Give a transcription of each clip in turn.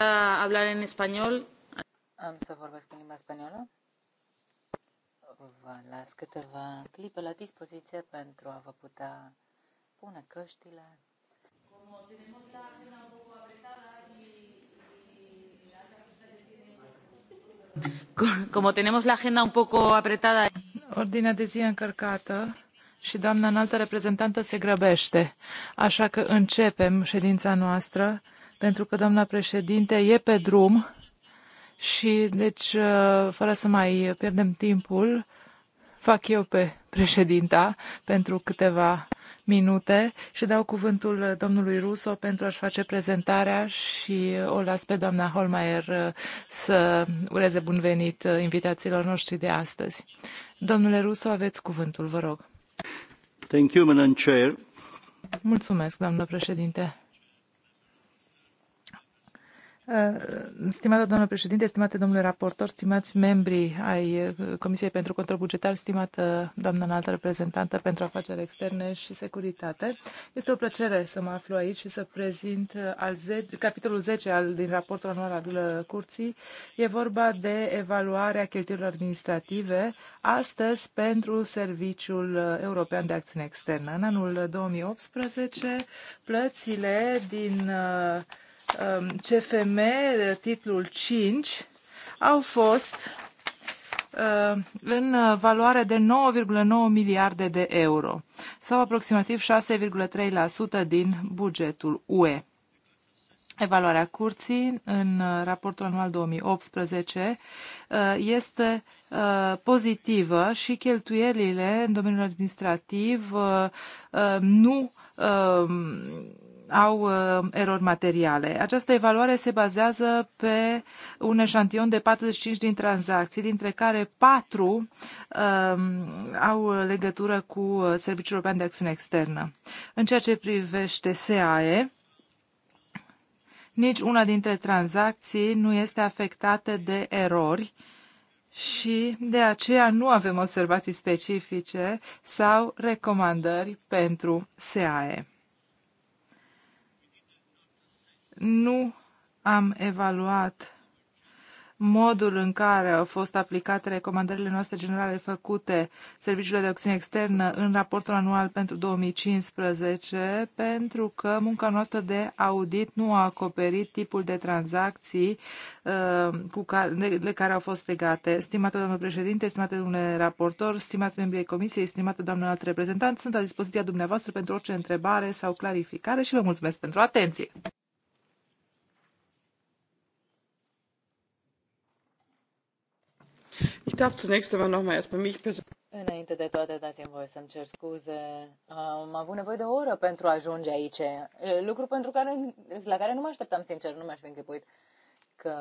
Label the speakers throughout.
Speaker 1: hablar en español.
Speaker 2: Am să vorbesc în limba spaniolă. Vă las câteva clipe la dispoziție pentru a vă putea pune căștile. Como tenemos la agenda
Speaker 1: un poco apretada. Ordinea de zi încărcată și doamna înaltă reprezentantă se grăbește. Așa că începem ședința noastră pentru că doamna președinte e pe drum și, deci, uh, fără să mai pierdem timpul, fac eu pe președinta pentru câteva minute și dau cuvântul domnului Ruso pentru a-și face prezentarea și o las pe doamna Holmeier uh, să ureze bun venit uh, invitațiilor noștri de astăzi. Domnule Ruso, aveți cuvântul, vă rog.
Speaker 2: Thank you, Madam Chair.
Speaker 1: Mulțumesc, doamnă președinte. Uh, stimată doamnă președinte, stimate domnule raportor, stimați membri ai uh, Comisiei pentru Control Bugetar, stimată doamnă înaltă reprezentantă pentru afaceri externe și securitate, este o plăcere să mă aflu aici și să prezint uh, al ze- capitolul 10 al, din raportul anual al Curții. E vorba de evaluarea cheltuielor administrative astăzi pentru Serviciul European de Acțiune Externă. În anul 2018, plățile din uh, CFM, um, uh, titlul 5, au fost uh, în uh, valoare de 9,9 miliarde de euro, sau aproximativ 6,3% din bugetul UE. Evaluarea curții în raportul anual 2018 este pozitivă și cheltuielile în domeniul administrativ nu au uh, erori materiale. Această evaluare se bazează pe un eșantion de 45 din tranzacții, dintre care 4 uh, um, au legătură cu uh, Serviciul European de Acțiune Externă. În ceea ce privește SAE, nici una dintre tranzacții nu este afectată de erori și de aceea nu avem observații specifice sau recomandări pentru SAE nu am evaluat modul în care au fost aplicate recomandările noastre generale făcute Serviciului de Acțiune Externă în raportul anual pentru 2015, pentru că munca noastră de audit nu a acoperit tipul de tranzacții uh, cu care, de, de care au fost legate. Stimată doamnă președinte, stimate domnule raportor, stimați membrii Comisiei, stimată doamnă alt reprezentant, sunt la dispoziția dumneavoastră pentru orice întrebare sau clarificare și vă mulțumesc pentru atenție.
Speaker 2: Înainte de toate, dați-mi voie să-mi cer scuze. Am avut nevoie de o oră pentru a ajunge aici. Lucru pentru care, la care nu mă așteptam, sincer, nu mi-aș fi închipuit că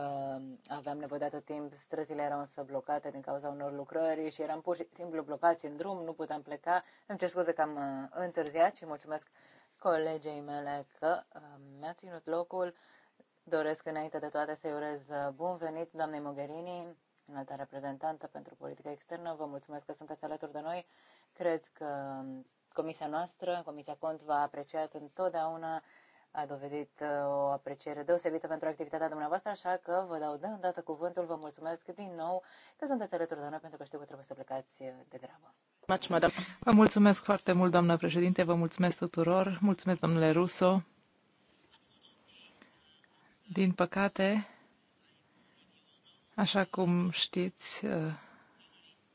Speaker 2: aveam nevoie de atât timp. Străzile erau însă blocate din cauza unor lucrări și eram pur și simplu blocați în drum, nu puteam pleca. Îmi cer scuze că am uh, întârziat și mulțumesc colegei mele că uh, mi-a ținut locul. Doresc înainte de toate să-i urez uh, bun venit, doamnei Mogherini, înalta reprezentantă pentru politică externă. Vă mulțumesc că sunteți alături de noi. Cred că um, comisia noastră, Comisia Cont, v-a apreciat întotdeauna, a dovedit uh, o apreciere deosebită pentru activitatea dumneavoastră, așa că vă dau de îndată cuvântul, vă mulțumesc din nou că sunteți alături de noi pentru că știu că trebuie să plecați uh, de grabă.
Speaker 1: Vă mulțumesc foarte mult, doamnă președinte, vă mulțumesc tuturor, mulțumesc domnule Russo. Din păcate, Așa cum știți, uh,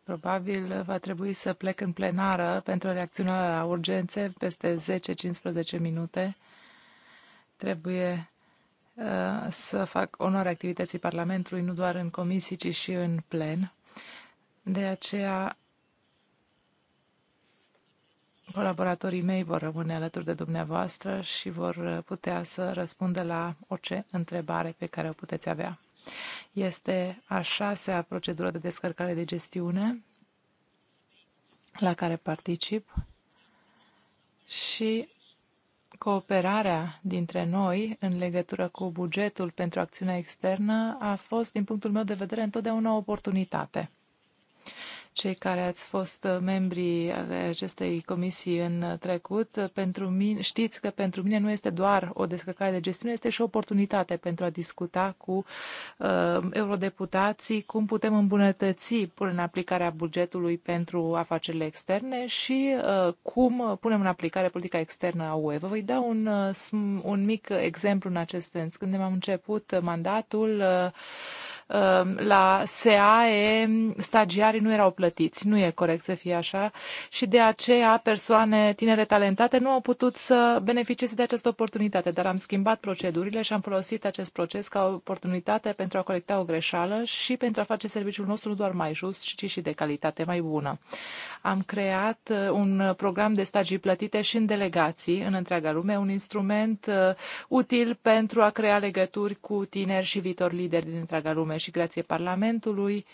Speaker 1: probabil va trebui să plec în plenară pentru reacționarea la urgențe peste 10-15 minute. Trebuie uh, să fac onoare activității Parlamentului, nu doar în comisii, ci și în plen. De aceea, colaboratorii mei vor rămâne alături de dumneavoastră și vor putea să răspundă la orice întrebare pe care o puteți avea. Este a șasea procedură de descărcare de gestiune la care particip și cooperarea dintre noi în legătură cu bugetul pentru acțiunea externă a fost, din punctul meu de vedere, întotdeauna o oportunitate cei care ați fost uh, membri ale acestei comisii în uh, trecut. Uh, pentru mine, știți că pentru mine nu este doar o descărcare de gestiune, este și o oportunitate pentru a discuta cu uh, eurodeputații cum putem îmbunătăți până în aplicarea bugetului pentru afacerile externe și uh, cum punem în aplicare politica externă a UE. Vă voi da un, uh, un mic exemplu în acest sens. Când am început mandatul, uh, Um, la SAE stagiarii nu erau plătiți. Nu e corect să fie așa și de aceea persoane tinere talentate nu au putut să beneficieze de această oportunitate, dar am schimbat procedurile și am folosit acest proces ca oportunitate pentru a corecta o greșeală și pentru a face serviciul nostru nu doar mai just, ci și de calitate mai bună. Am creat uh, un program de stagii plătite și în delegații în întreaga lume, un instrument uh, util pentru a crea legături cu tineri și viitori lideri din întreaga lume și grație Parlamentului,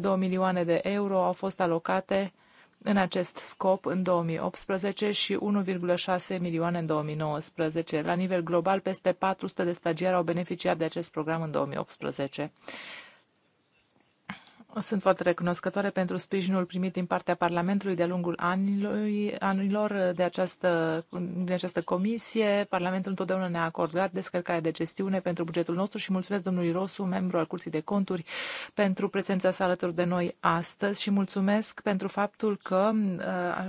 Speaker 1: 1,2 milioane de euro au fost alocate în acest scop în 2018 și 1,6 milioane în 2019. La nivel global, peste 400 de stagiari au beneficiat de acest program în 2018. Sunt foarte recunoscătoare pentru sprijinul primit din partea Parlamentului de-a lungul anilor de această, de această comisie. Parlamentul întotdeauna ne-a acordat descărcarea de gestiune pentru bugetul nostru și mulțumesc domnului Rosu, membru al Curții de Conturi, pentru prezența sa alături de noi astăzi și mulțumesc pentru faptul că uh,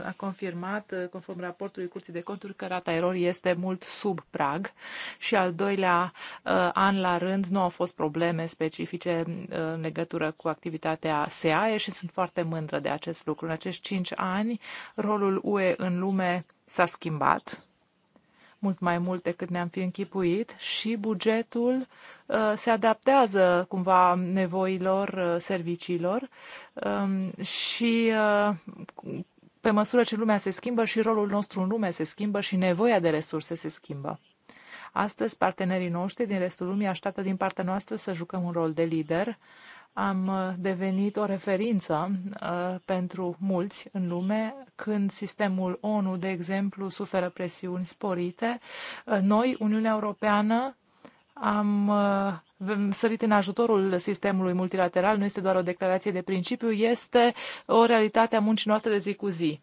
Speaker 1: a confirmat, uh, conform raportului Curții de Conturi, că rata erorii este mult sub prag și al doilea uh, an la rând nu au fost probleme specifice în legătură cu activitatea activitatea SEAE și sunt foarte mândră de acest lucru. În acești cinci ani, rolul UE în lume s-a schimbat mult mai mult decât ne-am fi închipuit și bugetul uh, se adaptează cumva nevoilor uh, serviciilor um, și uh, pe măsură ce lumea se schimbă și rolul nostru în lume se schimbă și nevoia de resurse se schimbă. Astăzi, partenerii noștri din restul lumii așteaptă din partea noastră să jucăm un rol de lider am uh, devenit o referință uh, pentru mulți în lume. Când sistemul ONU, de exemplu, suferă presiuni sporite, uh, noi, Uniunea Europeană, am uh, sărit în ajutorul sistemului multilateral. Nu este doar o declarație de principiu, este o realitate a muncii noastre de zi cu zi.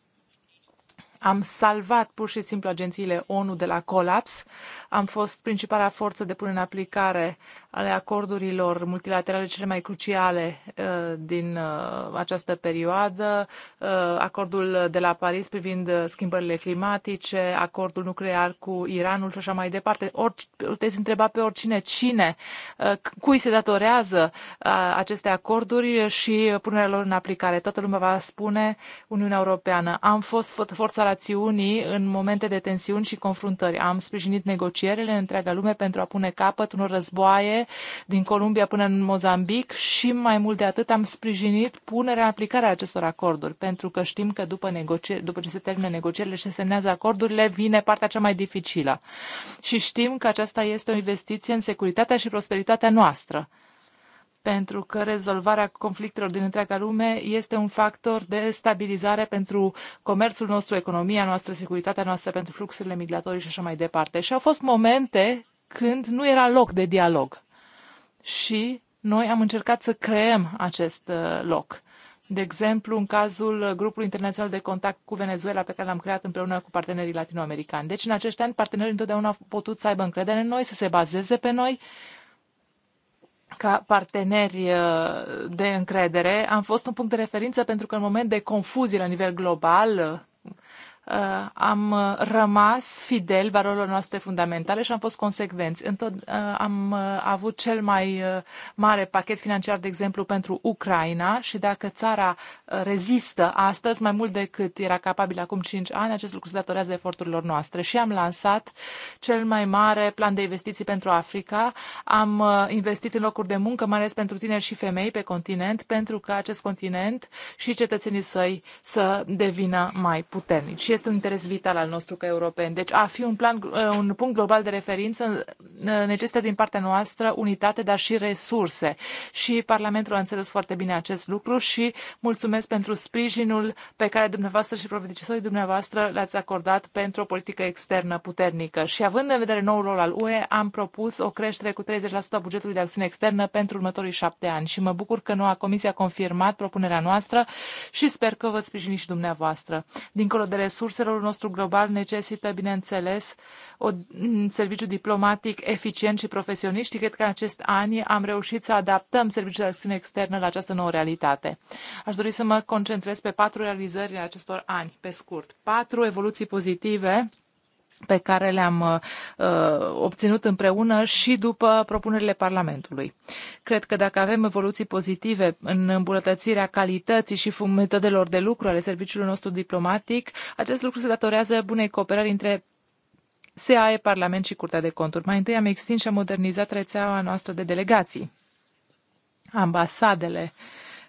Speaker 1: Am salvat pur și simplu agențiile ONU de la colaps. Am fost principala forță de pune în aplicare ale acordurilor multilaterale cele mai cruciale uh, din uh, această perioadă. Uh, acordul de la Paris privind uh, schimbările climatice, acordul nuclear cu Iranul și așa mai departe. Orice, puteți întreba pe oricine cine, uh, cui se datorează uh, aceste acorduri și punerea lor în aplicare. Toată lumea va spune Uniunea Europeană. Am fost forța la rațiunii în momente de tensiuni și confruntări. Am sprijinit negocierile în întreaga lume pentru a pune capăt unor războaie din Columbia până în Mozambic și mai mult de atât am sprijinit punerea în aplicare a acestor acorduri, pentru că știm că după, negocie- după ce se termină negocierile și se semnează acordurile, vine partea cea mai dificilă. Și știm că aceasta este o investiție în securitatea și prosperitatea noastră pentru că rezolvarea conflictelor din întreaga lume este un factor de stabilizare pentru comerțul nostru, economia noastră, securitatea noastră, pentru fluxurile migratorii și așa mai departe. Și au fost momente când nu era loc de dialog. Și noi am încercat să creăm acest uh, loc. De exemplu, în cazul grupului internațional de contact cu Venezuela pe care l-am creat împreună cu partenerii latinoamericani. Deci, în acești ani, partenerii întotdeauna au putut să aibă încredere în noi, să se bazeze pe noi ca parteneri uh, de încredere. Am fost un punct de referință pentru că în moment de confuzie la nivel global, Uh, am uh, rămas fidel valorilor noastre fundamentale și am fost consecvenți. Întot, uh, am avut cel mai mare pachet financiar, de exemplu, pentru Ucraina și dacă țara rezistă astăzi mai mult decât era capabil acum 5 ani, acest lucru se datorează eforturilor noastre. Și am lansat cel mai mare plan de investiții pentru Africa. Am investit în locuri de muncă, mai ales pentru tineri și femei pe continent, pentru că acest continent și cetățenii săi să devină mai puternici este un interes vital al nostru ca european. Deci a fi un, plan, eh, un punct global de referință eh, necesită din partea noastră unitate, dar și resurse. Și Parlamentul a înțeles foarte bine acest lucru și mulțumesc pentru sprijinul pe care dumneavoastră și profeticisorii dumneavoastră l-ați acordat pentru o politică externă puternică. Și având în vedere noul rol al UE, am propus o creștere cu 30% a bugetului de acțiune externă pentru următorii șapte ani și mă bucur că noua comisie a confirmat propunerea noastră și sper că vă sprijini și dumneavoastră. Dincolo de resurse, resurselor nostru global necesită, bineînțeles, un serviciu diplomatic eficient și profesionist și cred că în acest an am reușit să adaptăm serviciul de acțiune externă la această nouă realitate. Aș dori să mă concentrez pe patru realizări în acestor ani, pe scurt. Patru evoluții pozitive pe care le-am uh, uh, obținut împreună și după propunerile Parlamentului. Cred că dacă avem evoluții pozitive în îmbunătățirea calității și metodelor de lucru ale serviciului nostru diplomatic, acest lucru se datorează bunei cooperări între SAE, Parlament și Curtea de Conturi. Mai întâi am extins și am modernizat rețeaua noastră de delegații, ambasadele,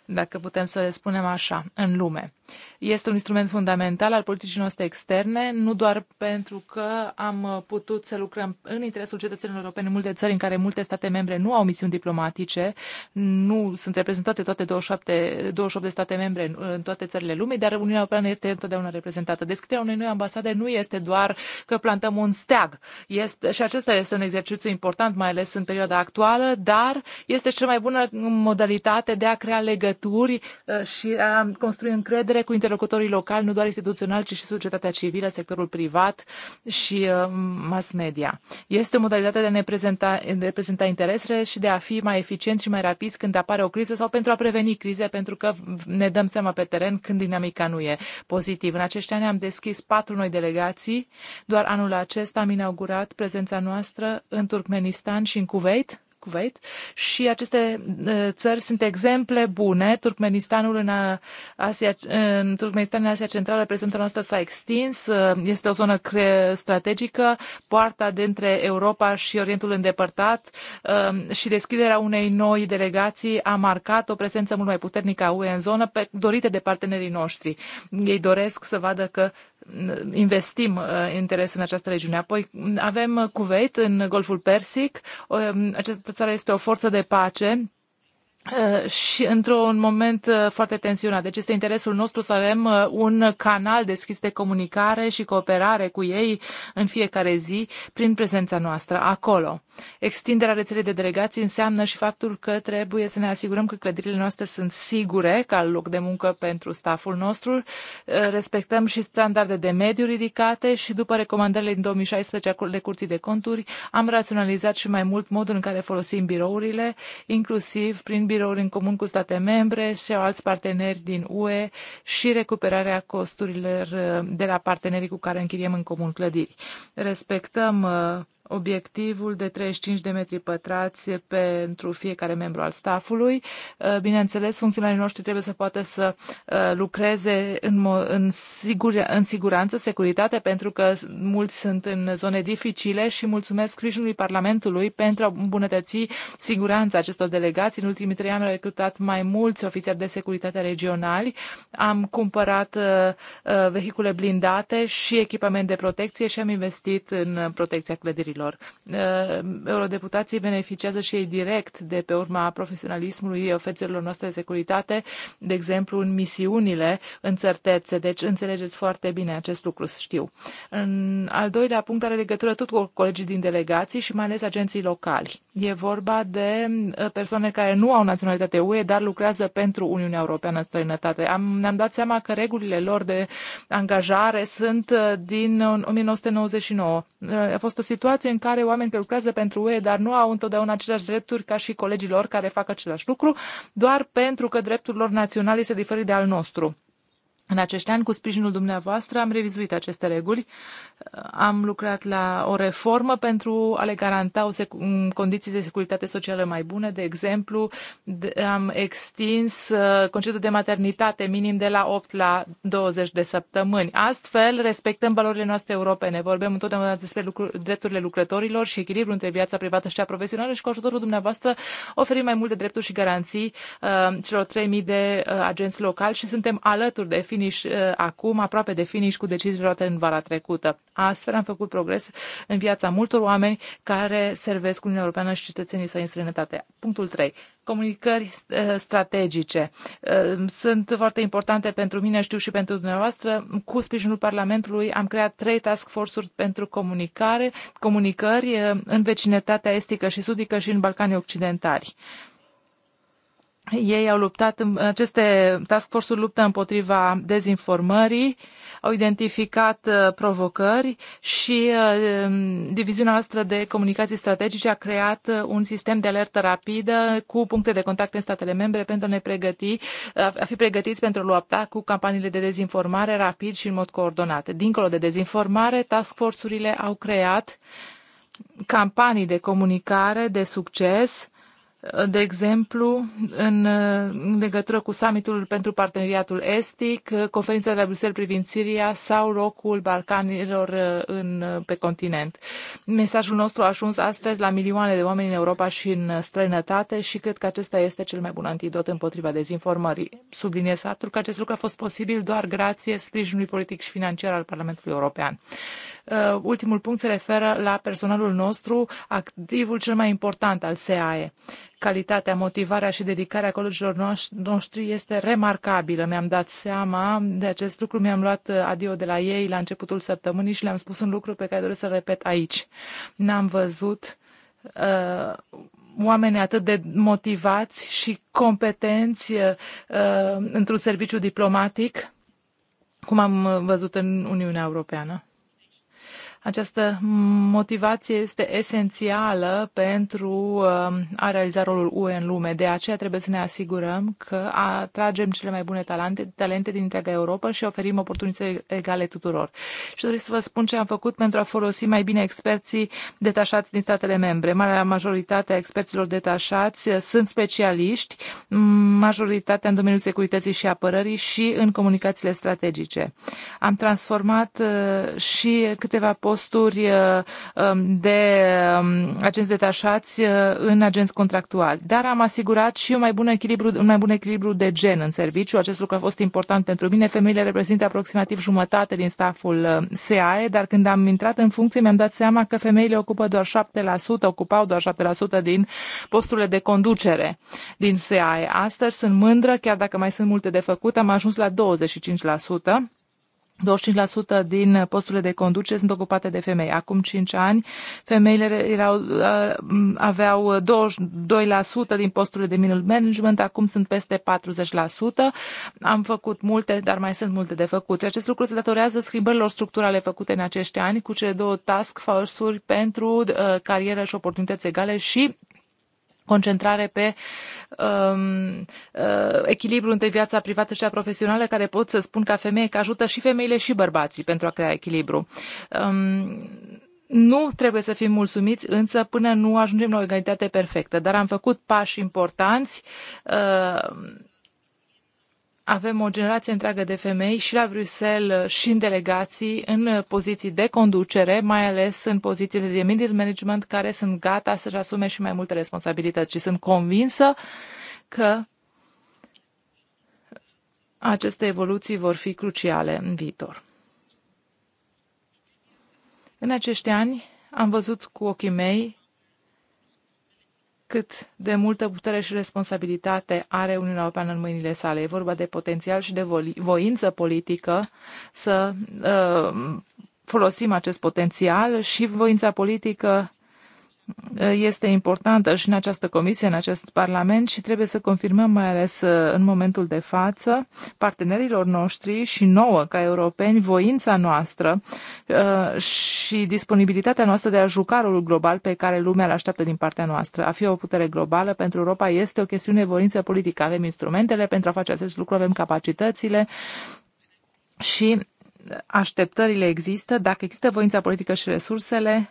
Speaker 1: dacă putem să le spunem așa, în lume. Este un instrument fundamental al politicii noastre externe, nu doar pentru că am uh, putut să lucrăm în interesul cetățenilor europeni în multe țări în care multe state membre nu au misiuni diplomatice, nu sunt reprezentate toate 27, 28 de state membre în, în toate țările lumii, dar Uniunea Europeană este întotdeauna reprezentată. Descrierea unei noi ambasade nu este doar că plantăm un steag. Este, și acesta este un exercițiu important, mai ales în perioada actuală, dar este cea mai bună modalitate de a crea legături uh, și a construi încredere încredere cu interlocutorii locali, nu doar instituțional, ci și societatea civilă, sectorul privat și uh, mass media. Este o modalitate de a ne prezenta, reprezenta interesele și de a fi mai eficienți și mai rapizi când apare o criză sau pentru a preveni crize, pentru că ne dăm seama pe teren când dinamica nu e pozitiv. În acești ani am deschis patru noi delegații. Doar anul acesta am inaugurat prezența noastră în Turkmenistan și în Kuwait Kuwait și aceste uh, țări sunt exemple bune. Turkmenistanul în Asia, în Turkmenistan, în Asia Centrală, prezentul noastră s-a extins, uh, este o zonă strategică, poarta dintre Europa și Orientul îndepărtat um, și deschiderea unei noi delegații a marcat o prezență mult mai puternică a UE în zonă, dorită de partenerii noștri. Ei doresc să vadă că uh, investim interes în această regiune. Apoi avem Kuwait în Golful Persic. Um, această țară este o forță de pace Eh, și într-un moment eh, foarte tensionat. Deci este interesul nostru să avem eh, un canal deschis de comunicare și cooperare cu ei în fiecare zi prin prezența noastră acolo. Extinderea rețelei de delegații înseamnă și faptul că trebuie să ne asigurăm că clădirile noastre sunt sigure ca loc de muncă pentru staful nostru, respectăm și standarde de mediu ridicate și după recomandările din 2016 de Curții de Conturi am raționalizat și mai mult modul în care folosim birourile, inclusiv prin birouri în comun cu state membre și au alți parteneri din UE și recuperarea costurilor uh, de la partenerii cu care închiriem în comun clădiri. Respectăm uh, obiectivul de 35 de metri pătrați pentru fiecare membru al stafului. Uh, bineînțeles, funcționarii noștri trebuie să poată să uh, lucreze în, în, sigur, în siguranță, securitate, pentru că mulți sunt în zone dificile și mulțumesc sprijinului Parlamentului pentru a îmbunătăți siguranța acestor delegații. În ultimii trei ani am recrutat mai mulți ofițeri de securitate regionali, am cumpărat uh, vehicule blindate și echipament de protecție și am investit în protecția clădirii lucrurilor. Ă, eurodeputații beneficiază și ei direct de pe urma profesionalismului ofițerilor noastre de securitate, de exemplu în misiunile în țări terțe. Deci înțelegeți foarte bine acest lucru, știu. În al doilea punct are legătură tot cu colegii din delegații și mai ales agenții locali. E vorba de ă, persoane care nu au naționalitate UE, dar lucrează pentru Uniunea Europeană în străinătate. Am, ne-am dat seama că regulile lor de angajare sunt ă, din 1999. A fost o situație situație în care oameni care lucrează pentru UE, dar nu au întotdeauna aceleași drepturi ca și colegii lor care fac același lucru, doar pentru că dreptul lor național este diferit de al nostru. În acești ani, cu sprijinul dumneavoastră, am revizuit aceste reguli, am lucrat la o reformă pentru a le garanta o condiții de securitate socială mai bune. De exemplu, am extins uh, concediul de maternitate minim de la 8 la 20 de săptămâni. Astfel, respectăm valorile noastre europene. Vorbim întotdeauna despre lucru- drepturile lucrătorilor și echilibru între viața privată și cea profesională și cu ajutorul dumneavoastră oferim mai multe drepturi și garanții uh, celor 3.000 de uh, agenți locali și suntem alături de fi finish uh, acum, aproape de finish cu decizii luate în vara trecută. Astfel am făcut progres în viața multor oameni care servesc Uniunea Europeană și cetățenii săi în străinătate. Punctul 3 comunicări uh, strategice. Uh, sunt foarte importante pentru mine, știu și pentru dumneavoastră. Cu sprijinul Parlamentului am creat trei task force-uri pentru comunicare, comunicări în vecinătatea estică și sudică și în Balcanii Occidentali. Ei au luptat, aceste task force-uri luptă împotriva dezinformării, au identificat uh, provocări și uh, um, diviziunea noastră de comunicații strategice a creat uh, un sistem de alertă rapidă cu puncte de contact în statele membre pentru a ne pregăti, a fi pregătiți pentru a lupta cu campaniile de dezinformare rapid și în mod coordonat. Dincolo de dezinformare, task force-urile au creat campanii de comunicare de succes de exemplu, în, legătură cu summitul pentru parteneriatul estic, conferința de la Bruxelles privind Siria sau locul Balcanilor uh, în, uh, pe continent. Mesajul nostru a ajuns astăzi la milioane de oameni în Europa și în străinătate și cred că acesta este cel mai bun antidot împotriva dezinformării. Subliniez faptul că acest lucru a fost posibil doar grație sprijinului politic și financiar al Parlamentului European. Uh, ultimul punct se referă la personalul nostru, activul cel mai important al SEAE. Calitatea, motivarea și dedicarea colegilor noștri este remarcabilă. Mi-am dat seama de acest lucru, mi-am luat uh, adio de la ei la începutul săptămânii și le-am spus un lucru pe care doresc să-l repet aici. N-am văzut uh, oameni atât de motivați și competenți uh, uh într-un serviciu diplomatic, cum am văzut în Uniunea Europeană. Această motivație este esențială pentru um, a realiza rolul UE în lume. De aceea trebuie să ne asigurăm că atragem cele mai bune talente, talente din întreaga Europa și oferim oportunități egale tuturor. Și doresc să vă spun ce am făcut pentru a folosi mai bine experții detașați din statele membre. Marea majoritate a experților detașați uh, sunt specialiști, majoritatea în domeniul securității și apărării și în comunicațiile strategice. Am transformat uh, și câteva posturi posturi uh, um, de um, agenți detașați uh, în agenți contractuali. Dar am asigurat și un mai bun echilibru, un mai bun echilibru de gen în serviciu. Acest lucru a fost important pentru mine. Femeile reprezintă aproximativ jumătate din staful uh, SEAE, dar când am intrat în funcție mi-am dat seama că femeile ocupă doar 7%, ocupau doar 7% din posturile de conducere din SEAE. Astăzi sunt mândră, chiar dacă mai sunt multe de făcut, am ajuns la 25%. 25% din posturile de conducere sunt ocupate de femei. Acum 5 ani, femeile erau, uh, aveau 22% din posturile de middle management, acum sunt peste 40%. Am făcut multe, dar mai sunt multe de făcut. acest lucru se datorează schimbărilor structurale făcute în acești ani cu cele două task force-uri pentru uh, carieră și oportunități egale și concentrare pe um, uh, echilibru între viața privată și a profesională, care pot să spun ca femeie că ajută și femeile și bărbații pentru a crea echilibru. Um, nu trebuie să fim mulțumiți, însă, până nu ajungem la o egalitate perfectă. Dar am făcut pași importanți. Uh, avem o generație întreagă de femei și la Bruxelles și în delegații, în poziții de conducere, mai ales în pozițiile de middle management, care sunt gata să-și asume și mai multe responsabilități. Și sunt convinsă că aceste evoluții vor fi cruciale în viitor. În acești ani am văzut cu ochii mei cât de multă putere și responsabilitate are Uniunea Europeană în mâinile sale. E vorba de potențial și de voință politică să uh, folosim acest potențial și voința politică este importantă și în această comisie, în acest parlament și trebuie să confirmăm mai ales uh, în momentul de față partenerilor noștri și nouă ca europeni voința noastră uh, și disponibilitatea noastră de a juca rolul global pe care lumea îl așteaptă din partea noastră. A fi o putere globală pentru Europa este o chestiune de voință politică. Avem instrumentele pentru a face acest lucru, avem capacitățile și așteptările există. Dacă există voința politică și resursele,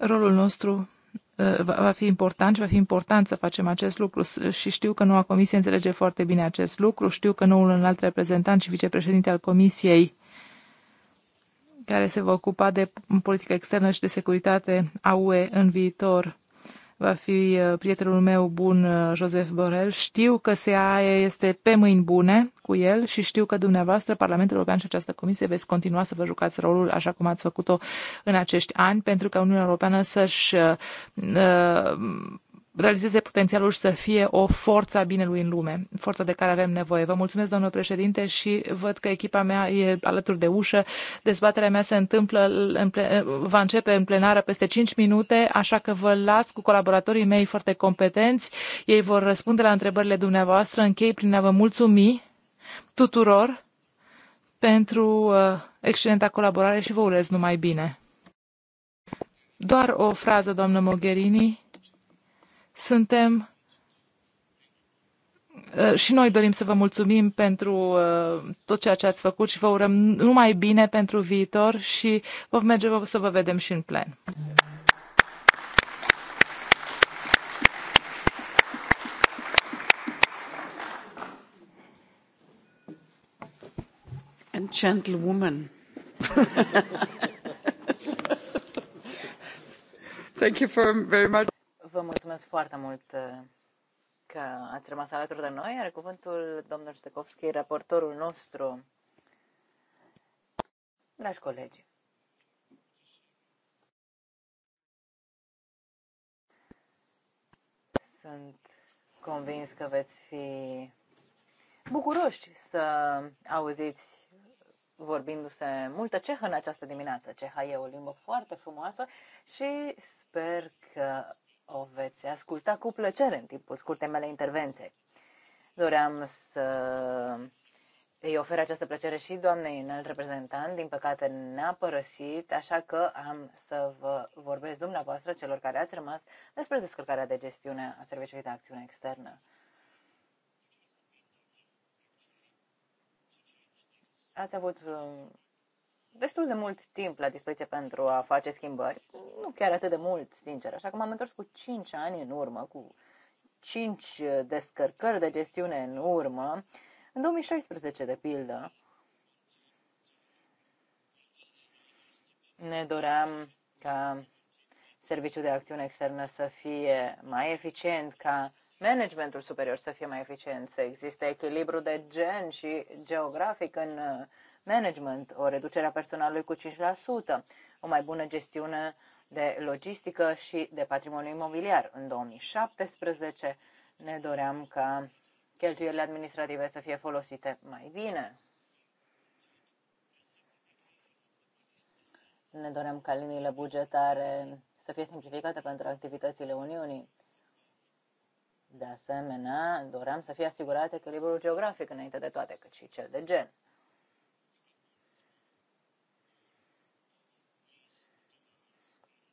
Speaker 1: Rolul nostru uh, va fi important și va fi important să facem acest lucru și știu că noua comisie înțelege foarte bine acest lucru, știu că noul înalt reprezentant și vicepreședinte al comisiei care se va ocupa de politică externă și de securitate a UE în viitor va fi uh, prietenul meu bun, uh, Joseph Borel. Știu că SEA este pe mâini bune cu el și știu că dumneavoastră, Parlamentul European și această comisie, veți continua să vă jucați rolul așa cum ați făcut-o în acești ani pentru că Uniunea Europeană să-și uh, realizeze potențialul și să fie o forță a binelui în lume, forța de care avem nevoie. Vă mulțumesc, domnule președinte, și văd că echipa mea e alături de ușă. Dezbaterea mea se întâmplă, în plen- va începe în plenară peste 5 minute, așa că vă las cu colaboratorii mei foarte competenți. Ei vor răspunde la întrebările dumneavoastră. Închei prin a vă mulțumi tuturor pentru uh, excelenta colaborare și vă urez numai bine. Doar o frază, doamnă Mogherini. Suntem uh, și noi dorim să vă mulțumim pentru uh, tot ceea ce ați făcut și vă urăm numai bine pentru viitor și vom merge să vă vedem și în plen.
Speaker 3: gentlewoman. Thank you for very much.
Speaker 2: Vă mulțumesc foarte mult uh, că ați rămas alături de noi. Are cuvântul domnul Ștecovski, raportorul nostru. Dragi colegi, sunt convins că veți fi bucuroși să auziți vorbindu-se multă cehă în această dimineață. Ceha e o limbă foarte frumoasă și sper că o veți asculta cu plăcere în timpul scurtei mele intervenției. Doream să îi ofer această plăcere și doamnei înalt reprezentant, din păcate ne-a părăsit, așa că am să vă vorbesc dumneavoastră, celor care ați rămas, despre descărcarea de gestiune a Serviciului de Acțiune Externă. ați avut um, destul de mult timp la dispoziție pentru a face schimbări, nu chiar atât de mult, sincer, așa că m-am întors cu 5 ani în urmă, cu 5 descărcări de gestiune în urmă, în 2016, de pildă, ne doream ca serviciul de acțiune externă să fie mai eficient, ca managementul superior să fie mai eficient, să existe echilibru de gen și geografic în uh, management, o reducere a personalului cu 5%, o mai bună gestiune de logistică și de patrimoniu imobiliar. În 2017 ne doream ca cheltuielile administrative să fie folosite mai bine. Ne doream ca liniile bugetare să fie simplificate pentru activitățile Uniunii. De asemenea, doream să fie asigurat echilibrul geografic înainte de toate, cât și cel de gen.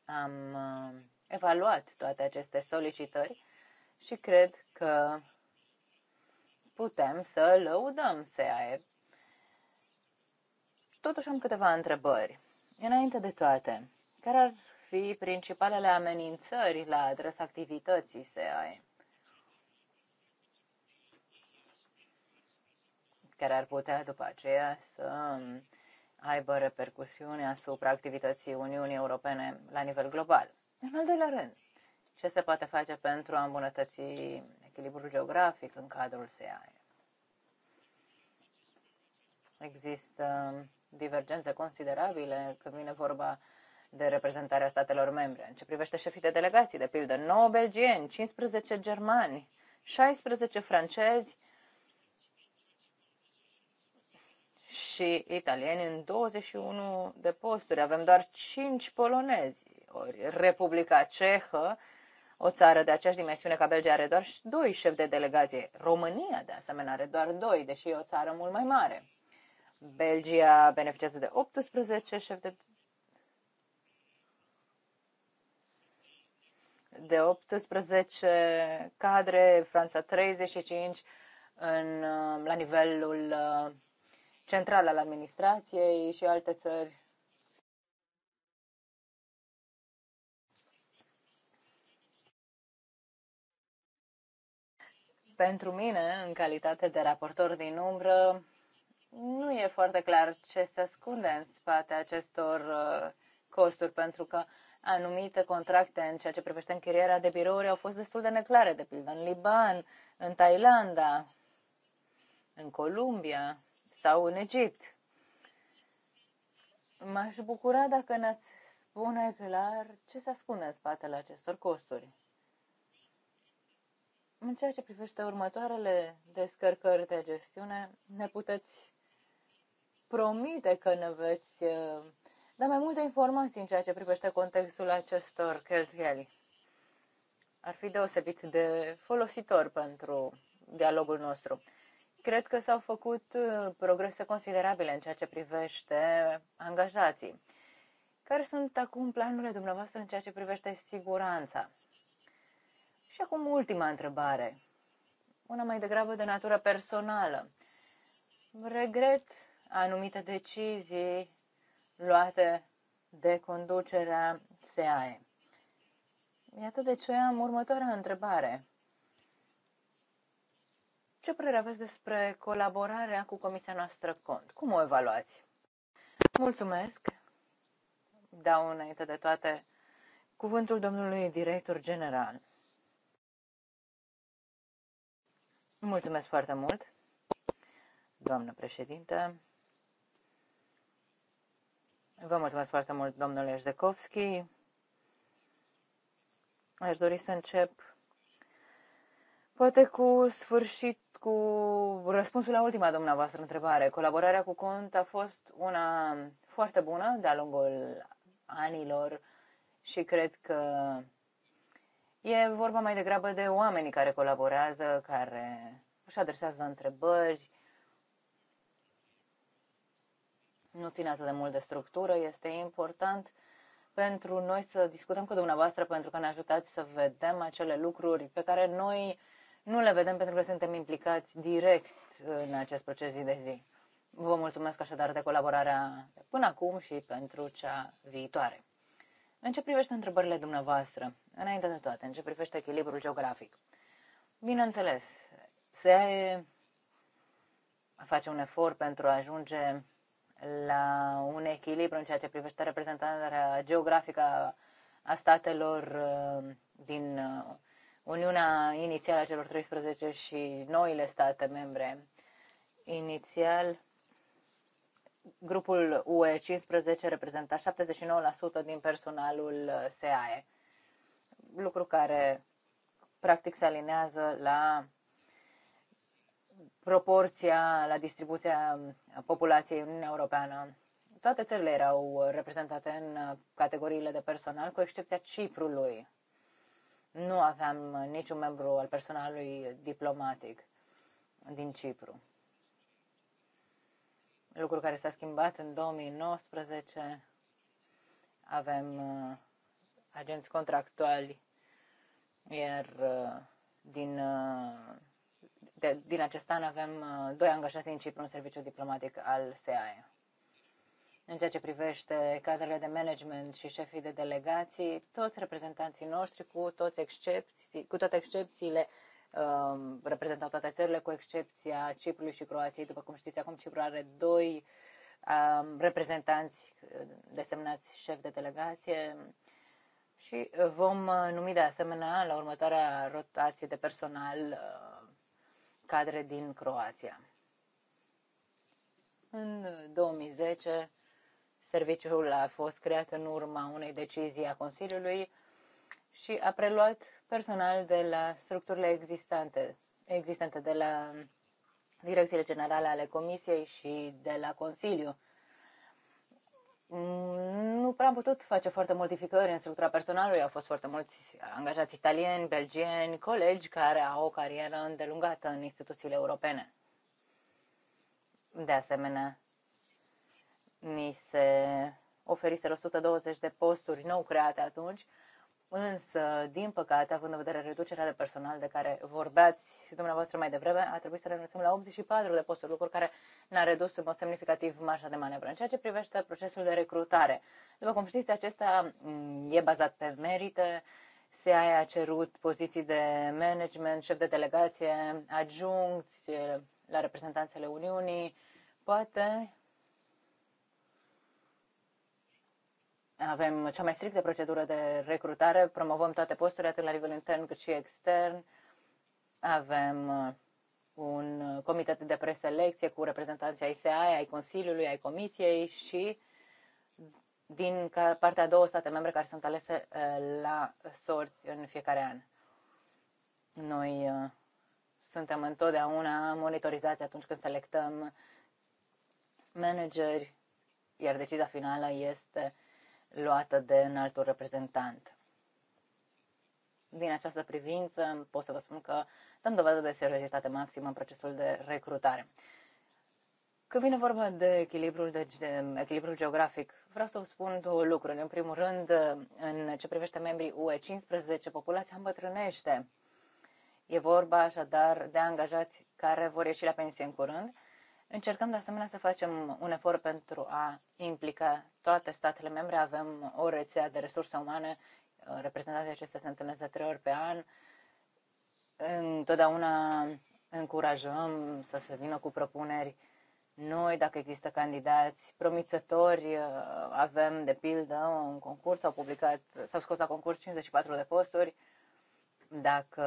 Speaker 2: Am uh, evaluat toate aceste solicitări și cred că putem să lăudăm SEAE. Totuși am câteva întrebări. Înainte de toate, care ar fi principalele amenințări la adresa activității SEAE? care ar putea după aceea să aibă repercusiune asupra activității Uniunii Europene la nivel global. În al doilea rând, ce se poate face pentru a îmbunătăți echilibrul geografic în cadrul SEAE? Există divergențe considerabile când vine vorba de reprezentarea statelor membre. În ce privește șefii de delegații, de pildă, 9 belgieni, 15 germani, 16 francezi, și italieni în 21 de posturi. Avem doar 5 polonezi. Ori Republica Cehă, o țară de aceeași dimensiune ca Belgia, are doar 2 șefi de delegație. România, de asemenea, are doar 2, deși e o țară mult mai mare. Belgia beneficiază de 18 șefi de de 18 cadre, Franța 35 în, la nivelul central al administrației și alte țări. Pentru mine, în calitate de raportor din umbră, nu e foarte clar ce se ascunde în spate acestor uh, costuri, pentru că anumite contracte în ceea ce privește închirierea de birouri au fost destul de neclare, de pildă în Liban, în Thailanda, în Columbia sau în Egipt. M-aș bucura dacă ne-ați spune clar ce se ascunde în spatele acestor costuri. În ceea ce privește următoarele descărcări de gestiune, ne puteți promite că ne veți uh, da mai multe informații în ceea ce privește contextul acestor cheltuieli. Ar fi deosebit de folositor pentru dialogul nostru. Cred că s-au făcut uh, progrese considerabile în ceea ce privește angajații. Care sunt acum planurile dumneavoastră în ceea ce privește siguranța? Și acum ultima întrebare, una mai degrabă de natură personală. Regret anumite decizii luate de conducerea SEAE. Iată de ce am următoarea întrebare. Ce părere aveți despre colaborarea cu Comisia noastră cont? Cum o evaluați? Mulțumesc! Dau înainte de toate cuvântul domnului director general. Mulțumesc foarte mult, doamnă președinte. Vă mulțumesc foarte mult, domnule Jdekovski. Aș dori să încep poate cu sfârșit cu răspunsul la ultima dumneavoastră întrebare. Colaborarea cu Cont a fost una foarte bună de-a lungul anilor și cred că e vorba mai degrabă de oamenii care colaborează, care își adresează întrebări. Nu ține atât de mult de structură, este important pentru noi să discutăm cu dumneavoastră pentru că ne ajutați să vedem acele lucruri pe care noi nu le vedem pentru că suntem implicați direct în acest proces zi de zi. Vă mulțumesc așadar de colaborarea de până acum și pentru cea viitoare. În ce privește întrebările dumneavoastră, înainte de toate, în ce privește echilibrul geografic, bineînțeles, se face un efort pentru a ajunge la un echilibru în ceea ce privește reprezentarea geografică a statelor uh, din uh, Uniunea inițială a celor 13 și noile state membre. Inițial, grupul UE 15 reprezenta 79% din personalul SAE, lucru care practic se alinează la proporția, la distribuția populației Uniunii Europeană. Toate țările erau reprezentate în categoriile de personal, cu excepția Ciprului, nu aveam uh, niciun membru al personalului diplomatic din Cipru. Lucru care s-a schimbat în 2019. Avem uh, agenți contractuali, iar uh, din, de, din acest an avem doi angajați din Cipru în serviciu diplomatic al SEAE. În ceea ce privește cadrele de management și șefii de delegații, toți reprezentanții noștri, cu, toți excepții, cu toate excepțiile, um, reprezentau toate țările, cu excepția Ciprului și Croației. După cum știți, acum Cipru are doi um, reprezentanți uh, desemnați șef de delegație și vom uh, numi de asemenea la următoarea rotație de personal uh, cadre din Croația. În 2010 Serviciul a fost creat în urma unei decizii a Consiliului și a preluat personal de la structurile existente, existente de la direcțiile generale ale Comisiei și de la Consiliu. Nu prea am putut face foarte modificări în structura personalului. Au fost foarte mulți angajați italieni, belgieni, colegi care au o carieră îndelungată în instituțiile europene. De asemenea, Ni se oferiseră 120 de posturi nou create atunci, însă, din păcate, având în vedere reducerea de personal de care vorbeați dumneavoastră mai devreme, a trebuit să renunțăm la 84 de posturi, lucruri care ne-a redus în mod semnificativ marja de manevră. În ceea ce privește procesul de recrutare, după cum știți, acesta mm, e bazat pe merite, se a cerut poziții de management, șef de delegație, adjuncți la reprezentanțele Uniunii, poate Avem cea mai strictă procedură de recrutare, promovăm toate posturile, atât la nivel intern cât și extern. Avem uh, un comitet de preselecție cu reprezentanții ai ai Consiliului, ai Comisiei și din partea a două state membre care sunt alese uh, la sorți în fiecare an. Noi uh, suntem întotdeauna monitorizați atunci când selectăm manageri, iar decizia finală este luată de înaltul reprezentant. Din această privință pot să vă spun că dăm dovadă de seriozitate maximă în procesul de recrutare. Când vine vorba de echilibrul, de, de echilibrul geografic, vreau să vă spun două lucruri. În primul rând, în ce privește membrii UE15, populația îmbătrânește. E vorba așadar de angajați care vor ieși la pensie în curând Încercăm de asemenea să facem un efort pentru a implica toate statele membre. Avem o rețea de resurse umane, uh, reprezentanții acestea se întâlnesc de trei ori pe an. Întotdeauna încurajăm să se vină cu propuneri noi, dacă există candidați promițători, uh, avem, de pildă, un concurs, s-au publicat, s-au scos la concurs 54 de posturi. Dacă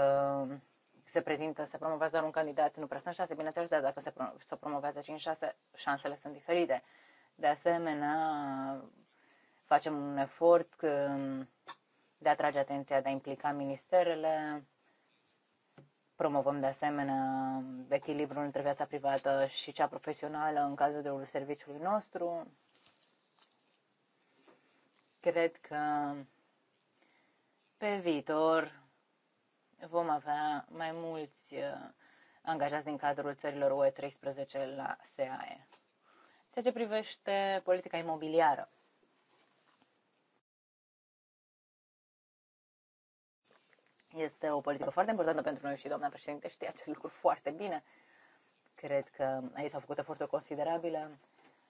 Speaker 2: se prezintă, se promovează doar un candidat, nu prea sunt șanse, bineînțeles, dar dacă se, pro- se promovează 5-6, șansele sunt diferite. De asemenea, facem un efort um, de a atrage atenția, de a implica ministerele, promovăm de asemenea echilibrul între viața privată și cea profesională în cazul serviciului nostru. Cred că pe viitor vom avea mai mulți uh, angajați din cadrul țărilor UE 13 la SAE. Ceea ce privește politica imobiliară. Este o politică foarte importantă pentru noi și doamna președinte știe acest lucru foarte bine. Cred că aici s-au făcut eforturi considerabile.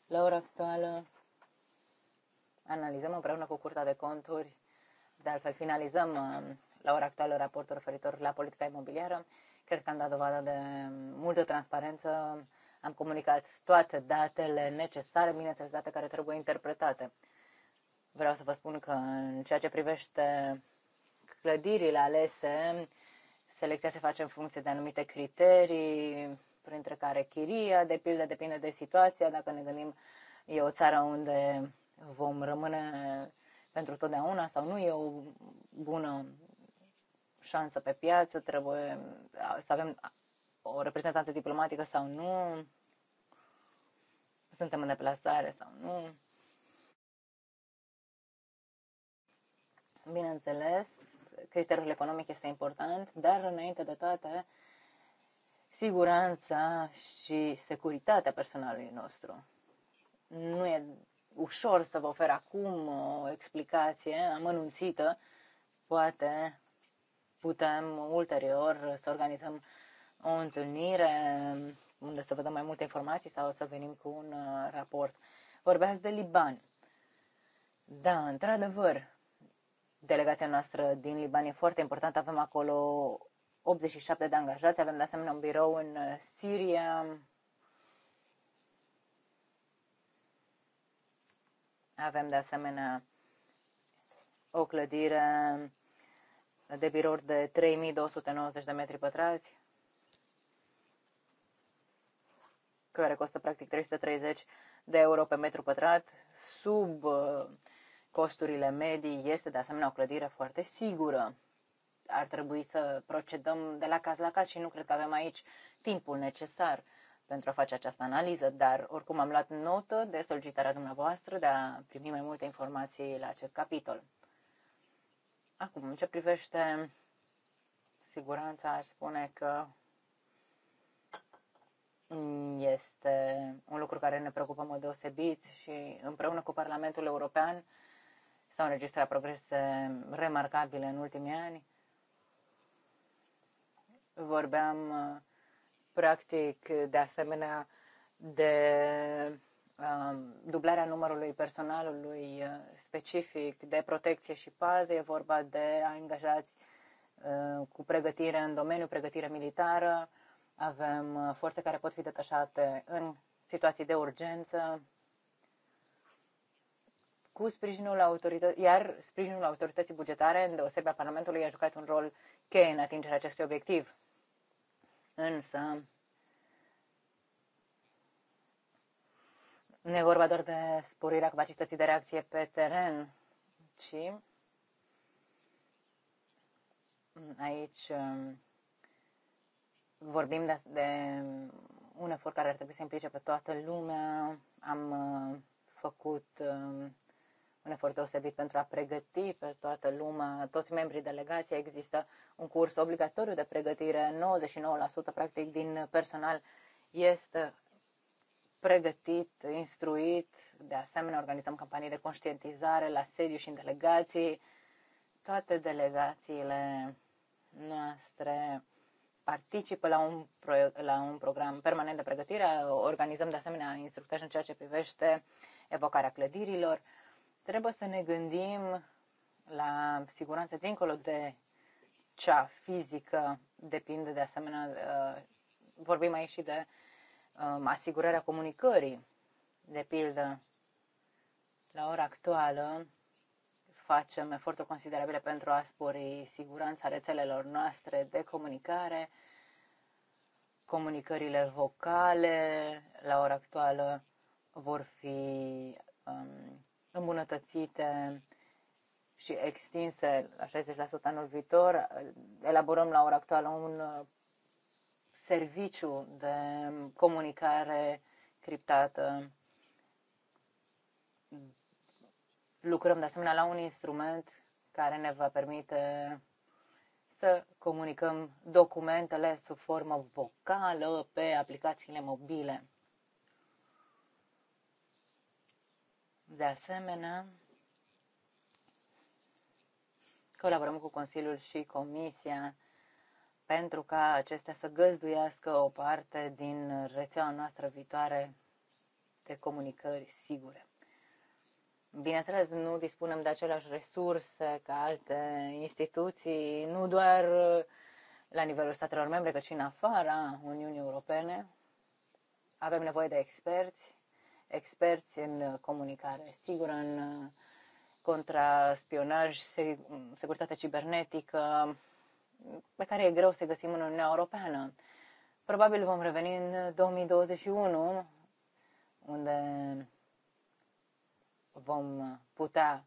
Speaker 2: La ora actuală analizăm împreună cu Curtea de Conturi, de altfel finalizăm uh, la ora actuală raportul referitor la politica imobiliară. Cred că am dat dovadă de multă transparență, am comunicat toate datele necesare, bineînțeles date care trebuie interpretate. Vreau să vă spun că în ceea ce privește clădirile alese, selecția se face în funcție de anumite criterii, printre care chiria, de pildă, depinde de situația, dacă ne gândim e o țară unde vom rămâne pentru totdeauna sau nu e o bună șansă pe piață, trebuie să avem o reprezentanță diplomatică sau nu, suntem în deplasare sau nu. Bineînțeles, criteriul economic este important, dar înainte de toate, siguranța și securitatea personalului nostru. Nu e ușor să vă ofer acum o explicație amănunțită, poate putem ulterior să organizăm o întâlnire unde să vă dăm mai multe informații sau să venim cu un uh, raport. Vorbeați de Liban. Da, într-adevăr, delegația noastră din Liban e foarte importantă. Avem acolo 87 de angajați, avem de asemenea un birou în uh, Siria. Avem de asemenea o clădire de birouri de 3290 de metri pătrați, care costă practic 330 de euro pe metru pătrat, sub uh, costurile medii, este de asemenea o clădire foarte sigură. Ar trebui să procedăm de la caz la caz și nu cred că avem aici timpul necesar pentru a face această analiză, dar oricum am luat notă de solicitarea dumneavoastră de a primi mai multe informații la acest capitol. Acum, în ce privește siguranța, aș spune că este un lucru care ne preocupă mă deosebit și împreună cu Parlamentul European s-au înregistrat progrese remarcabile în ultimii ani. Vorbeam practic de asemenea de Um, dublarea numărului personalului uh, specific de protecție și pază, e vorba de angajați uh, cu pregătire în domeniu, pregătire militară, avem uh, forțe care pot fi detașate în situații de urgență, cu sprijinul autorității, iar sprijinul autorității bugetare, în deosebire a Parlamentului, a jucat un rol cheie în atingerea acestui obiectiv. Însă, Nu e vorba doar de sporirea capacității de reacție pe teren, ci aici um, vorbim de, de un efort care ar trebui să implice pe toată lumea. Am uh, făcut um, un efort deosebit pentru a pregăti pe toată lumea, toți membrii delegației. Există un curs obligatoriu de pregătire, 99% practic din personal este pregătit, instruit. De asemenea, organizăm campanii de conștientizare la sediu și în delegații. Toate delegațiile noastre participă la un, pro- la un program permanent de pregătire. Organizăm, de asemenea, instructaj în ceea ce privește evocarea clădirilor. Trebuie să ne gândim la siguranță dincolo de cea fizică, depinde de asemenea, uh, vorbim aici și de uh, Um, asigurarea comunicării. De pildă, la ora actuală facem eforturi considerabile pentru a spori siguranța rețelelor noastre de comunicare, comunicările vocale la ora actuală vor fi um, îmbunătățite și extinse la 60% anul viitor. Elaborăm la ora actuală un uh, serviciu de comunicare criptată. Lucrăm de asemenea la un instrument care ne va permite să comunicăm documentele sub formă vocală pe aplicațiile mobile. De asemenea, colaborăm cu Consiliul și Comisia pentru ca acestea să găzduiască o parte din rețeaua noastră viitoare de comunicări sigure. Bineînțeles, nu dispunem de aceleași resurse ca alte instituții, nu doar uh, la nivelul statelor membre, cât și în afara Uniunii Europene. Avem nevoie de experți, experți în comunicare sigură, în uh, contraspionaj, securitate cibernetică, pe care e greu să găsim în Uniunea Europeană. Probabil vom reveni în 2021, unde vom putea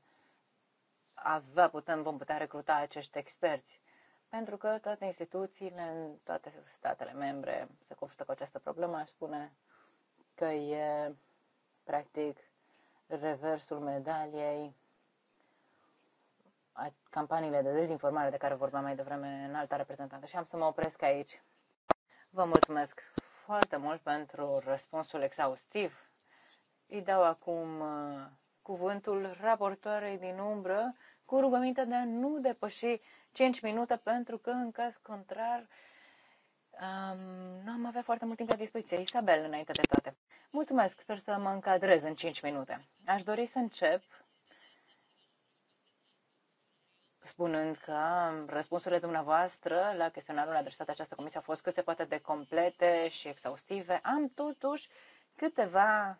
Speaker 2: avea, putem, vom putea recruta acești experți. Pentru că toate instituțiile în toate statele membre se confruntă cu această problemă, aș spune că e practic reversul medaliei campaniile de dezinformare de care vorbeam mai devreme în alta reprezentantă și am să mă opresc aici. Vă mulțumesc foarte mult pentru răspunsul exhaustiv. Îi dau acum cuvântul raportoarei din umbră cu rugămintea de a nu depăși 5 minute pentru că în caz contrar um, nu am avea foarte mult timp la dispoziție. Isabel, înainte de toate. Mulțumesc, sper să mă încadrez în 5 minute. Aș dori să încep spunând că răspunsurile dumneavoastră la chestionarul adresat această comisie au fost cât se poate de complete și exhaustive. Am totuși câteva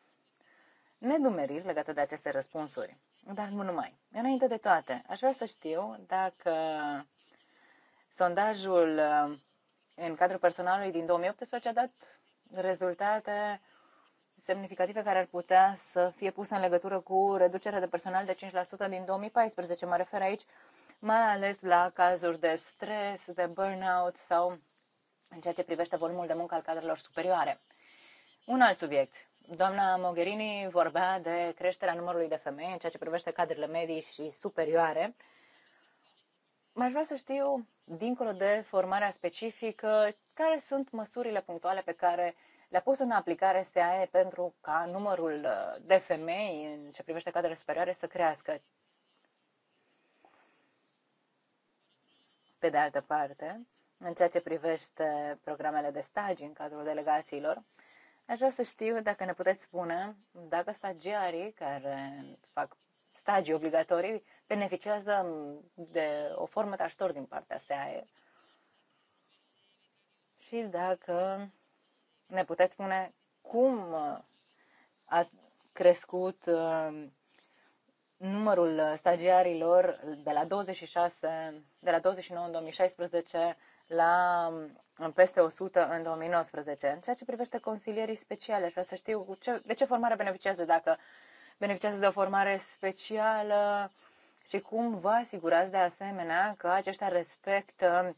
Speaker 2: nedumeriri legate de aceste răspunsuri. Dar nu numai. Înainte de toate, aș vrea să știu dacă sondajul uh, în cadrul personalului din 2018 a dat rezultate semnificative care ar putea să fie puse în legătură cu reducerea de personal de 5% din 2014. Mă refer aici mai ales la cazuri de stres, de burnout sau în ceea ce privește volumul de muncă al cadrelor superioare. Un alt subiect. Doamna Mogherini vorbea de creșterea numărului de femei în ceea ce privește cadrele medii și superioare. M-aș vrea să știu, dincolo de formarea specifică, care sunt măsurile punctuale pe care le-a pus în aplicare SAE pentru ca numărul uh, de femei în ce privește cadrele superioare să crească. Pe de altă parte, în ceea ce privește programele de stagii în cadrul delegațiilor, aș vrea să știu dacă ne puteți spune dacă stagiarii care fac stagii obligatorii beneficiază de o formă de ajutor din partea SAE. Și dacă ne puteți spune cum a crescut uh, numărul uh, stagiarilor uh, de la 26, de la 29 în 2016 la um, peste 100 în 2019. În ceea ce privește consilierii speciale, aș vrea să știu ce, de ce formare beneficiază, dacă beneficiază de o formare specială și cum vă asigurați de asemenea că aceștia respectă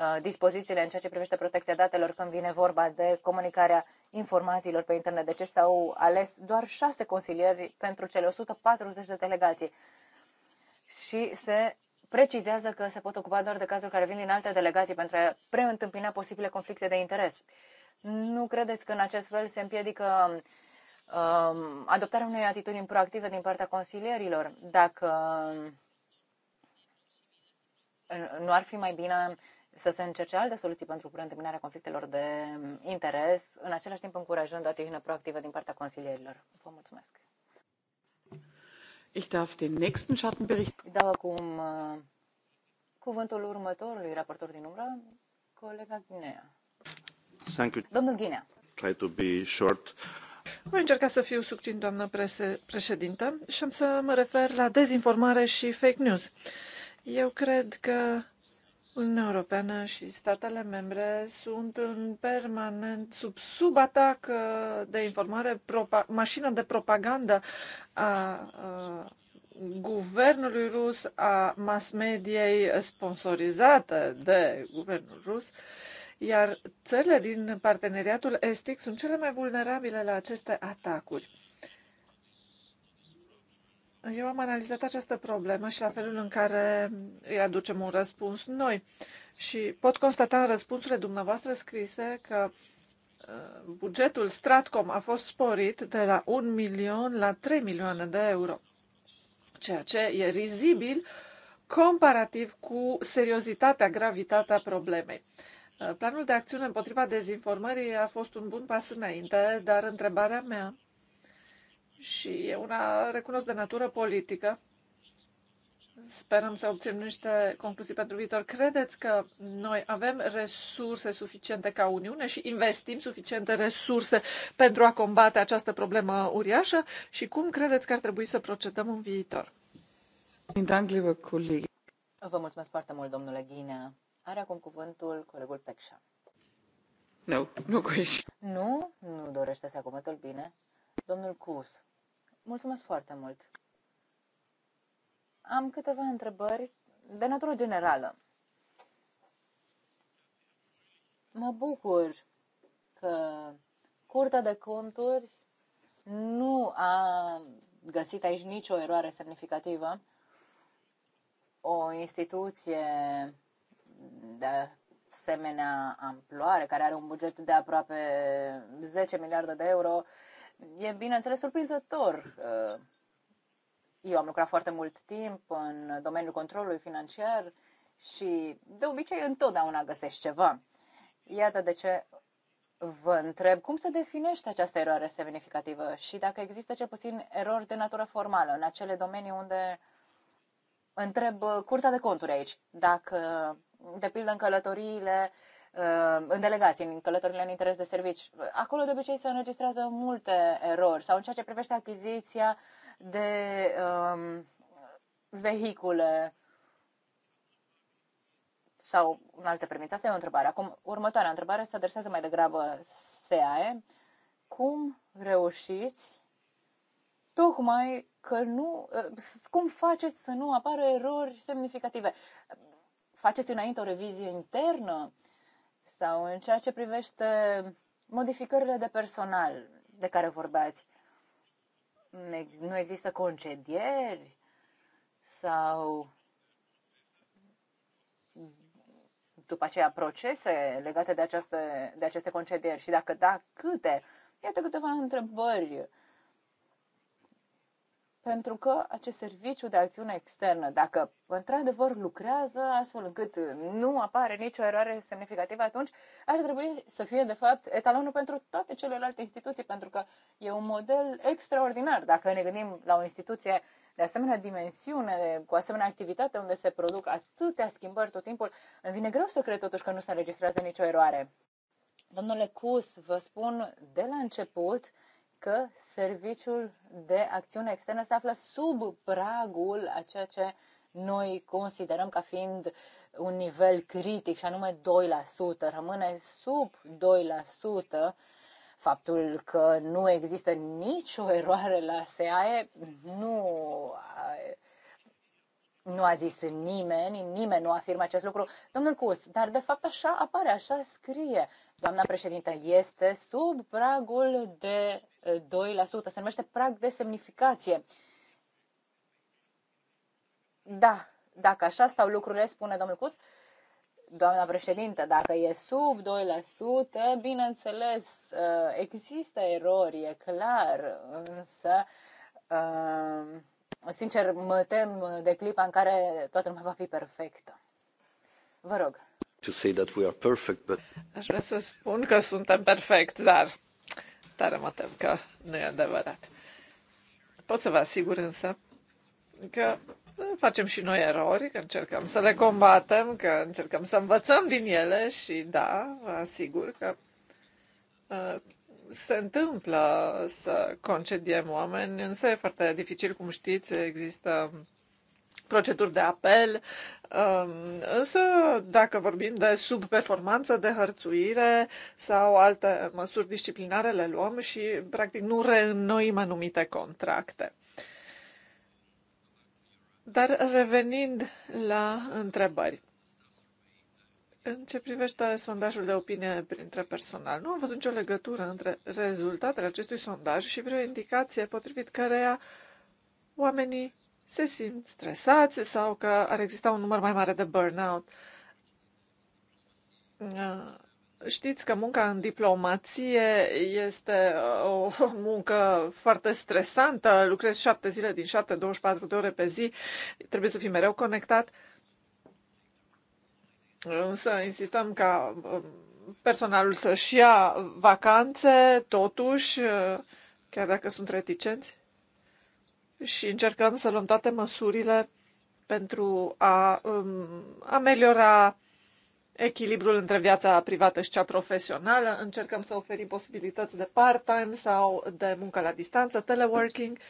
Speaker 2: Uh, dispozițiile în ceea ce privește protecția datelor când vine vorba de comunicarea informațiilor pe internet. De deci ce s-au ales doar șase consilieri pentru cele 140 de delegații? Și se precizează că se pot ocupa doar de cazuri care vin din alte delegații pentru a preîntâmpina posibile conflicte de interes. Nu credeți că în acest fel se împiedică um, adoptarea unei atitudini proactive din partea consilierilor? Dacă uh, nu ar fi mai bine să se încerce alte soluții pentru preîntâmpinarea conflictelor de interes, în același timp încurajând atitudine proactivă din partea consilierilor. Vă mulțumesc.
Speaker 3: Ich darf den nächsten Schattenbericht.
Speaker 2: Dau acum uh, cuvântul următorului raportor din umbră, colega Ghinea. Thank you. Domnul Ghinea. Try
Speaker 3: to be short. Voi încerca să fiu succint, doamnă președintă, și am să mă refer la dezinformare și fake news. Eu cred că Uniunea Europeană și statele membre sunt în permanent sub, sub atac uh, de informare, propa, mașină de propagandă a, a guvernului rus, a mass-mediei sponsorizate de guvernul rus, iar țările din parteneriatul estic sunt cele mai vulnerabile la aceste atacuri. Eu am analizat această problemă și la felul în care îi aducem un răspuns noi. Și pot constata în răspunsurile dumneavoastră scrise că uh, bugetul Stratcom a fost sporit de la 1 milion la 3 milioane de euro, ceea ce e rizibil comparativ cu seriozitatea, gravitatea problemei. Uh, planul de acțiune împotriva dezinformării a fost un bun pas înainte, dar întrebarea mea și e una recunosc de natură politică. Sperăm să obținem niște concluzii pentru viitor. Credeți că noi avem resurse suficiente ca Uniune și investim suficiente resurse pentru a combate această problemă uriașă? Și cum credeți că ar trebui să procedăm în viitor?
Speaker 2: Vă mulțumesc foarte mult, domnule Ghinea. Are acum cuvântul colegul Pecșa.
Speaker 3: Nu, nu cu
Speaker 2: Nu? Nu dorește să acumătă cuvântul? Bine. Domnul Cus. Mulțumesc foarte mult! Am câteva întrebări de natură generală. Mă bucur că Curtea de Conturi nu a găsit aici nicio eroare semnificativă. O instituție de asemenea amploare, care are un buget de aproape 10 miliarde de euro, e bineînțeles surprinzător. Uh, eu am lucrat foarte mult timp în domeniul controlului financiar și de obicei întotdeauna găsești ceva. Iată de ce vă întreb cum se definește această eroare semnificativă și dacă există cel puțin erori de natură formală în acele domenii unde întreb curtea de conturi aici, dacă, de pildă, în călătoriile uh, Uh, în delegații, în călătorile în interes de servici. Acolo de obicei se înregistrează multe erori sau în ceea ce privește achiziția de um, vehicule sau în alte premise. Asta e o întrebare. Acum, următoarea întrebare se adresează mai degrabă SEAE. Cum reușiți tocmai că nu, uh, cum faceți să nu apară erori semnificative? Faceți înainte o revizie internă? sau în ceea ce privește modificările de personal de care vorbeați. Nu există concedieri sau după aceea procese legate de aceste, de aceste concedieri și dacă da, câte? Iată câteva întrebări pentru că acest serviciu de acțiune externă, dacă într-adevăr lucrează astfel încât nu apare nicio eroare semnificativă, atunci ar trebui să fie, de fapt, etalonul pentru toate celelalte instituții, pentru că e un model extraordinar. Dacă ne gândim la o instituție de asemenea dimensiune, cu asemenea activitate unde se produc atâtea schimbări tot timpul, îmi vine greu să cred totuși că nu se înregistrează nicio eroare. Domnule Cus, vă spun de la început, că serviciul de acțiune externă se află sub pragul a ceea ce noi considerăm ca fiind un nivel critic, și anume 2%. Rămâne sub 2%. Faptul că nu există nicio eroare la SEAE nu nu a zis nimeni, nimeni nu afirmă acest lucru. Domnul Cus, dar de fapt așa apare, așa scrie. Doamna președintă este sub pragul de 2%, se numește prag de semnificație. Da, dacă așa stau lucrurile, spune domnul Cus, doamna președintă, dacă e sub 2%, bineînțeles, există erori, e clar, însă sincer, mă tem de clipa în care toată lumea va fi perfectă. Vă rog. To say that we are perfect, but...
Speaker 3: Aș vrea să spun că suntem perfect, dar tare mă tem că nu e adevărat. Pot să vă asigur însă că facem și noi erori, că încercăm să le combatem, că încercăm să învățăm din ele și da, vă asigur că uh, se întâmplă să concediem oameni, însă e foarte dificil, cum știți, există proceduri de apel, um, însă dacă vorbim de subperformanță, de hărțuire sau alte măsuri disciplinare le luăm și practic nu reînnoim anumite contracte. Dar revenind la întrebări. În ce privește sondajul de opinie printre personal, nu am văzut nicio legătură între rezultatele acestui sondaj și vreo indicație potrivit căreia oamenii se simt stresați sau că ar exista un număr mai mare de burnout. Uh, știți că munca în diplomație este uh, o muncă foarte stresantă, lucrezi șapte zile din șapte, 24 de ore pe zi, trebuie să fii mereu conectat. Uh, Însă insistăm ca um, personalul să-și ia vacanțe, totuși, uh, chiar dacă sunt reticenți, și încercăm să luăm toate măsurile pentru a um, ameliora echilibrul între viața privată și cea profesională. Încercăm să oferim posibilități de part-time sau de muncă la distanță, teleworking. Uh,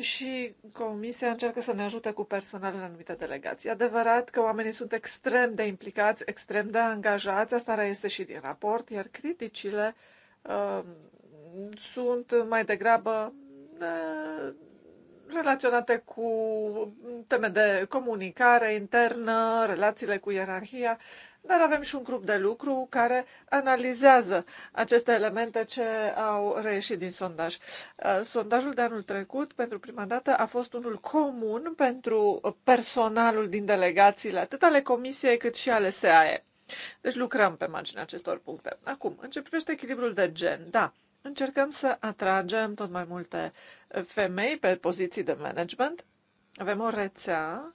Speaker 3: și Comisia încearcă să ne ajute cu personal în anumite delegații. E adevărat că oamenii sunt extrem de implicați, extrem de angajați, asta reiese și din raport, iar criticile uh, sunt mai degrabă uh, relaționate cu teme de comunicare internă, relațiile cu ierarhia, dar avem și un grup de lucru care analizează aceste elemente ce au reieșit din sondaj. Uh, sondajul de anul trecut, pentru prima dată, a fost unul comun pentru personalul din delegațiile, atât ale Comisiei cât și ale SAE. Deci lucrăm pe marginea acestor puncte. Acum, în ce privește echilibrul de gen, da, Încercăm să atragem tot mai multe femei pe poziții de management. Avem o rețea,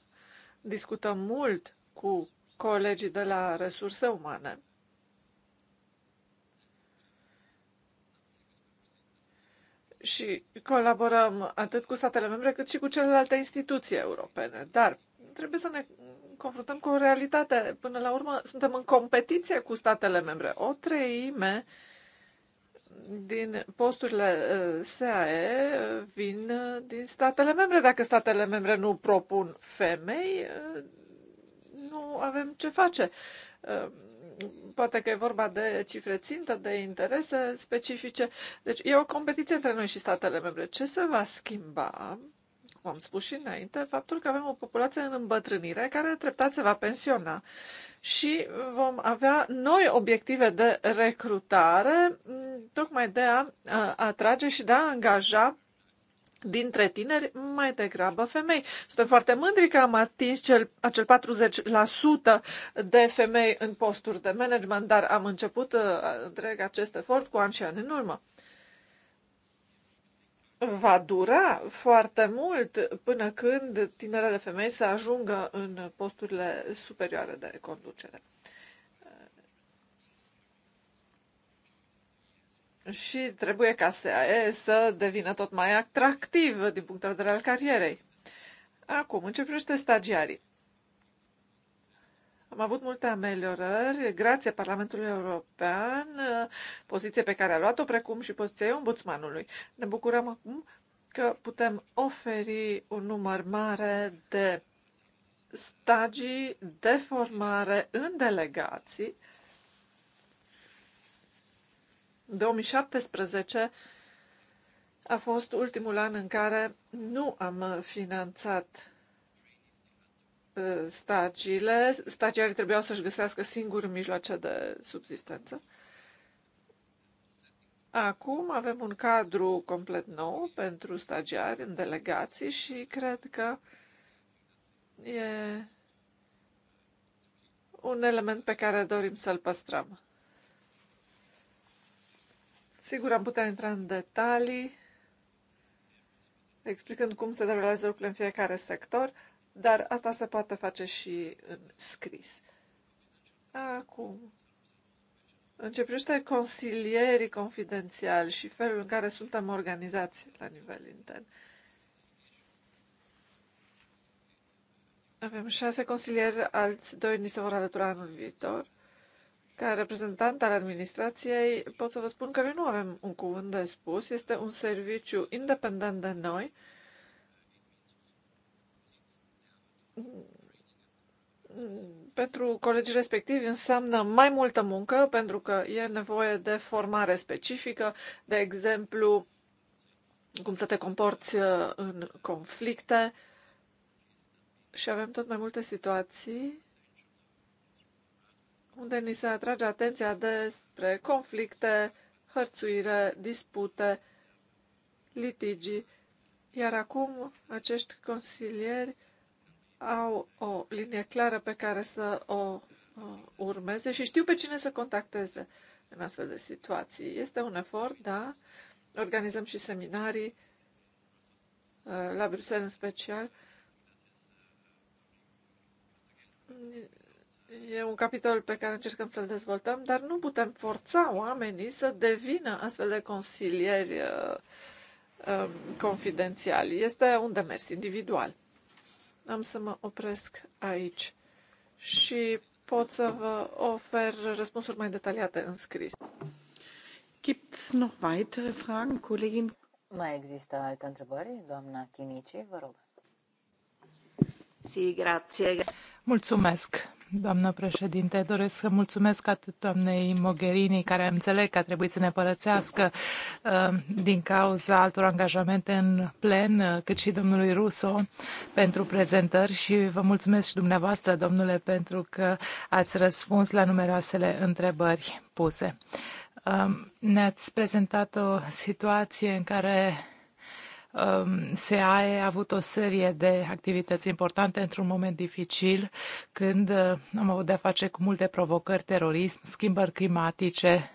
Speaker 3: discutăm mult cu colegii de la resurse umane. Și colaborăm atât cu statele membre cât și cu celelalte instituții europene. Dar trebuie să ne confruntăm cu o realitate. Până la urmă, suntem în competiție cu statele membre. O treime uh, din posturile uh, SAE vin uh, din statele membre. Dacă statele membre nu propun femei, uh, nu avem ce face. Poate că e vorba de cifre țintă, de interese specifice. Deci e o competiție între noi și statele membre. Ce se va schimba? Cum am spus și înainte, faptul că avem o populație în îmbătrânire care treptat se va pensiona și vom avea noi obiective de recrutare, mm, tocmai de a atrage și de a angaja dintre tineri, mai degrabă femei. Suntem foarte mândri că am atins cel, acel 40% de femei în posturi de management, dar am început uh, întreg acest efort cu ani și ani în urmă va dura foarte mult până când tinerele femei să ajungă în posturile superioare de conducere. Și trebuie ca SAE să devină tot mai atractiv din punct de vedere al carierei. Acum, în ce privește stagiarii. Am avut multe ameliorări, grație Parlamentului European, poziție pe care a luat-o, precum și poziția ombudsmanului. Ne bucurăm acum că putem oferi un număr mare de stagii de formare în delegații. 2017 a fost ultimul an în care nu am finanțat Uh, stagiile, stagiarii trebuiau să-și găsească singuri mijloace de subsistență. Acum avem un cadru complet nou pentru stagiari în delegații și cred că e un element pe care dorim să-l păstrăm. Sigur, am putea intra în detalii explicând cum se derulează lucrurile în fiecare sector, dar asta se poate face și în scris. Acum, în ce privește consilierii confidențiali și felul în care suntem organizați la nivel intern, avem șase consilieri, alți doi ni se vor alătura anul viitor. Ca reprezentant al administrației, pot să vă spun că noi nu avem un cuvânt de spus, este un serviciu independent de noi, uh, pentru colegii respectivi înseamnă mai multă muncă, pentru că e nevoie de formare specifică, de exemplu, cum să te comporți uh, în conflicte și avem tot mai multe situații unde ni se atrage atenția despre conflicte, hărțuire, dispute, litigi, iar acum acești consilieri au o linie clară pe care să o urmeze și știu pe cine să contacteze în astfel de situații. Este un efort, da. Organizăm și seminarii uh, la Bruxelles în special. E un capitol pe care încercăm să-l dezvoltăm, dar nu putem forța oamenii să devină astfel de consilieri uh, uh, confidențiali. Este un demers individual. Am să mă opresc aici și pot să vă ofer răspunsuri mai detaliate în scris.
Speaker 2: Gibt's noch weitere Fragen, Kollegin? Mai există alte întrebări, doamna Chinici, vă rog.
Speaker 1: Si, grație. Mulțumesc doamnă președinte. Doresc să mulțumesc atât doamnei Mogherini, care înțeleg că a trebuit să ne părățească uh, din cauza altor angajamente în plen, uh, cât și domnului Ruso pentru prezentări și vă mulțumesc și dumneavoastră, domnule, pentru că ați răspuns la numeroasele întrebări puse. Uh, ne-ați prezentat o situație în care Um, SEAE a avut o serie de activități importante într-un moment dificil, când uh, am avut de-a face cu multe provocări, terorism, schimbări climatice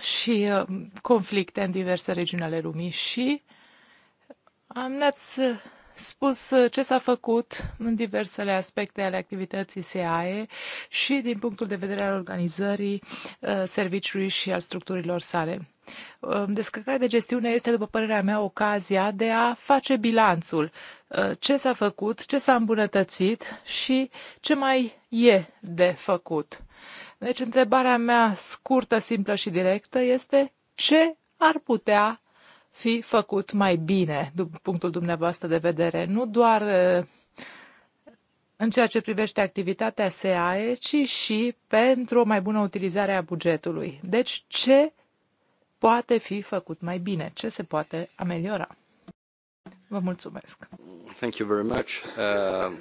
Speaker 1: și uh, conflicte în diverse regiuni ale lumii și ne-ați uh, spus uh, ce s-a făcut în diversele aspecte ale activității SEAE și din punctul de vedere al organizării uh, serviciului și al structurilor sale. Uh, descărcarea de gestiune este, după părerea mea, ocazia de a face bilanțul ce s-a făcut, ce s-a îmbunătățit și ce mai e de făcut. Deci, întrebarea mea scurtă, simplă și directă este ce ar putea fi făcut mai bine, după punctul dumneavoastră de vedere, nu doar în ceea ce privește activitatea SAE, ci și pentru o mai bună utilizare a bugetului. Deci, ce poate fi făcut mai bine? Ce se poate ameliora? Vă mulțumesc.
Speaker 2: Thank you very much. Uh...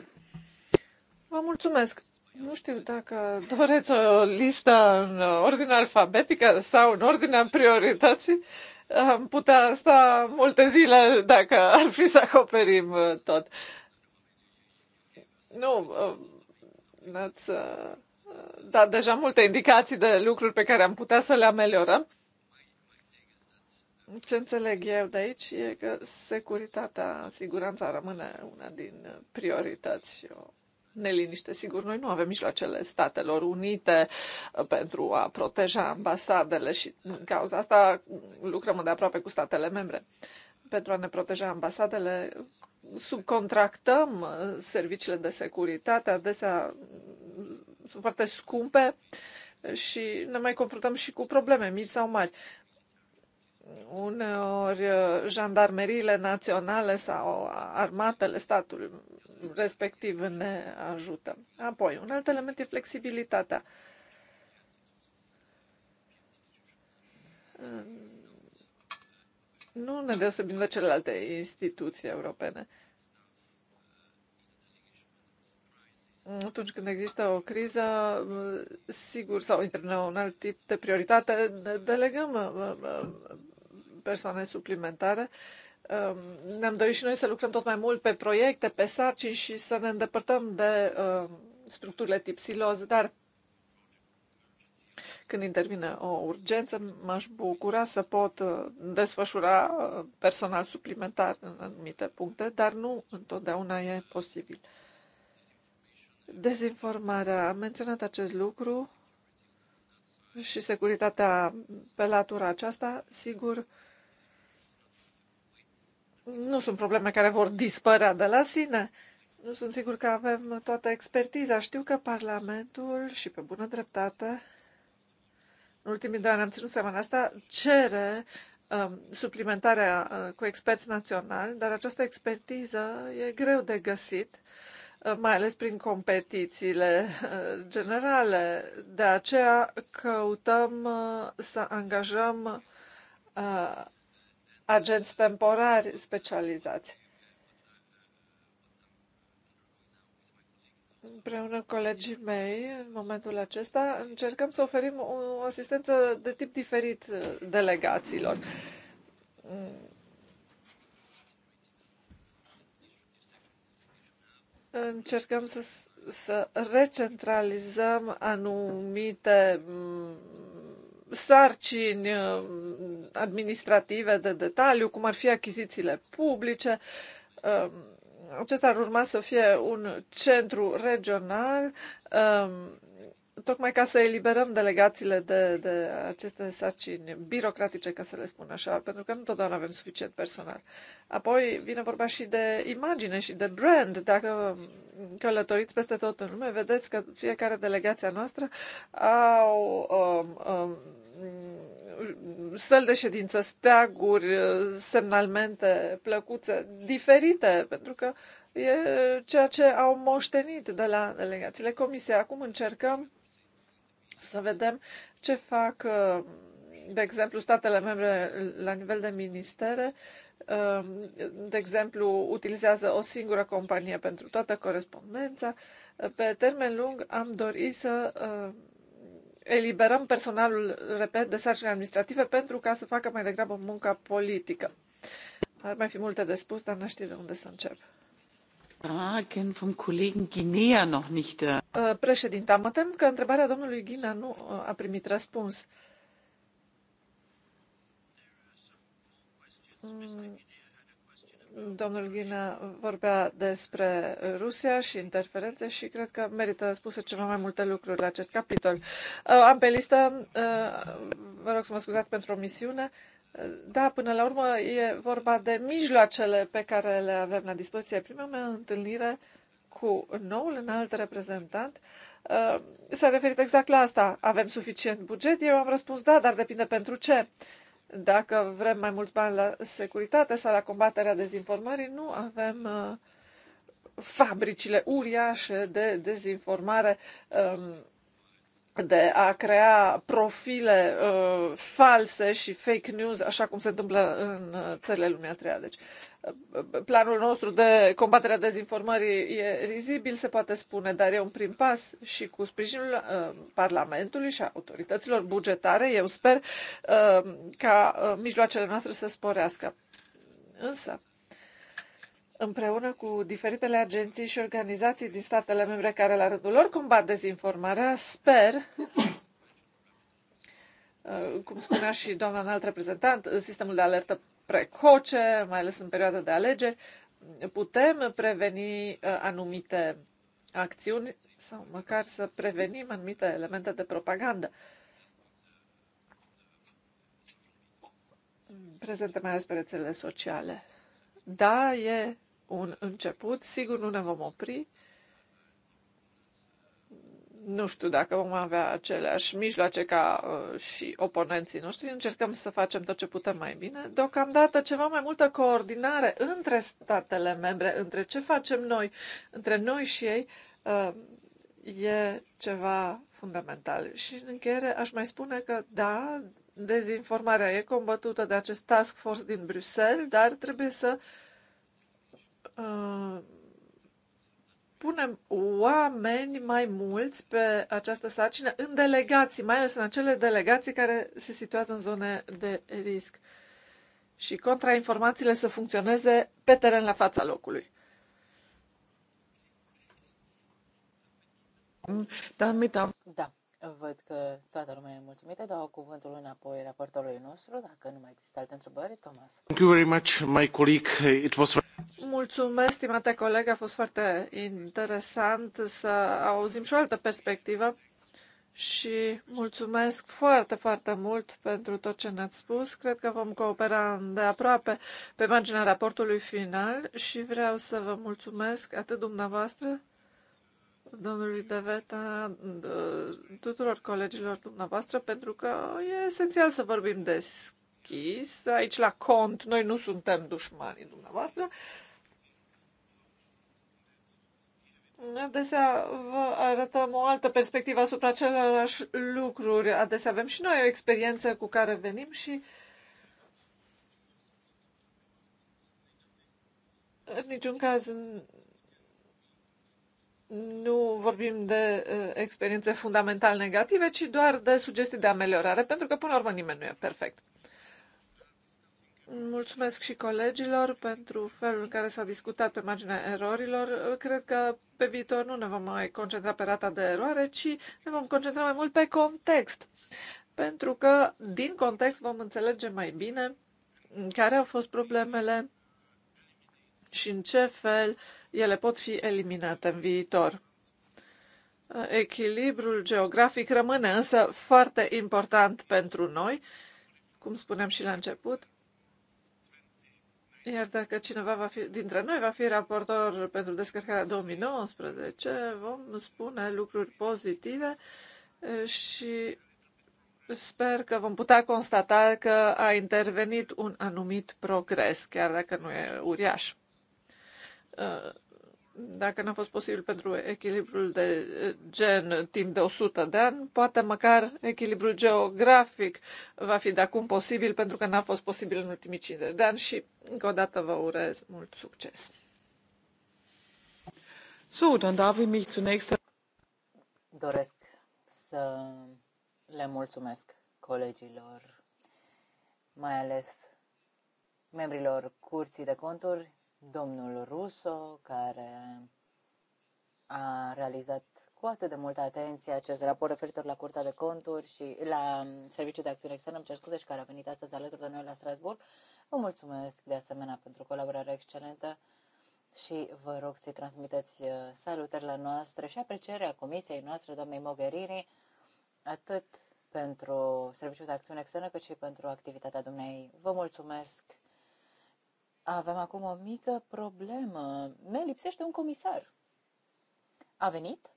Speaker 3: Vă mulțumesc. Nu știu dacă doreți o listă în ordine alfabetică sau în ordinea priorității am putea sta multe zile dacă ar fi să acoperim uh, tot. Nu, uh, ați uh, dat deja multe indicații de lucruri pe care am putea să le ameliorăm. Ce înțeleg eu de aici e că securitatea, siguranța rămâne una din priorități și o neliniște. Sigur, noi nu avem mijloacele Statelor Unite uh, pentru a proteja ambasadele și în cauza asta lucrăm de aproape cu statele membre. Pentru a ne proteja ambasadele, subcontractăm uh, serviciile de securitate, adesea mm, sunt foarte scumpe și ne mai confruntăm și cu probleme mici sau mari. Uneori uh, jandarmeriile naționale sau armatele statului respectiv ne ajută. Apoi, un alt element e flexibilitatea. Nu ne deosebim de celelalte instituții europene. atunci când există o criză, sigur, sau în un alt tip de prioritate, delegăm uh, uh, uh, persoane suplimentare Um, ne-am dorit și noi să lucrăm tot mai mult pe proiecte, pe sarcini și să ne îndepărtăm de um, structurile tip siloz, dar când intervine o urgență, m-aș bucura să pot uh, desfășura uh, personal suplimentar în anumite puncte, dar nu întotdeauna e posibil. Dezinformarea. Am menționat acest lucru și securitatea pe latura aceasta. Sigur, nu sunt probleme care vor dispărea de la sine. Nu sunt sigur că avem toată expertiza. Știu că Parlamentul, și pe bună dreptate, în ultimii doi ani am ținut seama de asta, cere um, suplimentarea uh, cu experți naționali, dar această expertiză e greu de găsit, uh, mai ales prin competițiile uh, generale. De aceea căutăm uh, să angajăm uh, agenți temporari specializați. Împreună cu colegii mei, în momentul acesta, încercăm să oferim o asistență de tip diferit uh, delegațiilor. Încercăm să, să recentralizăm anumite mm, sarcini uh, administrative de detaliu, cum ar fi achizițiile publice. Um, acesta ar urma să fie un centru regional um, tocmai ca să eliberăm delegațiile de, de aceste sarcini birocratice, ca să le spun așa, pentru că nu totdeauna avem suficient personal. Apoi vine vorba și de imagine și de brand. Dacă călătoriți peste tot în lume, vedeți că fiecare delegație noastră au um, um, stel de ședință, steaguri, semnalmente, plăcuțe, diferite, pentru că e ceea ce au moștenit de la delegațiile comisiei. Acum încercăm să vedem ce fac, uh, de exemplu, statele membre la nivel de ministere. Uh, de exemplu, utilizează o singură companie pentru toată corespondența. Uh, pe termen lung am dorit să eliberăm personalul, repet, de sarcini administrative pentru ca să facă mai degrabă munca politică. Ar mai fi multe de spus, dar n-aș de unde să încep. Fragen vom äh. ă, mă tem că întrebarea domnului Ghina nu ă, a primit răspuns. Mm, domnul Ghina vorbea despre Rusia și interferențe și cred că merită spuse ceva mai multe lucruri la acest capitol. Ă, am pe listă, vă rog să mă scuzați pentru omisiune. Da, până la urmă e vorba de mijloacele pe care le avem la dispoziție. Prima mea întâlnire cu noul înalt reprezentant uh, s-a referit exact la asta. Avem suficient buget? Eu am răspuns da, dar depinde pentru ce. Dacă vrem mai mulți bani la securitate sau la combaterea dezinformării, nu avem uh, fabricile uriașe de dezinformare um, de a crea profile uh, false și fake news, așa cum se întâmplă în uh, țările lumea treia. Deci, uh, planul nostru de combaterea dezinformării e rizibil, se poate spune, dar e un prim pas și cu sprijinul uh, Parlamentului și a autorităților bugetare, eu sper uh, ca uh, mijloacele noastre să sporească. Însă, împreună cu diferitele agenții și organizații din statele membre care la rândul lor combat dezinformarea, sper uh, cum spunea și doamna înalt reprezentant, sistemul de alertă precoce, mai ales în perioada de alegeri, putem preveni uh, anumite acțiuni sau măcar să prevenim anumite elemente de propagandă. Prezente mai ales pe rețelele sociale. Da, e un început. Sigur, nu ne vom opri. Nu știu dacă vom avea aceleași mijloace ca uh, și oponenții noștri. Încercăm să facem tot ce putem mai bine. Deocamdată ceva mai multă coordinare între statele membre, între ce facem noi, între noi și ei, uh, e ceva fundamental. Și în încheiere aș mai spune că, da, dezinformarea e combătută de acest task force din Bruxelles, dar trebuie să uh, punem oameni mai mulți pe această sarcină în delegații, mai ales în acele delegații care se situează în zone de risc și contrainformațiile să funcționeze pe teren la fața locului. Da, mi mi-am.
Speaker 2: Da. Văd că toată lumea e mulțumită. Dau cuvântul înapoi raportorului nostru. Dacă nu mai există alte întrebări, Thomas.
Speaker 3: Thank you very much, my colleague. It was...
Speaker 2: Mulțumesc, stimate coleg. A fost foarte
Speaker 3: interesant să auzim și o altă perspectivă și mulțumesc foarte, foarte mult pentru tot ce ne-ați spus. Cred că vom coopera de aproape pe marginea raportului final și vreau să vă mulțumesc atât dumneavoastră domnului Deveta, uh, tuturor colegilor dumneavoastră, pentru că e esențial să vorbim deschis. Aici, la cont, noi nu suntem dușmanii dumneavoastră. Adesea vă arătăm o altă perspectivă asupra acelorași lucruri. Adesea avem și noi o experiență cu care venim și în niciun caz nu vorbim de experiențe fundamental negative, ci doar de sugestii de ameliorare, pentru că până la urmă nimeni nu e perfect. Mulțumesc și colegilor pentru felul în care s-a discutat pe marginea erorilor. Cred că pe viitor nu ne vom mai concentra pe rata de eroare, ci ne vom concentra mai mult pe context. Pentru că din context vom înțelege mai bine care au fost problemele și în ce fel uh, ele pot fi eliminate în viitor. Echilibrul geografic rămâne însă foarte important pentru noi, cum spuneam și la început. Iar dacă cineva va fi, dintre noi va fi raportor pentru descărcarea 2019, vom spune lucruri pozitive și sper că vom putea constata că a intervenit un anumit progres, chiar dacă nu e uriaș. Uh, dacă n-a fost posibil pentru echilibrul de uh, gen timp de 100 de ani, poate măcar echilibrul geografic va fi de acum posibil pentru că n-a fost posibil în ultimii 50 de ani și încă o dată vă urez mult succes. So, dann darf ich mich zunächst
Speaker 2: doresc să le mulțumesc colegilor, mai ales membrilor Curții de Conturi, domnul Russo, care a realizat cu atât de multă atenție acest raport referitor la Curtea de Conturi și la Serviciul de Acțiune Externă, îmi cer scuze, și care a venit astăzi alături de noi la Strasburg. Vă mulțumesc de asemenea pentru colaborarea excelentă și vă rog să-i transmiteți uh, la noastre și aprecierea comisiei noastre, doamnei Mogherini, atât pentru Serviciul de Acțiune Externă, cât și pentru activitatea dumnei. Vă mulțumesc avem acum o mică problemă. Ne lipsește un comisar. A venit?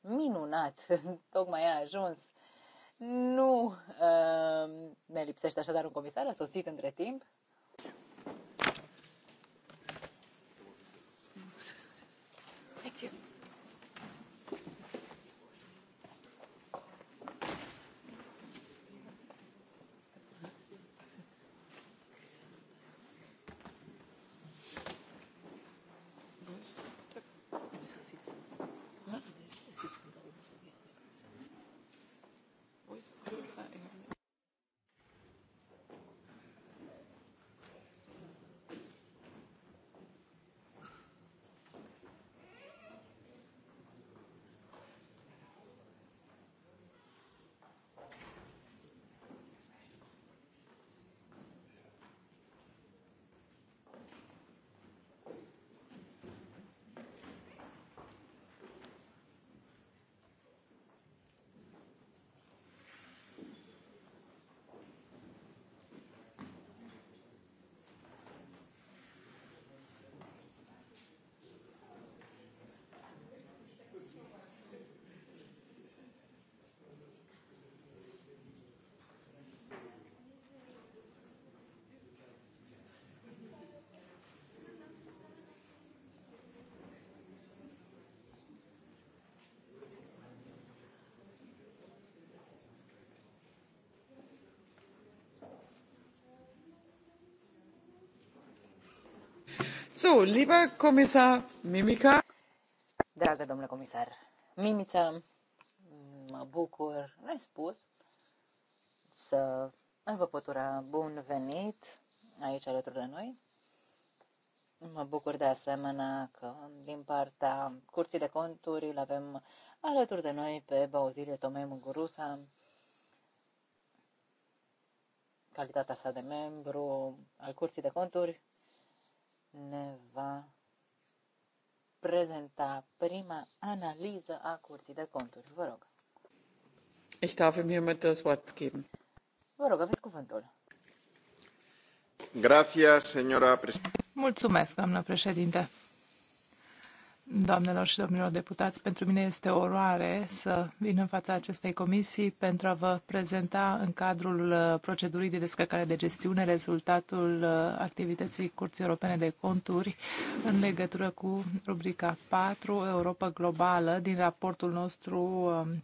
Speaker 2: Minunat! Tocmai a ajuns. Nu uh, ne lipsește așadar un comisar, a sosit între timp.
Speaker 3: So, lieber Kommissar Mimica.
Speaker 2: Dragă domnule comisar Mimica, mă bucur, n-ai spus, să vă pot ura bun venit aici alături de noi. Mă bucur de asemenea că din partea Curții de Conturi îl avem alături de noi pe Bauzile Tomei Mugurusa, calitatea sa de membru al Curții de Conturi, ne va prezenta prima analiză a Curții de Conturi. Vă rog.
Speaker 3: Ich darf ihm
Speaker 1: hiermit das Wort geben.
Speaker 2: Vă rog, aveți cuvântul.
Speaker 3: Gracias, señora
Speaker 1: Mulțumesc, doamnă președinte. Doamnelor și domnilor deputați, pentru mine este o oroare să vin în fața acestei comisii pentru a vă prezenta în cadrul uh, procedurii de descărcare de gestiune rezultatul uh, activității Curții Europene de Conturi în legătură cu rubrica 4, Europa Globală, din raportul nostru um,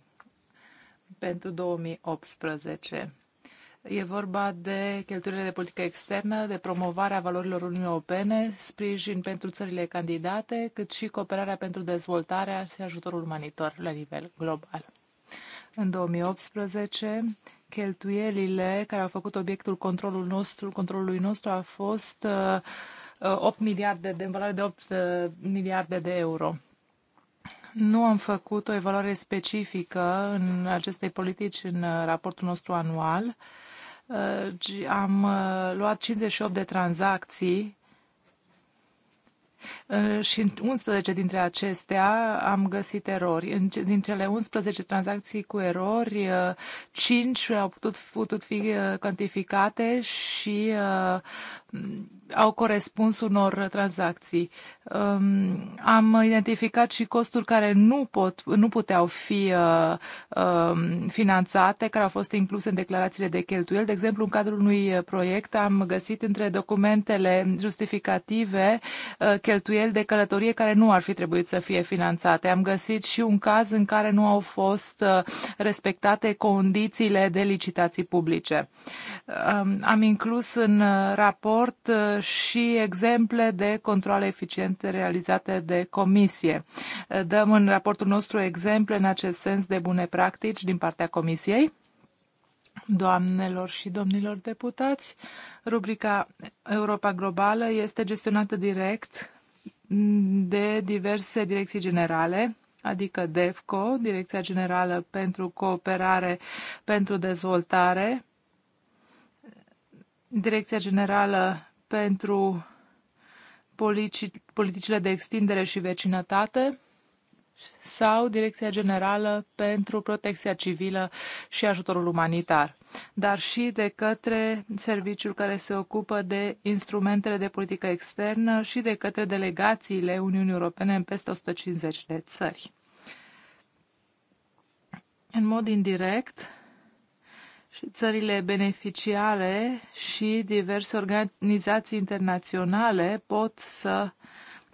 Speaker 1: pentru 2018. E vorba de cheltuielile de politică externă, de promovarea valorilor Uniunii Europene, sprijin pentru țările candidate, cât și cooperarea pentru dezvoltarea și ajutorul umanitar la nivel global. În 2018, cheltuielile care au făcut obiectul controlul nostru, controlului nostru a fost 8 uh, miliarde de, în valoare de 8 uh, miliarde de euro. Nu am făcut o evaluare specifică în acestei politici în uh, raportul nostru anual, Uh, am uh, luat 58 de tranzacții uh, și în 11 dintre acestea am găsit erori. Din cele 11 tranzacții cu erori, 5 au putut, putut fi cantificate și Mm, au corespuns unor tranzacții. Um, am identificat și costuri care nu, pot, nu puteau fi uh, uh, finanțate, care au fost incluse în declarațiile de cheltuieli. De exemplu, în cadrul unui proiect am găsit între documentele justificative uh, cheltuieli de călătorie care nu ar fi trebuit să fie finanțate. Am găsit și un caz în care nu au fost uh, respectate condițiile de licitații publice. Um, am inclus în uh, raport raport uh, și exemple de controle eficiente realizate de comisie. Uh, dăm în raportul nostru exemple în acest sens de bune practici din partea comisiei. Doamnelor și domnilor deputați, rubrica Europa Globală este gestionată direct de diverse direcții generale, adică DEFCO, Direcția Generală pentru Cooperare pentru Dezvoltare, Direcția Generală pentru Politicile de Extindere și Vecinătate sau Direcția Generală pentru Protecția Civilă și Ajutorul Umanitar, dar și de către serviciul care se ocupă de instrumentele de politică externă și de către delegațiile Uniunii Europene în peste 150 de țări. În mod indirect, și țările beneficiare și diverse organizații internaționale pot să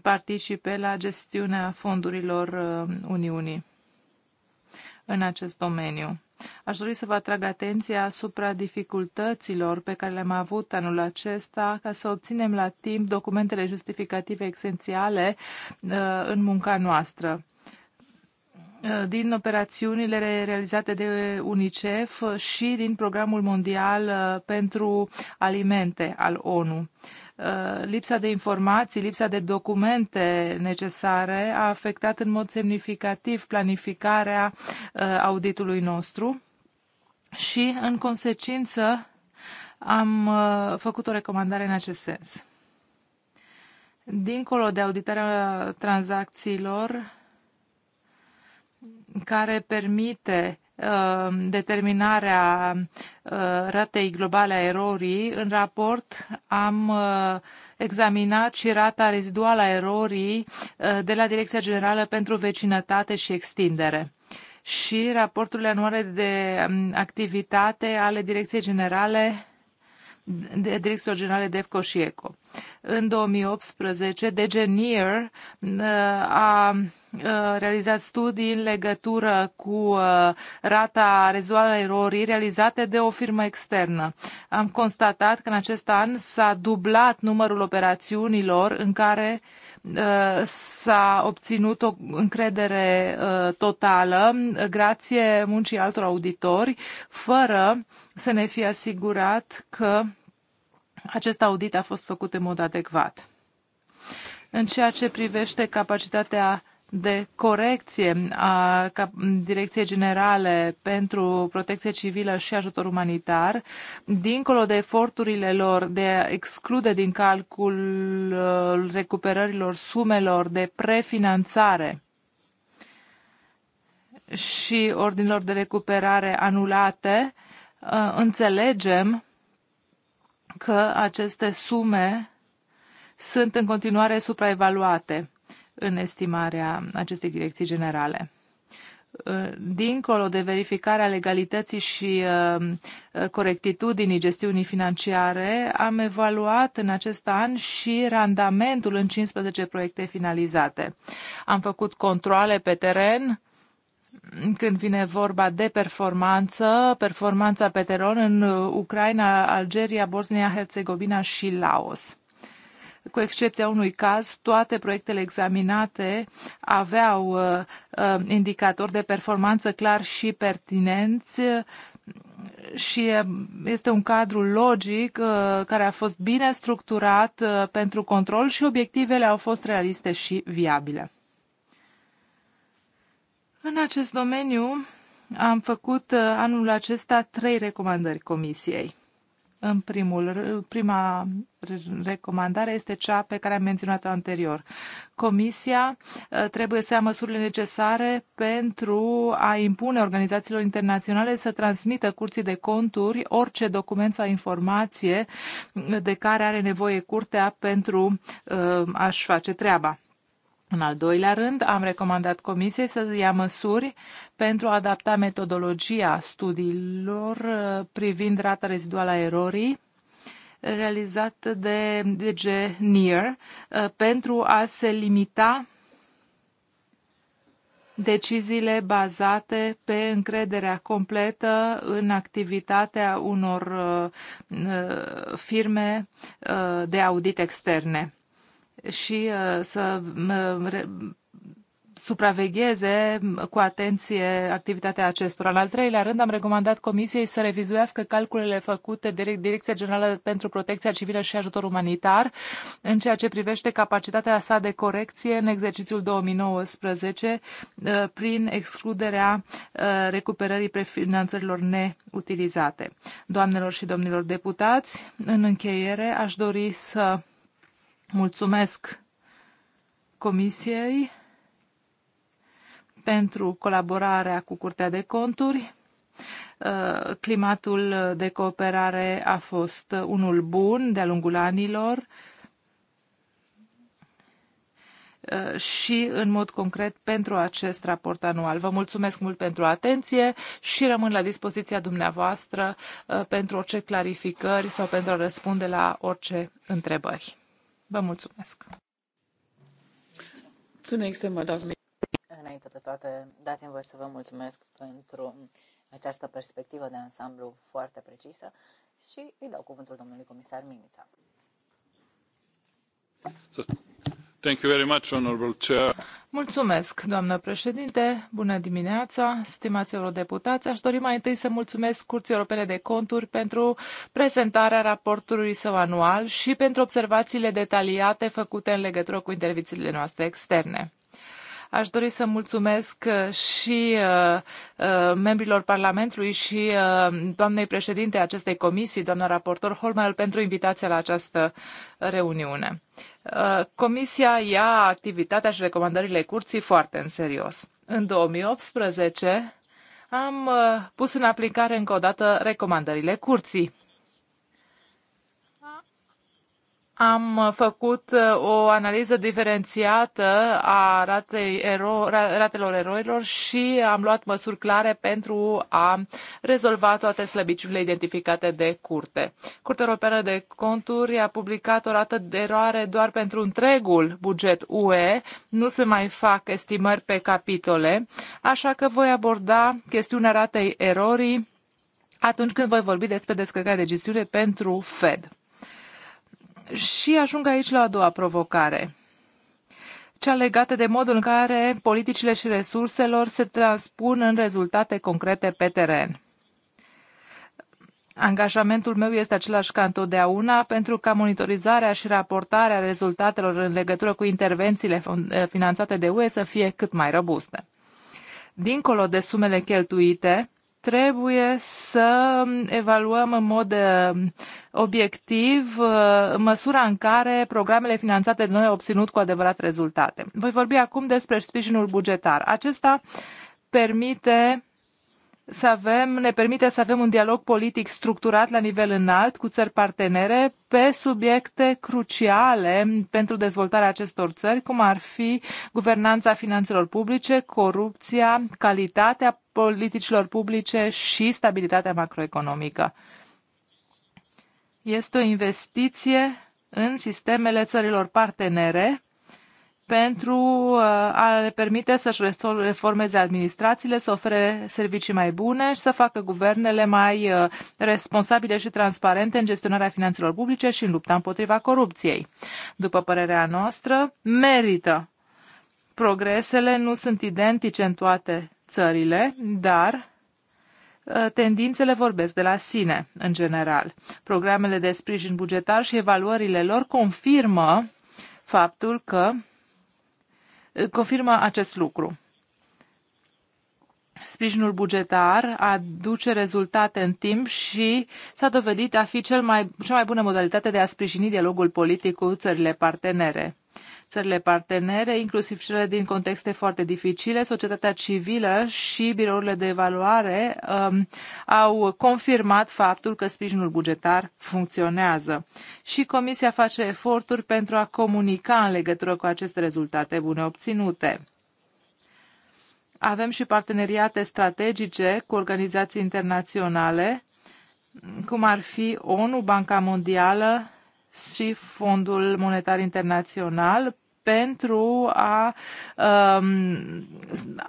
Speaker 1: participe la gestiunea fondurilor uh, Uniunii în acest domeniu. Aș dori să vă atrag atenția asupra dificultăților pe care le-am avut anul acesta ca să obținem la timp documentele justificative esențiale uh, în munca noastră. Eh, din operațiunile realizate de UNICEF și din Programul Mondial eh, pentru Alimente al ONU. Eh, lipsa de informații, lipsa de documente necesare a afectat în mod semnificativ planificarea auditului nostru și, în consecință, am făcut o recomandare în acest sens. Dincolo de auditarea tranzacțiilor, care permite uh, determinarea uh, ratei globale a erorii. În raport am uh, examinat și rata reziduală a erorii de la Direcția Generală pentru Vecinătate și Extindere și raporturile anuale de um, activitate ale Direcției Generale de Direcțiilor Generale DEFCO și ECO. În 2018, DGNIR a Uh, realizat studii în legătură cu uh, rata rezolvării realizate de o firmă externă. Am constatat că în acest an s-a dublat numărul operațiunilor în care uh, s-a obținut o încredere totală grație muncii altor auditori, fără să ne fie asigurat că acest audit a fost făcut în mod adecvat. În ceea ce privește capacitatea de corecție a Direcției Generale pentru Protecție Civilă și Ajutor Umanitar, dincolo de eforturile lor de a exclude din calcul uh, recuperărilor sumelor de prefinanțare și ordinilor de recuperare anulate, uh, înțelegem că aceste sume sunt în continuare supraevaluate în estimarea acestei direcții generale uh, dincolo de verificarea legalității și uh, uh, corectitudinii gestiunii financiare, am evaluat în acest an și randamentul în 15 proiecte finalizate. Am făcut controle pe teren când vine vorba de performanță, performanța pe teren în Ucraina, Algeria, Bosnia, Herțegovina și Laos. Cu excepția unui caz, toate proiectele examinate aveau uh, uh, indicatori de performanță clar și pertinenți și uh, este un cadru logic care a fost bine structurat pentru control și obiectivele au fost realiste și viabile. În acest domeniu am făcut anul acesta trei recomandări comisiei. În primul, prima recomandare este cea pe care am menționat-o anterior. Comisia ă, trebuie să ia măsurile necesare pentru a impune organizațiilor internaționale să transmită curții de conturi orice document sau informație de care are nevoie curtea pentru ă, a-și face treaba. În al doilea rând, am recomandat Comisiei să ia măsuri pentru a adapta metodologia studiilor uh, privind rata reziduală a erorii realizată de DG NIR uh, pentru a se limita deciziile bazate pe încrederea completă în activitatea unor uh, firme de audit externe și uh, să uh, supravegheze cu atenție activitatea acestora. În al treilea rând, am recomandat Comisiei să revizuiască calculele făcute de Direcția Generală pentru Protecția Civilă și Ajutor Umanitar în ceea ce privește capacitatea sa de corecție în exercițiul 2019 uh, prin excluderea recuperării prefinanțărilor neutilizate. Doamnelor și domnilor deputați, în încheiere aș dori să Mulțumesc Comisiei pentru colaborarea cu Curtea de Conturi. Uh, climatul de cooperare a fost unul bun de-a lungul anilor uh, și în mod concret pentru acest raport anual. Vă mulțumesc mult pentru atenție și rămân la dispoziția dumneavoastră uh, pentru orice clarificări sau pentru a răspunde la orice întrebări. Vă mulțumesc! Zunächst
Speaker 2: Înainte de toate, dați-mi voi să vă mulțumesc pentru această perspectivă de ansamblu foarte precisă și îi dau cuvântul domnului comisar Mimița.
Speaker 1: Mulțumesc, doamnă președinte. Bună dimineața, stimați eurodeputați. Aș dori mai întâi să mulțumesc Curții Europene de Conturi pentru prezentarea raportului său anual și pentru observațiile detaliate făcute în legătură cu intervițiile noastre externe. Aș dori să mulțumesc uh, și uh, uh, membrilor Parlamentului și doamnei președinte acestei comisii, doamna raportor Holmel, pentru invitația la această reuniune. Comisia ia activitatea și recomandările curții foarte în serios. În 2018 am pus în aplicare încă o dată recomandările curții am uh, făcut uh, o analiză diferențiată a ratei ero- ratelor eroilor și am luat măsuri clare pentru a rezolva toate slăbiciunile identificate de curte. Curtea Europeană de Conturi a publicat o rată de eroare doar pentru întregul buget UE, nu se mai fac estimări pe capitole, așa că voi aborda chestiunea ratei erorii atunci când voi vorbi despre descărcarea de gestiune pentru Fed. Și ajung aici la a doua provocare cea legată de modul în care politicile și resurselor se transpun în rezultate concrete pe teren. Angajamentul meu este același ca întotdeauna pentru ca monitorizarea și raportarea rezultatelor în legătură cu intervențiile finanțate de UE să fie cât mai robuste. Dincolo de sumele cheltuite, trebuie să evaluăm în mod uh, obiectiv uh, măsura în care programele finanțate de noi au obținut cu adevărat rezultate. Voi vorbi acum despre sprijinul bugetar. Acesta permite să avem, ne permite să avem un dialog politic structurat la nivel înalt cu țări partenere pe subiecte cruciale pentru dezvoltarea acestor țări, cum ar fi guvernanța finanțelor publice, corupția, calitatea politicilor publice și stabilitatea macroeconomică. Este o investiție în sistemele țărilor partenere pentru uh, a le permite să-și reformeze administrațiile, să ofere servicii mai bune și să facă guvernele mai uh, responsabile și transparente în gestionarea finanțelor publice și în lupta împotriva corupției. După părerea noastră, merită. Progresele nu sunt identice în toate țările, dar uh, tendințele vorbesc de la sine, în general. Programele de sprijin bugetar și evaluările lor confirmă faptul că confirmă acest lucru. Sprijinul bugetar aduce rezultate în timp și s-a dovedit a fi cel mai, cea mai bună modalitate de a sprijini dialogul politic cu țările partenere țările partenere, inclusiv cele din contexte foarte dificile. Societatea civilă și birourile de evaluare um, au confirmat faptul că sprijinul bugetar funcționează. Și Comisia face eforturi pentru a comunica în legătură cu aceste rezultate bune obținute. Avem și parteneriate strategice cu organizații internaționale, cum ar fi ONU, Banca Mondială și Fondul Monetar Internațional pentru a um,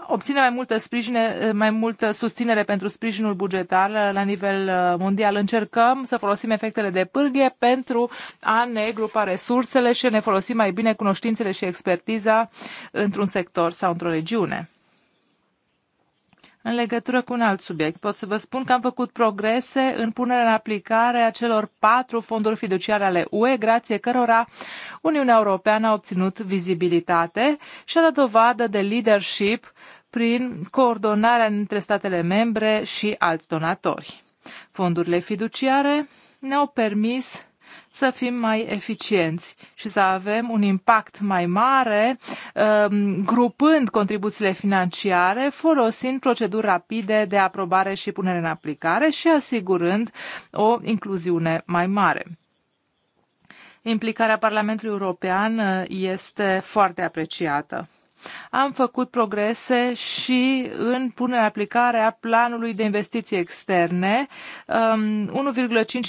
Speaker 1: obține mai multă, sprijine, mai multă susținere pentru sprijinul bugetar la nivel uh, mondial. Încercăm să folosim efectele de pârghie pentru a ne grupa resursele și a ne folosi mai bine cunoștințele și expertiza într-un sector sau într-o regiune. În legătură cu un alt subiect, pot să vă spun că am făcut progrese în punerea în aplicare a celor patru fonduri fiduciare ale UE, grație cărora Uniunea Europeană a obținut vizibilitate și a dat dovadă de leadership prin coordonarea între statele membre și alți donatori. Fondurile fiduciare ne-au permis să fim mai eficienți și să avem un impact mai mare um, grupând contribuțiile financiare, folosind proceduri rapide de aprobare și punere în aplicare și asigurând o incluziune mai mare. Implicarea Parlamentului European uh, este foarte apreciată. Am făcut progrese și în punerea aplicare a planului de investiții externe. 1,5 um,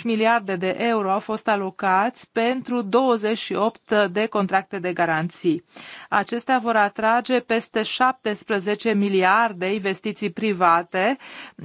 Speaker 1: miliarde de euro au fost alocați pentru 28 de contracte de garanții. Acestea vor atrage peste 17 miliarde investiții private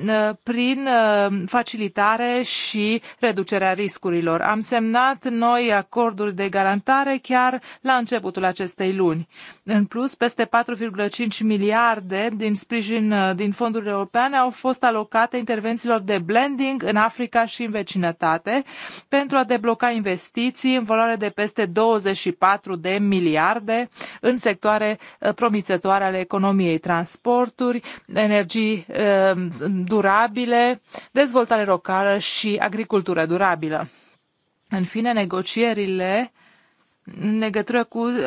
Speaker 1: uh, prin uh, facilitare și reducerea riscurilor. Am semnat noi acorduri de garantare chiar la începutul acestei luni. În plus, peste peste 4,5 miliarde din sprijin uh, din fondurile europene au fost alocate intervențiilor de blending în Africa și în vecinătate pentru a debloca investiții în valoare de peste 24 de miliarde în sectoare uh, promițătoare ale economiei, transporturi, energii uh, durabile, dezvoltare locală și agricultură durabilă. În fine, negocierile în legătură cu uh,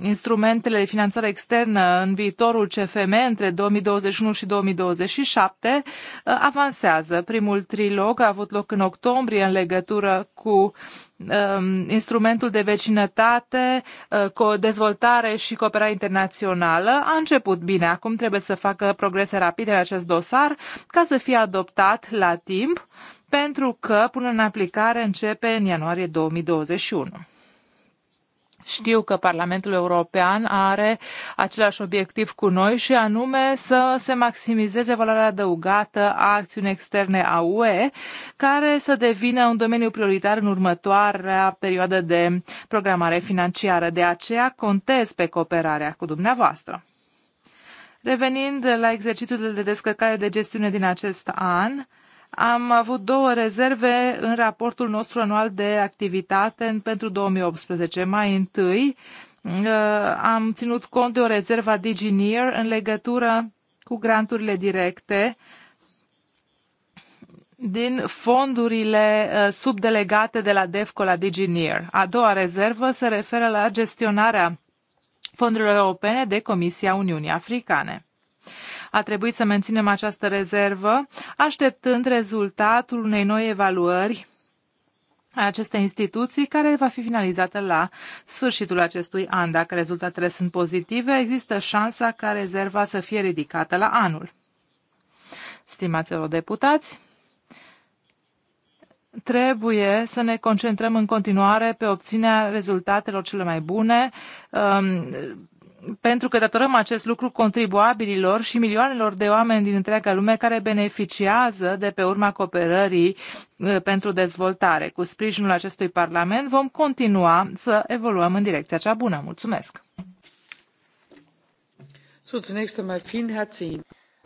Speaker 1: instrumentele de finanțare externă în viitorul CFM între 2021 și 2027 uh, avansează. Primul trilog a avut loc în octombrie în legătură cu uh, instrumentul de vecinătate, uh, cu dezvoltare și cooperare internațională. A început bine, acum trebuie să facă progrese rapide în acest dosar ca să fie adoptat la timp, pentru că până în aplicare începe în ianuarie 2021. Știu că Parlamentul European are același obiectiv cu noi și anume să se maximizeze valoarea adăugată a acțiunii externe a UE, care să devină un domeniu prioritar în următoarea perioadă de programare financiară. De aceea contez pe cooperarea cu dumneavoastră. Revenind la exercițiul de descărcare de gestiune din acest an, am avut două rezerve în raportul nostru anual de activitate pentru 2018. Mai întâi, uh, am ținut cont de o rezervă a Digineer în legătură cu granturile directe din fondurile uh, subdelegate de la DEFCO la Digineer. A doua rezervă se referă la gestionarea fondurilor europene de Comisia Uniunii Africane. A trebuit să menținem această rezervă, așteptând rezultatul unei noi evaluări a acestei instituții, care va fi finalizată la sfârșitul acestui an. Dacă rezultatele sunt pozitive, există șansa ca rezerva să fie ridicată la anul. Stimați deputați, trebuie să ne concentrăm în continuare pe obținerea rezultatelor cele mai bune, um, pentru că datorăm acest lucru contribuabililor și milioanelor de oameni din întreaga lume care beneficiază de pe urma cooperării uh, pentru dezvoltare. Cu sprijinul acestui Parlament vom continua să evoluăm în direcția cea bună. Mulțumesc!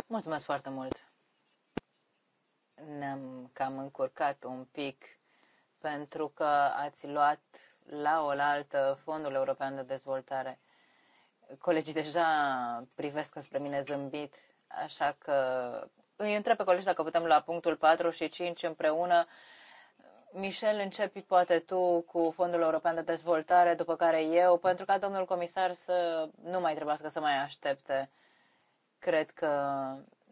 Speaker 2: Mulțumesc foarte mult! Ne-am cam încurcat un pic pentru că ați luat la oaltă Fondul European de Dezvoltare. Colegii deja privesc înspre mine zâmbit, așa că îi întreb pe colegi dacă putem lua punctul 4 și 5 împreună. Michel, începi poate tu cu Fondul European de Dezvoltare, după care eu, pentru ca domnul comisar să nu mai trebuiască să mai aștepte. Cred că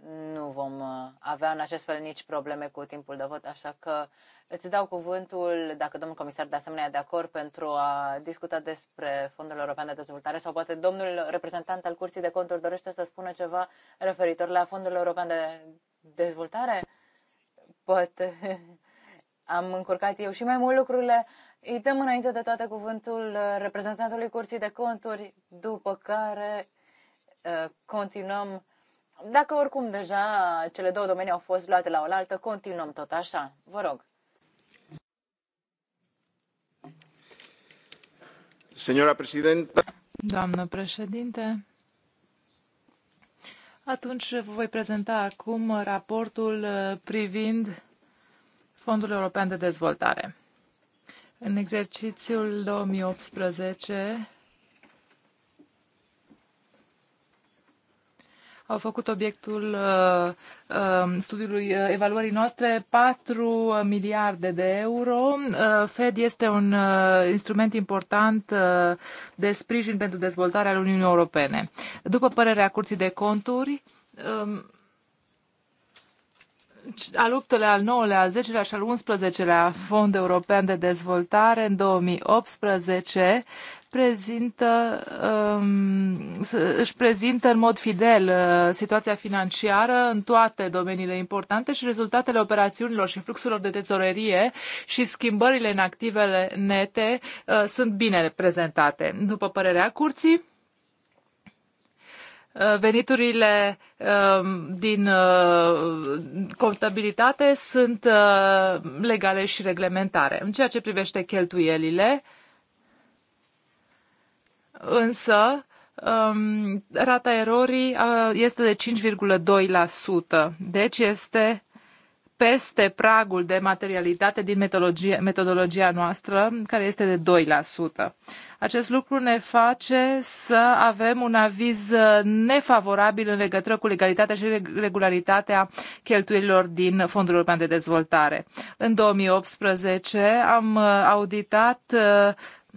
Speaker 2: nu vom uh, avea în acest fel nici probleme cu timpul de vot, așa că îți dau cuvântul, dacă domnul comisar de asemenea e de acord, pentru a discuta despre Fondul European de Dezvoltare sau poate domnul reprezentant al Curții de Conturi dorește să spună ceva referitor la Fondul European de Dezvoltare? Poate am încurcat eu și mai mult lucrurile. Îi dăm înainte de toate cuvântul uh, reprezentantului Curții de Conturi, după care uh, continuăm dacă oricum deja cele două domenii au fost luate la oaltă, continuăm tot
Speaker 1: așa. Vă rog.
Speaker 3: Señora președintă.
Speaker 1: Doamnă președinte, atunci vă voi prezenta acum raportul privind Fondul European de Dezvoltare. În exercițiul 2018, au făcut obiectul uh, um, studiului uh, evaluării noastre 4 miliarde de euro. Uh, Fed este un instrument important de sprijin pentru dezvoltarea Uniunii Europene. După părerea Curții de Conturi, um, al 8-lea, al 9-lea, al 10-lea și al 11-lea Fond European de Dezvoltare în 2018 prezintă, um, își prezintă în mod fidel uh, situația financiară în toate domeniile importante și rezultatele operațiunilor și fluxurilor de tezorerie și schimbările în activele nete uh, sunt bine reprezentate. După părerea curții, uh, veniturile um, din contabilitate sunt legale și reglementare. În ceea ce privește cheltuielile, însă um, rata erorii uh, este de 5,2%, deci este peste pragul de materialitate din metodologia, metodologia noastră, care este de 2%. Acest lucru ne face să avem un aviz nefavorabil în legătură cu legalitatea și regularitatea cheltuielilor din Fondul European de Dezvoltare. În 2018 am uh, auditat uh,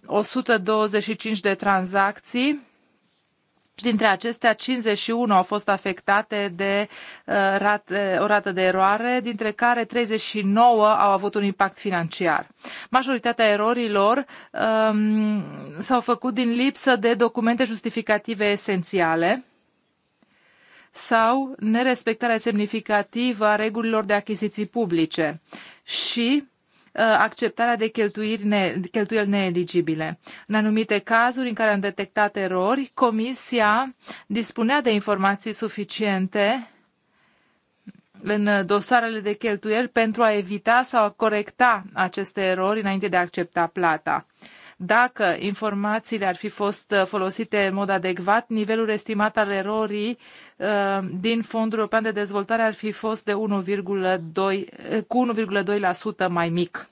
Speaker 1: 125 de tranzacții și dintre acestea 51 au fost afectate de uh, rate, o rată de eroare, dintre care 39 au avut un impact financiar. Majoritatea erorilor um, s-au făcut din lipsă de documente justificative esențiale sau nerespectarea semnificativă a regulilor de achiziții publice și Uh, acceptarea de cheltuiri ne, cheltuieli neeligibile. În anumite cazuri în care am detectat erori, Comisia dispunea de informații suficiente în dosarele de cheltuieli pentru a evita sau a corecta aceste erori înainte de a accepta plata. Dacă informațiile ar fi fost uh, folosite în mod adecvat, nivelul estimat al erorii uh, din Fondul European de Dezvoltare ar fi fost de 1,2, uh, cu 1,2% mai mic.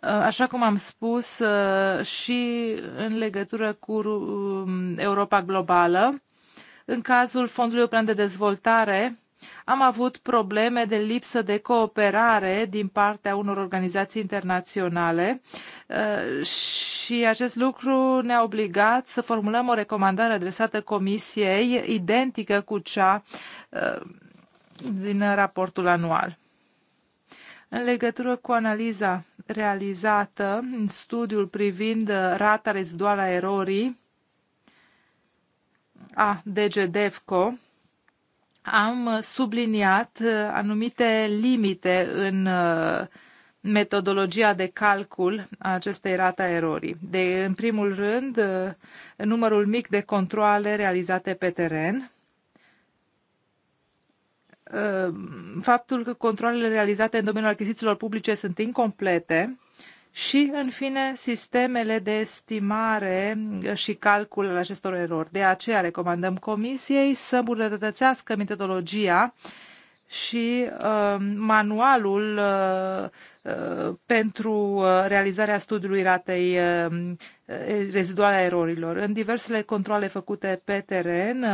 Speaker 1: Așa cum am spus și în legătură cu Europa Globală, în cazul Fondului European de Dezvoltare, am avut probleme de lipsă de cooperare din partea unor organizații internaționale uh, și acest lucru ne-a obligat să formulăm o recomandare adresată Comisiei identică cu cea uh, din raportul anual. În legătură cu analiza realizată în studiul privind uh, rata reziduală a erorii a DGDEFCO, am uh, subliniat uh, anumite limite în uh, metodologia de calcul a acestei rate a erorii. De, în primul rând, numărul mic de controle realizate pe teren, faptul că controlele realizate în domeniul achizițiilor publice sunt incomplete, și, în fine, sistemele de estimare și calcul al acestor erori. De aceea recomandăm Comisiei să îmbunătățească metodologia și uh, manualul uh, Uh, pentru uh, realizarea studiului ratei uh, reziduale a erorilor. În diversele controle făcute pe teren,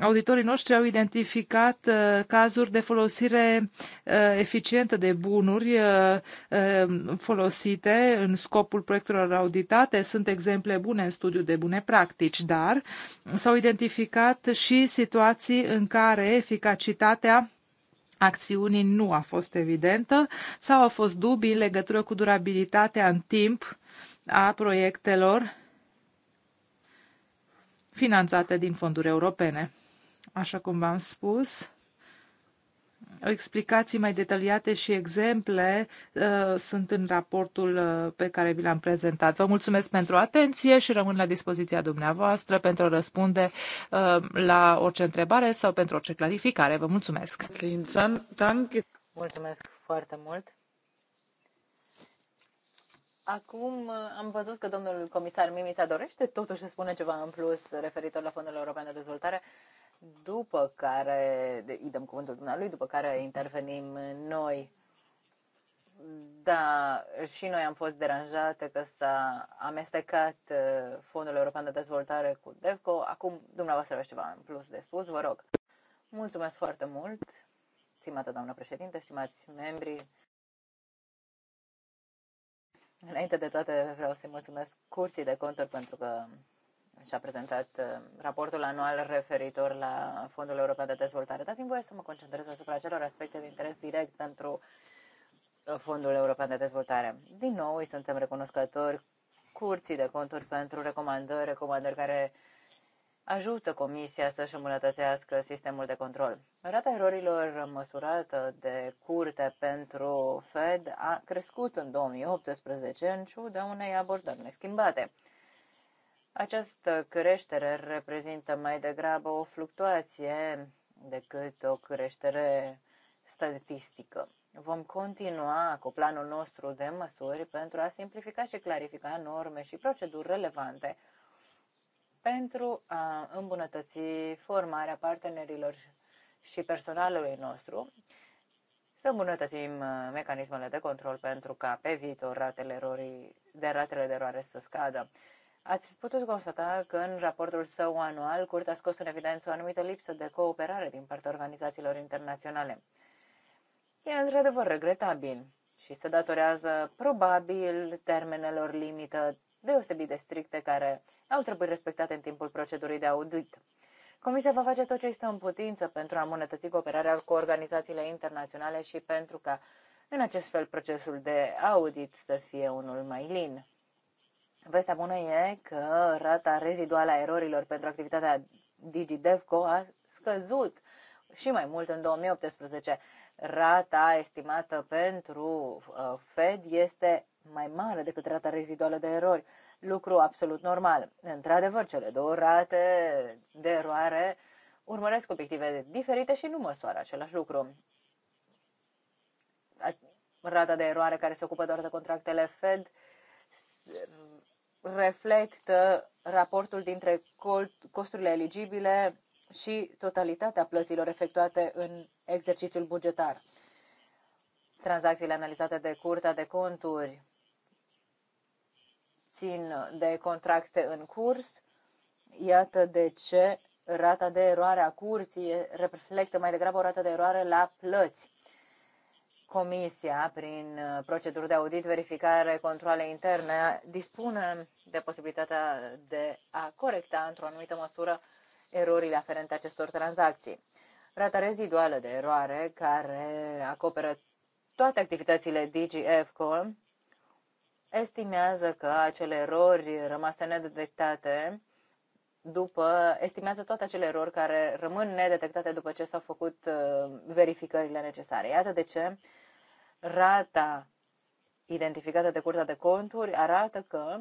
Speaker 1: auditorii noștri au identificat cazuri de folosire eficientă de bunuri folosite în scopul proiectelor auditate. Sunt exemple bune în studiu de bune practici, dar s-au identificat și situații în care eficacitatea acțiunii nu a fost evidentă sau au fost dubii în legătură cu durabilitatea în timp a proiectelor finanțate din fonduri europene. Așa cum v-am spus, Explicații mai detaliate și exemple uh, sunt în raportul uh, pe care vi l-am prezentat. Vă mulțumesc pentru atenție și rămân la dispoziția dumneavoastră pentru a răspunde uh, la orice întrebare sau pentru orice clarificare. Vă mulțumesc!
Speaker 2: Mulțumesc foarte mult! Acum uh, am văzut că domnul comisar Mimița dorește totuși să spune ceva în plus referitor la Fondul European de Dezvoltare după care îi dăm cuvântul dumnealui, după care intervenim noi. Da, și noi am fost deranjate că s-a amestecat uh, Fondul European de Dezvoltare cu DEVCO. Acum dumneavoastră aveți ceva în plus de spus, vă rog. Mulțumesc foarte mult, stimată doamnă președinte, stimați membri. Înainte de toate vreau să-i mulțumesc curții de conturi pentru că și-a prezentat uh, raportul anual referitor la Fondul European de Dezvoltare. Dați-mi voie să mă concentrez asupra celor aspecte de interes direct pentru uh, Fondul European de Dezvoltare. Din nou, îi suntem recunoscători curții de conturi pentru recomandări, recomandări care ajută Comisia să-și îmbunătățească sistemul de control. Rata erorilor măsurată de curte pentru Fed a crescut în 2018 în ciuda unei abordări neschimbate. Această creștere reprezintă mai degrabă o fluctuație decât o creștere statistică. Vom continua cu planul nostru de măsuri pentru a simplifica și clarifica norme și proceduri relevante pentru a îmbunătăți formarea partenerilor și personalului nostru, să îmbunătățim uh, mecanismele de control pentru ca pe viitor ratele erorii, de ratele de eroare să scadă. Ați putut constata că în raportul său anual, Curtea a scos în evidență o anumită lipsă de cooperare din partea organizațiilor internaționale. E într-adevăr regretabil și se datorează probabil termenelor limită deosebit de stricte care au trebuit respectate în timpul procedurii de audit. Comisia va face tot ce este în putință pentru a îmbunătăți cooperarea cu organizațiile internaționale și pentru ca, în acest fel, procesul de audit să fie unul mai lin. Vestea bună e că rata reziduală a erorilor pentru activitatea DigiDevco a scăzut și mai mult în 2018. Rata estimată pentru uh, Fed este mai mare decât rata reziduală de erori, lucru absolut normal. Într-adevăr, cele două rate de eroare urmăresc obiective diferite și nu măsoară același lucru. Rata de eroare care se ocupă doar de contractele Fed reflectă raportul dintre costurile eligibile și totalitatea plăților efectuate în exercițiul bugetar. Tranzacțiile analizate de Curtea de Conturi țin de contracte în curs. Iată de ce rata de eroare a curții reflectă mai degrabă o rată de eroare la plăți. Comisia, prin uh, proceduri de audit, verificare, controle interne, dispune de posibilitatea de a corecta într-o anumită măsură erorile aferente acestor tranzacții. Rata reziduală de eroare, care acoperă toate activitățile DGFCO, estimează că acele erori rămase nedetectate după, estimează toate acele erori care rămân nedetectate după ce s-au făcut uh, verificările necesare. Iată de ce rata identificată de Curtea de Conturi arată că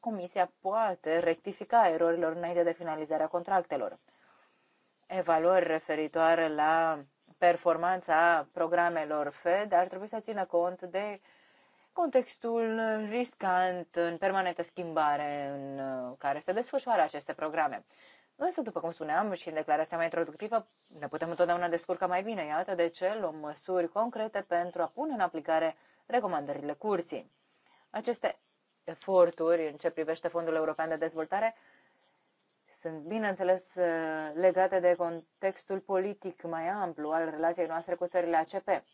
Speaker 2: Comisia poate rectifica erorilor înainte de finalizarea contractelor. Evaluări referitoare la performanța programelor FED ar trebui să țină cont de uh, contextul riscant, în permanentă schimbare în uh, care se desfășoară aceste programe. Însă, după cum spuneam și în declarația mea introductivă, ne putem întotdeauna descurca mai bine. Iată de ce luăm măsuri concrete pentru a pune în aplicare recomandările curții. Aceste eforturi în ce privește Fondul European de Dezvoltare sunt, bineînțeles, uh, legate de contextul politic mai amplu al relației noastre cu țările ACP.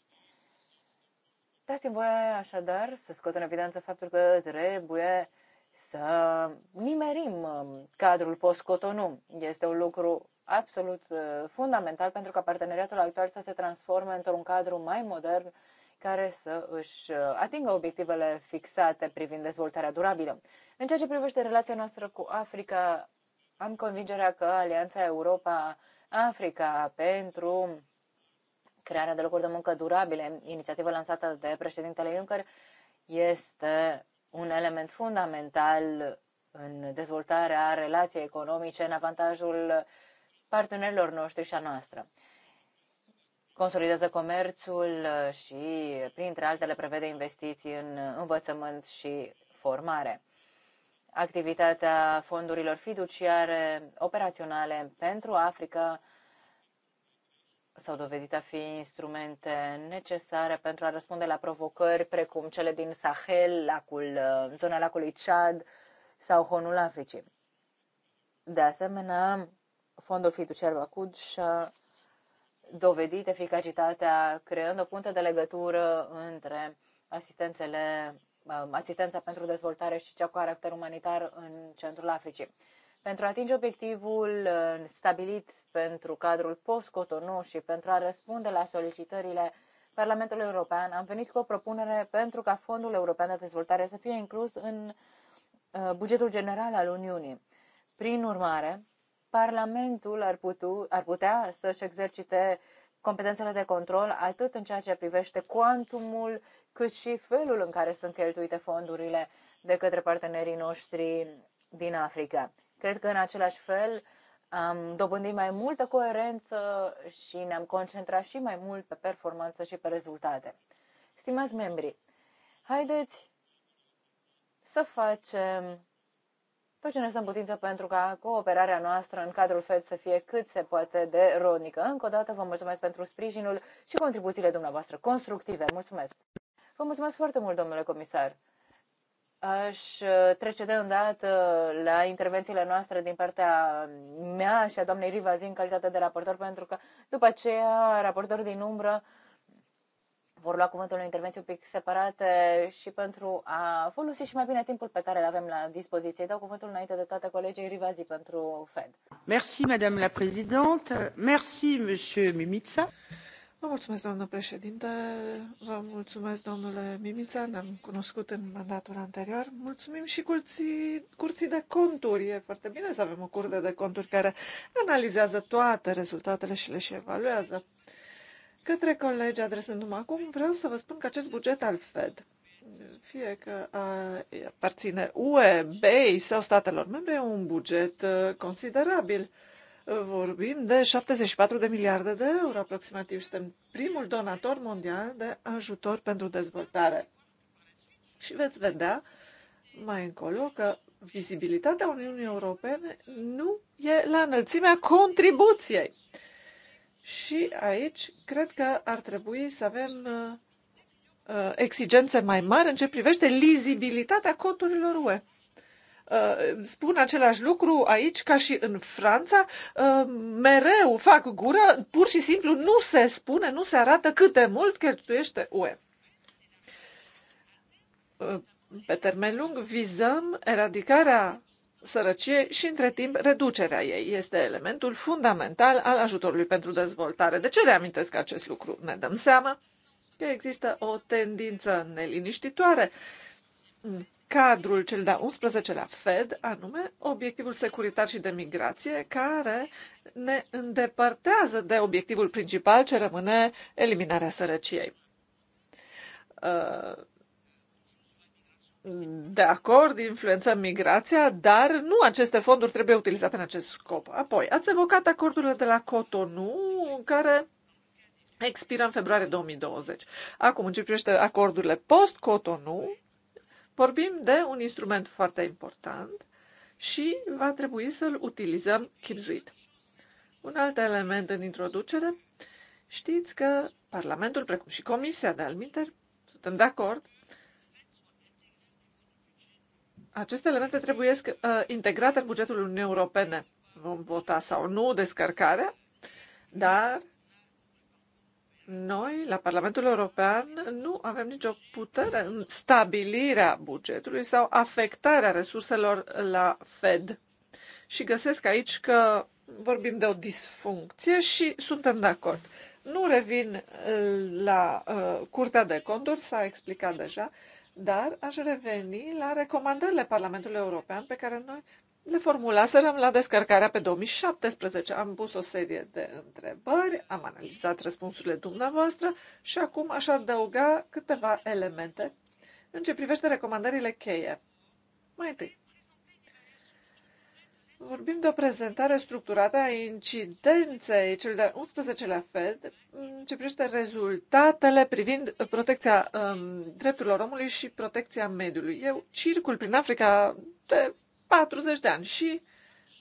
Speaker 2: Dați-mi voie așadar să scot în evidență faptul că trebuie să nimerim um, cadrul post-Cotonou. Este un lucru absolut uh, fundamental pentru ca parteneriatul actual să se transforme într-un cadru mai modern care să își uh, atingă obiectivele fixate privind dezvoltarea durabilă. În ceea ce privește relația noastră cu Africa, am convingerea că Alianța Europa-Africa pentru crearea de locuri de muncă durabile, inițiativa lansată de președintele Juncker, este un element fundamental în dezvoltarea relației economice în avantajul partenerilor noștri și a noastră. Consolidează comerțul și, printre altele, prevede investiții în învățământ și formare. Activitatea fondurilor fiduciare operaționale pentru Africa s-au dovedit a fi instrumente necesare pentru a răspunde la provocări precum cele din Sahel, lacul, uh, zona lacului Chad sau Honul Africii. De asemenea, fondul fiduciar Bacud și-a dovedit eficacitatea creând o punte de legătură între asistențele, uh, asistența pentru dezvoltare și cea cu caracter umanitar în centrul Africii. Pentru a atinge obiectivul uh, stabilit pentru cadrul post-Cotonou și pentru a răspunde la solicitările Parlamentului European, am venit cu o propunere pentru ca Fondul European de Dezvoltare să fie inclus în uh, bugetul general al Uniunii. Prin urmare, Parlamentul ar, putu, ar putea să-și exercite competențele de control atât în ceea ce privește cuantumul, cât și felul în care sunt cheltuite fondurile de către partenerii noștri din Africa. Cred că în același fel am dobândit mai multă coerență și ne-am concentrat și mai mult pe performanță și pe rezultate. Stimați membri, haideți să facem tot ce ne stă în putință pentru ca cooperarea noastră în cadrul FED să fie cât se poate de rodnică. Încă o dată vă mulțumesc pentru sprijinul și contribuțiile dumneavoastră constructive. Mulțumesc! Vă mulțumesc foarte mult, domnule comisar! Aș uh, trece de îndată la intervențiile noastre din partea mea și a doamnei Rivazi în calitate de raportor, pentru că după aceea raportorul din umbră vor lua cuvântul în intervenții un pic separate și pentru a folosi și mai bine timpul pe care îl avem la dispoziție. Dau cuvântul înainte de toate colegii Rivazi pentru FED.
Speaker 3: Merci,
Speaker 1: Madame la Présidente. Merci, Monsieur Mimica.
Speaker 3: Vă mulțumesc, doamnă președinte, vă mulțumesc, domnule Mimița, ne-am cunoscut în mandatul anterior. Mulțumim și curții, curții de conturi. E foarte bine să avem o curte de conturi care analizează toate rezultatele și le și evaluează. Către colegi, adresându-mă acum, vreau să vă spun că acest buget al FED, fie că aparține UE, BEI sau statelor membre, e un buget uh, considerabil vorbim de 74 de miliarde de euro aproximativ. Suntem primul donator mondial de ajutor pentru dezvoltare. Și veți vedea mai încolo că vizibilitatea Uniunii Europene nu e la înălțimea contribuției. Și aici cred că ar trebui să avem uh, uh, exigențe mai mari în ce privește lizibilitatea conturilor UE. Uh, spun același lucru aici ca și în Franța, uh, mereu fac gură, pur și simplu nu se spune, nu se arată cât de mult cheltuiește UE. Uh, pe termen lung vizăm eradicarea sărăciei și, între timp, reducerea ei. Este elementul fundamental al ajutorului pentru dezvoltare. De ce reamintesc acest lucru? Ne dăm seama că există o tendință neliniștitoare uh, cadrul cel de-a 11-lea Fed, anume obiectivul securitar și de migrație, care ne îndepărtează de obiectivul principal ce rămâne eliminarea sărăciei. Uh, de acord, influențăm migrația, dar nu aceste fonduri trebuie utilizate în acest scop. Apoi, ați evocat acordurile de la Cotonou, care expiră în februarie 2020. Acum, în ce privește acordurile post-Cotonou, Vorbim de un instrument foarte important și va trebui să-l utilizăm chipzuit. Un alt element în introducere, știți că Parlamentul, precum și Comisia de Alminteri, suntem de acord, aceste elemente trebuie uh, integrate în bugetul Uniunii Europene. Vom vota sau nu descărcarea, dar noi, la Parlamentul European, nu avem nicio putere în stabilirea bugetului sau afectarea resurselor la Fed. Și găsesc aici că vorbim de o disfuncție și suntem de acord. Nu revin uh, la uh, Curtea de Conturi, s-a explicat deja, dar aș reveni la recomandările Parlamentului European pe care noi le formulaserăm la descărcarea pe 2017. Am pus o serie de întrebări, am analizat răspunsurile dumneavoastră și acum aș adăuga câteva elemente în ce privește recomandările cheie. Mai întâi, vorbim de o prezentare structurată a incidenței cel de 11-lea FED în ce privește rezultatele privind protecția um, drepturilor omului și protecția mediului. Eu circul prin Africa de 40 de ani și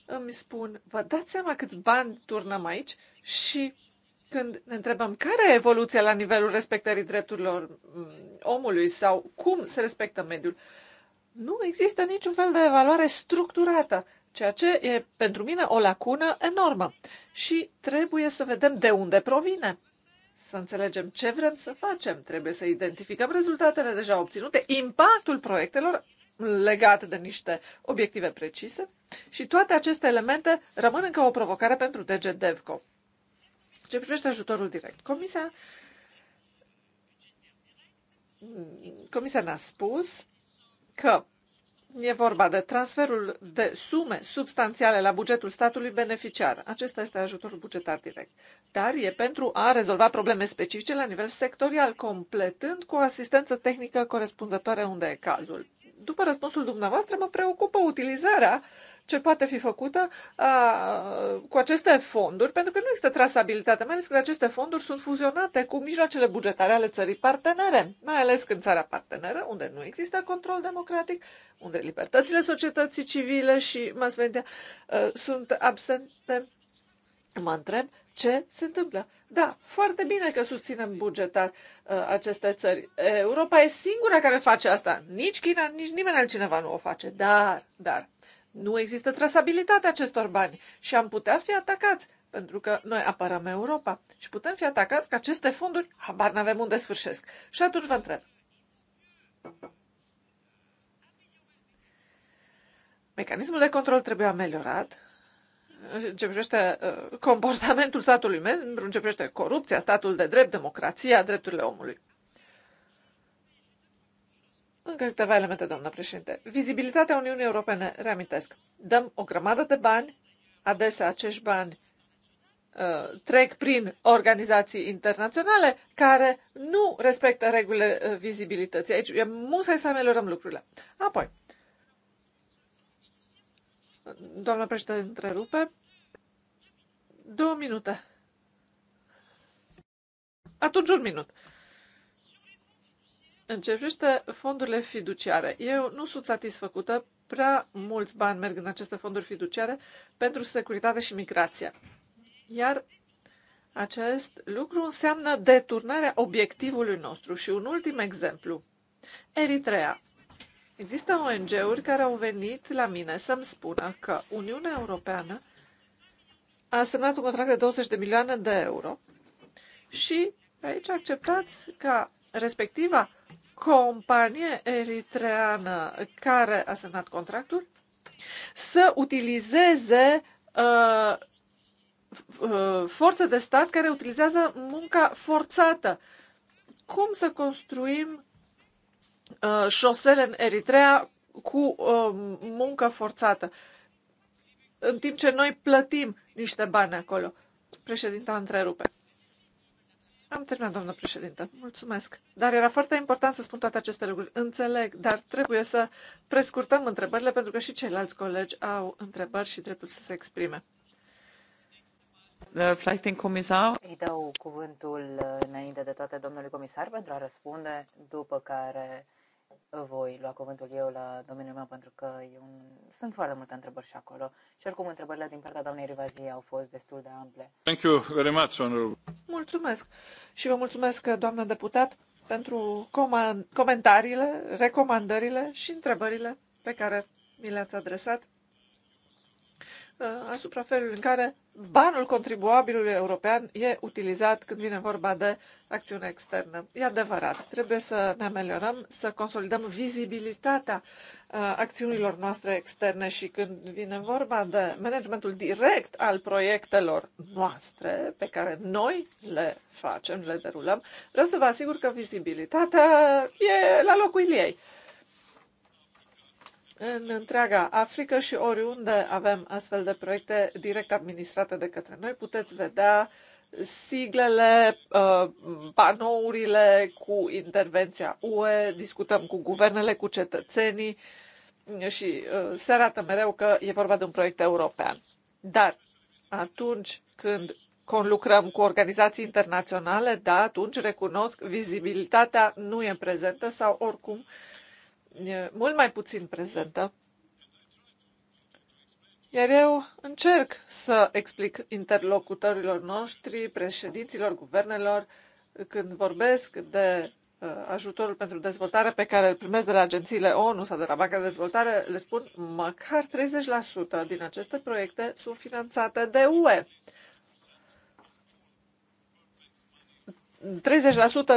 Speaker 3: îmi spun, vă dați seama câți bani turnăm aici? Și când ne întrebăm care e evoluția la nivelul respectării drepturilor mm, omului sau cum se respectă mediul, nu există niciun fel de evaluare structurată, ceea ce e pentru mine o lacună enormă. Și trebuie să vedem de unde provine. Să înțelegem ce vrem să facem. Trebuie să identificăm rezultatele deja obținute, impactul proiectelor legate de niște obiective precise și toate aceste elemente rămân încă o provocare pentru DG DevCo. Ce privește ajutorul direct, Comisia, Comisia ne-a spus că E vorba de transferul de sume substanțiale la bugetul statului beneficiar. Acesta este ajutorul bugetar direct. Dar e pentru a rezolva probleme specifice la nivel sectorial, completând cu o asistență tehnică corespunzătoare unde e cazul după răspunsul dumneavoastră, mă preocupă utilizarea ce poate fi făcută a, cu aceste fonduri, pentru că nu există trasabilitate, mai ales că aceste fonduri sunt fuzionate cu mijloacele bugetare ale țării partenere, mai ales când țara parteneră, unde nu există control democratic, unde libertățile societății civile și mass media a, sunt absente. Mă întreb ce se întâmplă. Da, foarte bine că susținem bugetar uh, aceste țări. Europa e singura care face asta. Nici China, nici nimeni altcineva nu o face. Dar, dar, nu există trasabilitate acestor bani și am putea fi atacați pentru că noi apărăm Europa și putem fi atacați că aceste fonduri habar n-avem unde sfârșesc. Și atunci vă întreb. Mecanismul de control trebuie ameliorat ce privește uh, comportamentul statului membru, în ce privește corupția, statul de drept, democrația, drepturile omului. Încă câteva elemente, doamnă președinte. Vizibilitatea Uniunii Europene, reamintesc, dăm o grămadă de bani, adesea acești bani uh, trec prin organizații internaționale care nu respectă regulile uh, vizibilității. Aici e musai să ameliorăm lucrurile. Apoi, Doamna președinte, întrerupe. Două minute. Atunci un minut. În ce privește fondurile fiduciare, eu nu sunt satisfăcută. Prea mulți bani merg în aceste fonduri fiduciare pentru securitate și migrație. Iar acest lucru înseamnă deturnarea obiectivului nostru. Și un ultim exemplu. Eritrea. Există ONG-uri care au venit la mine să-mi spună că Uniunea Europeană a semnat un contract de 20 de milioane de euro și aici acceptați ca respectiva companie eritreană care a semnat contractul să utilizeze uh, uh forță de stat care utilizează munca forțată. Cum să construim Uh, șosele în Eritrea cu uh, muncă forțată, în timp ce noi plătim niște bani acolo. Președinta întrerupe. Am terminat, doamnă președintă. Mulțumesc. Dar era foarte important să spun toate aceste lucruri. Înțeleg, dar trebuie să prescurtăm întrebările pentru că și ceilalți colegi au întrebări și dreptul să se exprime. Uh,
Speaker 2: Îi dau cuvântul înainte de toate domnului comisar pentru a răspunde, după care voi lua cuvântul eu la domeniul meu pentru că eu sunt foarte multe întrebări și acolo. Și oricum întrebările din partea doamnei Rivazie au fost destul de ample.
Speaker 1: Thank you very much, honorable.
Speaker 2: Mulțumesc și vă mulțumesc,
Speaker 3: doamnă deputat, pentru com comentariile, recomandările și întrebările pe care mi le-ați adresat uh, asupra felului în care banul contribuabilului european e utilizat când vine vorba de acțiune externă. E adevărat, trebuie să ne ameliorăm, să consolidăm vizibilitatea uh, acțiunilor noastre externe și când vine vorba de managementul direct al proiectelor noastre pe care noi le facem, le derulăm, vreau să vă asigur că vizibilitatea e la locul ei în întreaga Africă și oriunde avem astfel de proiecte direct administrate de către noi, puteți vedea siglele, panourile uh, cu intervenția UE, discutăm cu guvernele, cu cetățenii și uh, se arată mereu că e vorba de un proiect european. Dar atunci când conlucrăm cu organizații internaționale, da, atunci recunosc vizibilitatea nu e prezentă sau oricum uh, mult mai puțin prezentă. Iar eu încerc să explic interlocutorilor noștri, președinților, guvernelor, când vorbesc de uh, ajutorul pentru dezvoltare pe care îl primesc de la agențiile ONU sau de la Banca de Dezvoltare, le spun măcar 30% din aceste proiecte sunt finanțate de UE. 30%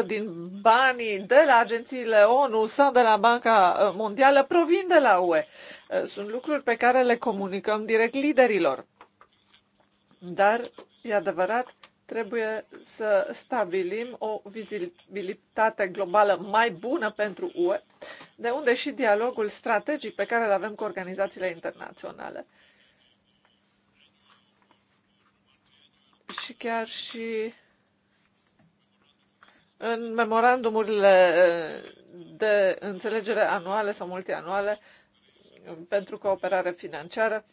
Speaker 3: din banii de la agențiile ONU sau de la Banca uh, Mondială provin de la UE. Uh, sunt lucruri pe care le comunicăm direct liderilor. Dar, e adevărat, trebuie să stabilim o vizibilitate globală mai bună pentru UE, de unde și dialogul strategic pe care îl avem cu organizațiile internaționale. Și chiar și în memorandumurile eh, de înțelegere anuale sau multianuale pentru cooperare financiară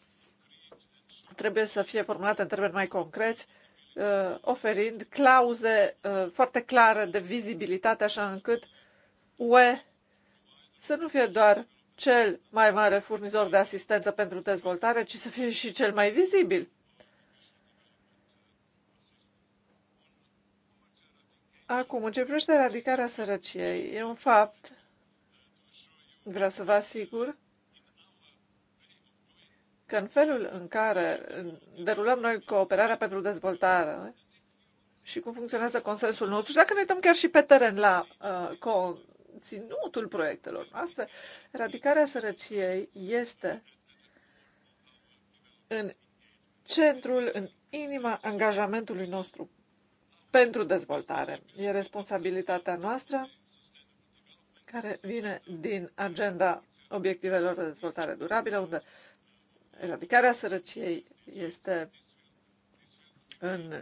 Speaker 3: trebuie să fie formulate în termeni mai concreți, eh, oferind clauze eh, foarte clare de vizibilitate, așa încât UE să nu fie doar cel mai mare furnizor de asistență pentru dezvoltare, ci să fie și cel mai vizibil. Acum, în ce privește eradicarea sărăciei, e un fapt, vreau să vă asigur, că în felul în care derulăm noi cooperarea pentru dezvoltare și cum funcționează consensul nostru, și dacă ne uităm chiar și pe teren la uh, conținutul proiectelor noastre, eradicarea sărăciei este în centrul, în inima angajamentului nostru pentru dezvoltare. E responsabilitatea noastră care vine din agenda obiectivelor de dezvoltare durabilă, unde eradicarea sărăciei este în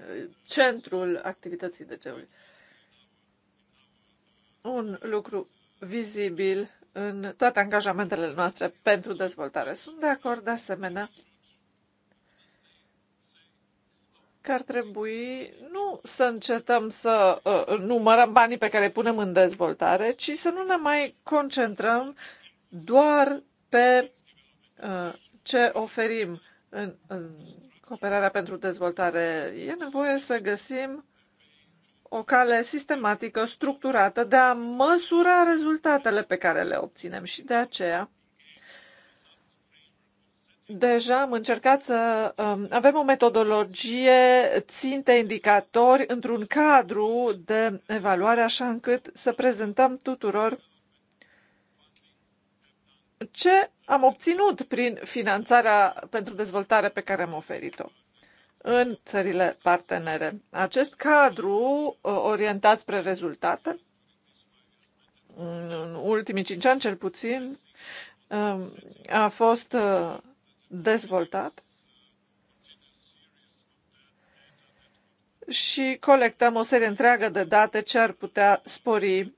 Speaker 3: centrul activității DG-ului. Un lucru vizibil în toate angajamentele noastre pentru dezvoltare. Sunt de acord, de asemenea, că ar trebui nu să încetăm să uh, numărăm banii pe care îi punem în dezvoltare, ci să nu ne mai concentrăm doar pe uh, ce oferim în, în cooperarea pentru dezvoltare. E nevoie să găsim o cale sistematică, structurată de a măsura rezultatele pe care le obținem și de aceea Deja am încercat să um, avem o metodologie, ținte, indicatori într-un cadru de evaluare, așa încât să prezentăm tuturor ce am obținut prin finanțarea pentru dezvoltare pe care am oferit-o în țările partenere. Acest cadru uh, orientat spre rezultate, în ultimii cinci ani cel puțin, um, a fost uh, dezvoltat și colectăm o serie întreagă de date ce ar putea spori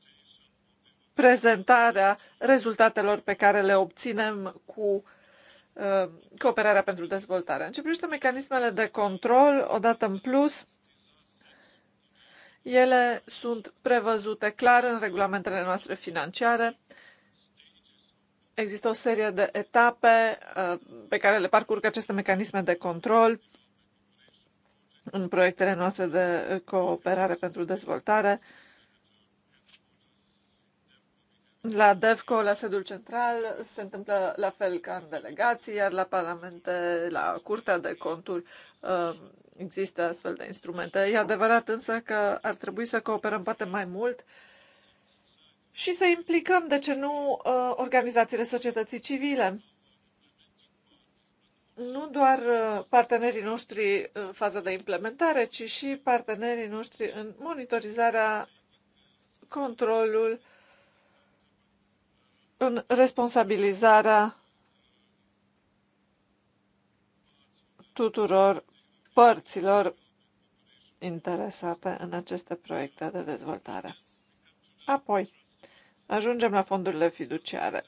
Speaker 3: prezentarea rezultatelor pe care le obținem cu uh, cooperarea pentru dezvoltare. În ce privește mecanismele de control, odată în plus, ele sunt prevăzute clar în regulamentele noastre financiare Există o serie de etape uh, pe care le parcurg aceste mecanisme de control în proiectele noastre de cooperare pentru dezvoltare. La DEVCO, la sedul central, se întâmplă la fel ca în delegații, iar la parlamente, la Curtea de Conturi, uh, există astfel de instrumente. E adevărat însă că ar trebui să cooperăm poate mai mult și să implicăm, de ce nu, uh, organizațiile societății civile. Nu doar uh, partenerii noștri în faza de implementare, ci și partenerii noștri în monitorizarea, controlul, în responsabilizarea tuturor părților interesate în aceste proiecte de dezvoltare. Apoi, Ajungem la fondurile fiduciare.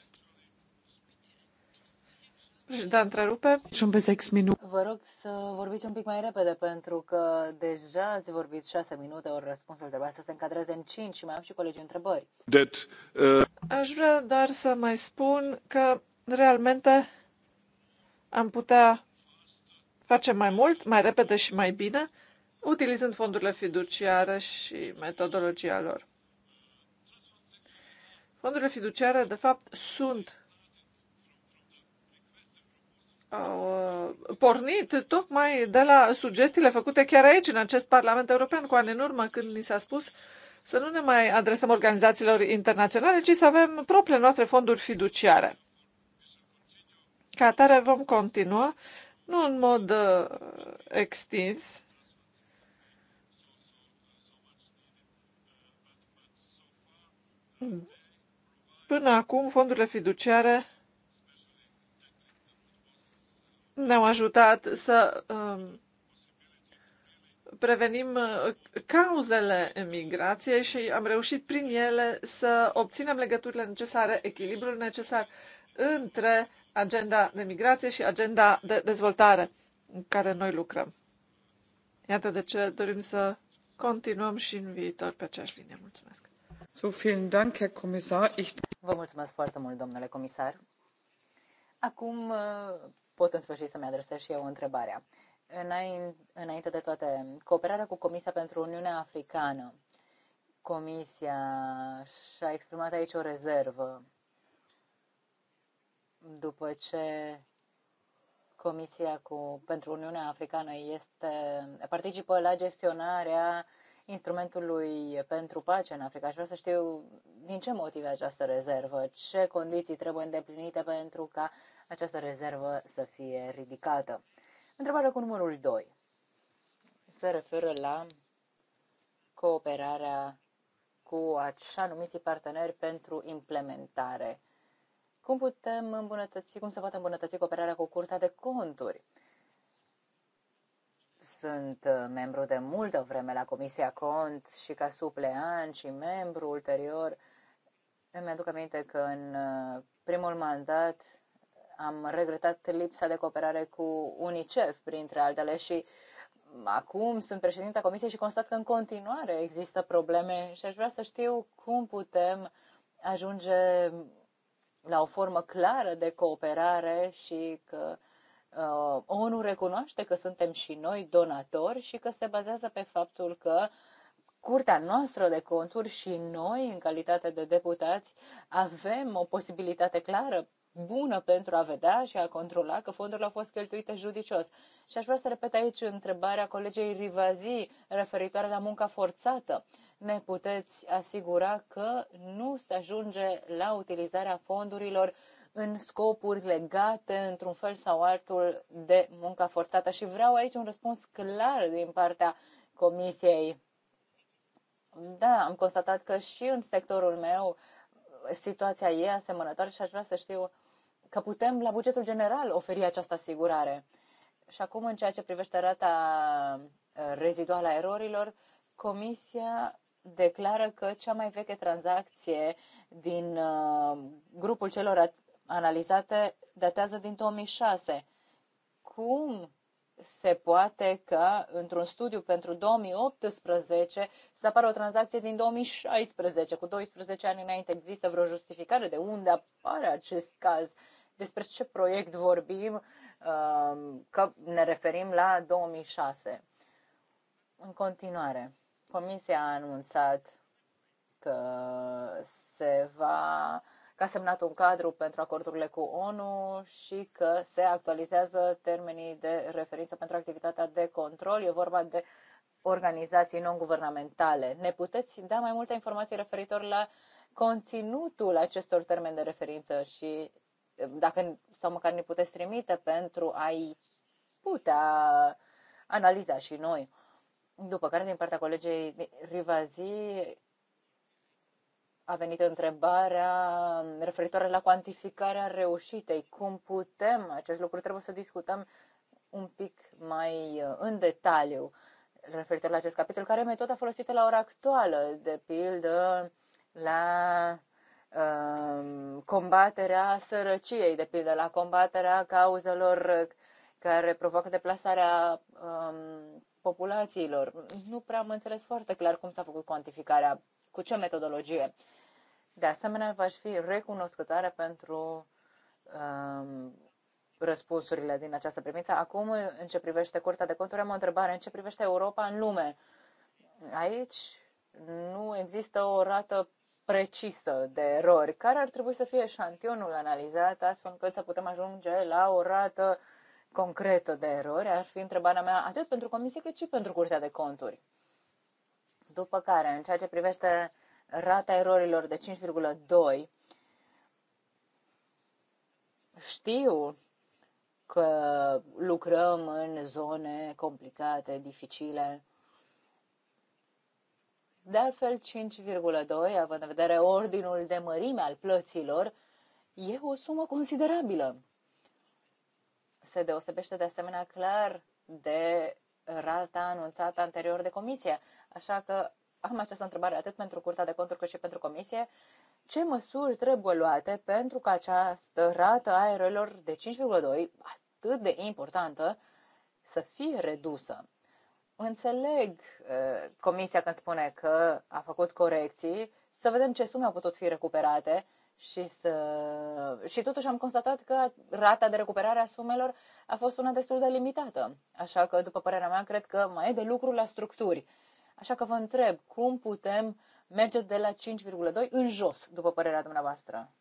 Speaker 3: Da, întrerupe. Și pe 6 minute.
Speaker 2: Vă rog să vorbiți un pic mai repede, pentru că deja ați vorbit 6 minute, ori răspunsul trebuia să se încadreze în 5 și mai am și colegi întrebări.
Speaker 1: That, uh...
Speaker 2: Aș vrea doar să mai spun că realmente
Speaker 3: am putea face mai mult, mai repede și mai bine, utilizând fondurile fiduciare și metodologia lor. Fondurile fiduciare, de fapt, sunt au uh, pornit tocmai de la sugestiile făcute chiar aici, în acest Parlament European, cu ani în urmă, când ni s-a spus să nu ne mai adresăm organizațiilor internaționale, ci să avem propriile noastre fonduri fiduciare. Ca atare vom continua, nu în mod uh, extins, Până acum, fondurile fiduciare ne-au ajutat să um, prevenim uh, cauzele emigrației și am reușit prin ele să obținem legăturile necesare, echilibrul necesar între agenda de migrație și agenda de dezvoltare în care noi lucrăm. Iată de ce dorim să continuăm și în viitor pe aceeași linie. Mulțumesc!
Speaker 2: Vă mulțumesc foarte mult, domnule comisar. Acum uh, pot în sfârșit să-mi adresez și eu întrebarea. Înainte de toate, cooperarea cu Comisia pentru Uniunea Africană. Comisia și-a exprimat aici o rezervă după ce Comisia cu, pentru Uniunea Africană este, participă la gestionarea instrumentului pentru pace în Africa. Și vreau să știu din ce motive această rezervă, ce condiții trebuie îndeplinite pentru ca această rezervă să fie ridicată. Întrebarea cu numărul 2 se referă la cooperarea cu așa numiții parteneri pentru implementare. Cum putem îmbunătăți, cum se poate îmbunătăți cooperarea cu Curtea de Conturi? Sunt uh, membru de multă vreme la Comisia Cont și ca suplean și membru ulterior. Îmi aduc aminte că în uh, primul mandat am regretat lipsa de cooperare cu UNICEF, printre altele, și acum sunt președinta Comisiei și constat că în continuare există probleme și aș vrea să știu cum putem ajunge la o formă clară de cooperare și că Uh, ONU recunoaște că suntem și noi donatori și că se bazează pe faptul că Curtea noastră de conturi și noi, în calitate de deputați, avem o posibilitate clară, bună pentru a vedea și a controla că fondurile au fost cheltuite judicios. Și aș vrea să repet aici întrebarea colegei Rivazi referitoare la munca forțată. Ne puteți asigura că nu se ajunge la utilizarea fondurilor uh, în scopuri legate, într-un fel sau altul, de munca forțată. Și vreau aici un răspuns clar din partea Comisiei. Da, am constatat că și în sectorul meu situația e asemănătoare și aș vrea să știu că putem la bugetul general oferi această asigurare. Și acum, în ceea ce privește rata uh, reziduală a erorilor, Comisia declară că cea mai veche tranzacție din uh, grupul celor analizate datează din 2006. Cum se poate ca într-un studiu pentru 2018 să apară o tranzacție din 2016, cu 12 ani înainte. Există vreo justificare de unde apare acest caz? Despre ce proiect vorbim? Um, că ne referim la 2006. În continuare, Comisia a anunțat că se va că a semnat un cadru pentru acordurile cu ONU și că se actualizează termenii de referință pentru activitatea de control. E vorba de organizații non-guvernamentale. Ne puteți da mai multe informații referitor la conținutul acestor termeni de referință și eh, dacă sau măcar ne puteți trimite pentru a-i putea analiza și noi. După care, din partea colegei Rivazi, a venit întrebarea referitoare la cuantificarea reușitei. Cum putem, acest lucru trebuie să discutăm un pic mai uh, în detaliu referitor la acest capitol. Care e metoda folosită la ora actuală? De pildă, la um, combaterea sărăciei, de pildă, la combaterea cauzelor care provoacă deplasarea um, populațiilor. Nu prea am înțeles foarte clar cum s-a făcut cuantificarea, cu ce metodologie. De asemenea, v-aș fi recunoscătoare pentru um, răspunsurile din această privință. Acum, în ce privește Curtea de Conturi, am o întrebare. În ce privește Europa în lume? Aici nu există o rată precisă de erori. Care ar trebui să fie șantionul analizat astfel încât să putem ajunge la o rată concretă de erori? Ar fi întrebarea mea atât pentru Comisie cât și pentru Curtea de Conturi. După care, în ceea ce privește rata erorilor de 5,2. Știu că lucrăm în zone complicate, dificile. De altfel, 5,2, având în vedere ordinul de mărime al plăților, e o sumă considerabilă. Se deosebește de asemenea clar de rata anunțată anterior de comisie, așa că am această întrebare atât pentru Curtea de Conturi cât și pentru Comisie. Ce măsuri trebuie luate pentru ca această rată a aerelor de 5,2, atât de importantă, să fie redusă? Înțeleg uh, Comisia când spune că a făcut corecții, să vedem ce sume au putut fi recuperate, și, să... și totuși am constatat că rata de recuperare a sumelor a fost una destul de limitată. Așa că, după părerea mea, cred că mai e de lucru la structuri. Așa că vă întreb, cum putem merge de la 5,2 în jos, după părerea dumneavoastră?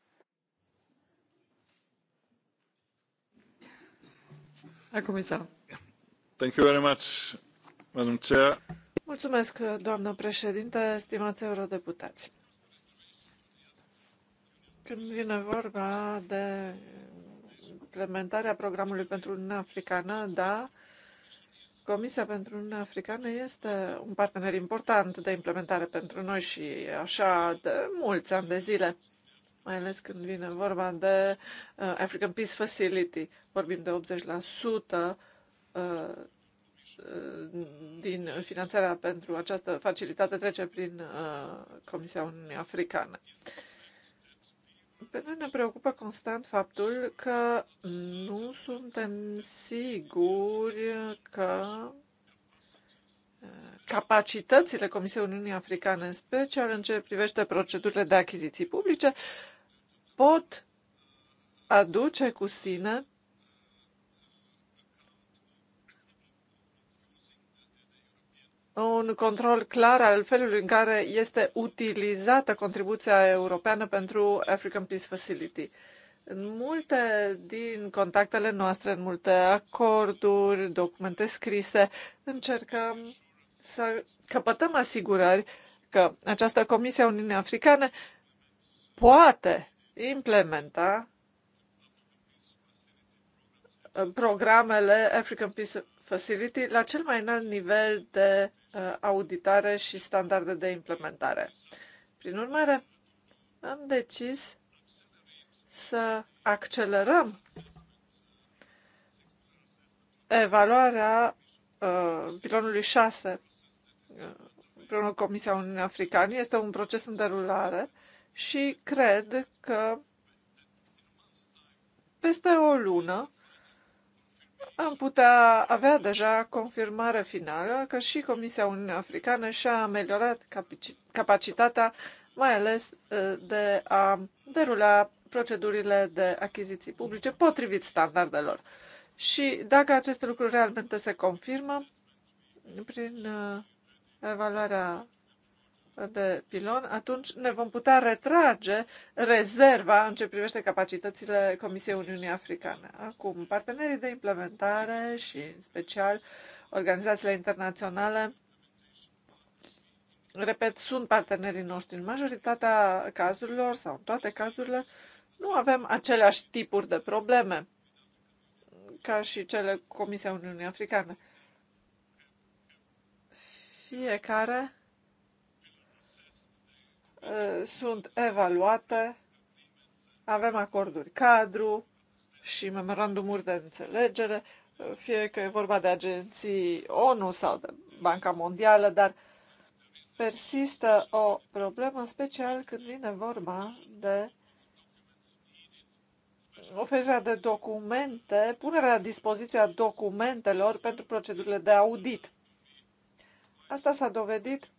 Speaker 3: Herr Comisar. Thank you very much, Madam Chair. Mulțumesc, doamnă președinte, stimați eurodeputați. Când vine vorba de implementarea programului pentru Uniunea Africană, da, Comisia pentru Uniunea Africană este un partener important de implementare pentru noi și așa de mulți ani de zile, mai ales când vine vorba de uh, African Peace Facility. Vorbim de 80% uh, uh, din finanțarea pentru această facilitate trece prin Comisia Uniunii Africane. Pe noi ne preocupă constant faptul că nu suntem siguri că uh, capacitățile Comisiei Uniunii Africane, în special în ce privește procedurile de achiziții publice, pot aduce cu sine un control clar al felului în care este utilizată contribuția europeană pentru African Peace Facility. În multe din contactele noastre, în multe acorduri, documente scrise, încercăm să căpătăm asigurări că această Comisie a Uniunii Africane poate implementa programele African Peace Facility la cel mai înalt nivel de Uh, auditare și standarde de implementare. Prin urmare, am decis să accelerăm evaluarea uh, pilonului 6 uh, împreună cu Comisia Uniunii Africane. Este un proces în derulare și cred că peste o lună am putea avea deja confirmarea finală că și Comisia Uniunea Africană și-a ameliorat capacitatea, mai ales uh, de a derula procedurile de achiziții publice potrivit standardelor. Și dacă aceste lucruri realmente se confirmă, prin uh, evaluarea de pilon, atunci ne vom putea retrage rezerva în ce privește capacitățile Comisiei Uniunii Africane. Acum, partenerii de implementare și, în special, organizațiile internaționale, repet, sunt partenerii noștri. În majoritatea cazurilor sau în toate cazurile, nu avem aceleași tipuri de probleme ca și cele Comisia Uniunii Africane. Fiecare Eh, sunt evaluate, avem acorduri cadru și memorandumuri de înțelegere, eh, fie că e vorba de agenții ONU sau de Banca Mondială, dar persistă o problemă, în special când vine vorba de oferirea de documente, punerea la dispoziția documentelor pentru procedurile de audit. Asta s-a dovedit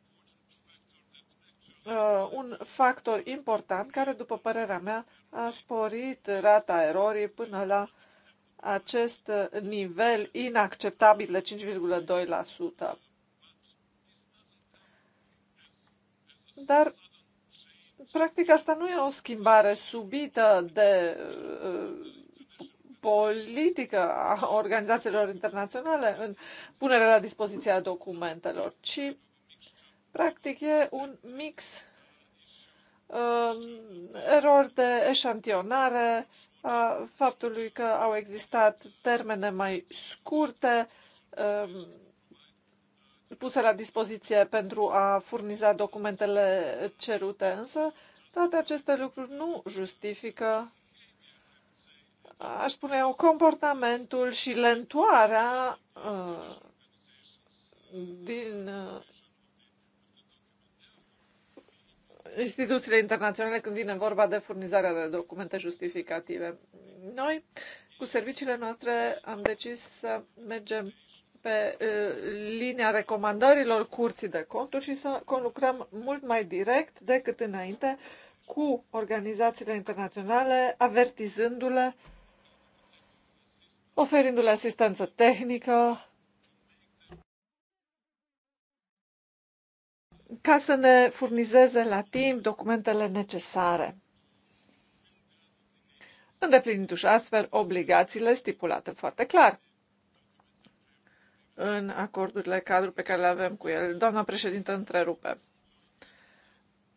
Speaker 3: uh, un factor important care, după părerea mea, a sporit rata erorii până la acest nivel inacceptabil de 5,2%. Dar, practic, asta nu e o schimbare subită de uh, politică a organizațiilor internaționale în punerea la dispoziția documentelor, ci Practic, e un mix um, erori de eșantionare a faptului că au existat termene mai scurte um, puse la dispoziție pentru a furniza documentele cerute, însă toate aceste lucruri nu justifică aș spune eu, comportamentul și lentoarea uh, din uh, instituțiile internaționale când vine vorba de furnizarea de documente justificative. Noi, cu serviciile noastre, am decis să mergem pe linia recomandărilor curții de conturi și să conlucrăm mult mai direct decât înainte cu organizațiile internaționale, avertizându-le, oferindu-le asistență tehnică, ca să ne furnizeze la timp documentele necesare, îndeplinindu-și astfel obligațiile stipulate foarte clar în acordurile cadru pe care le avem cu el. Doamna președintă întrerupe.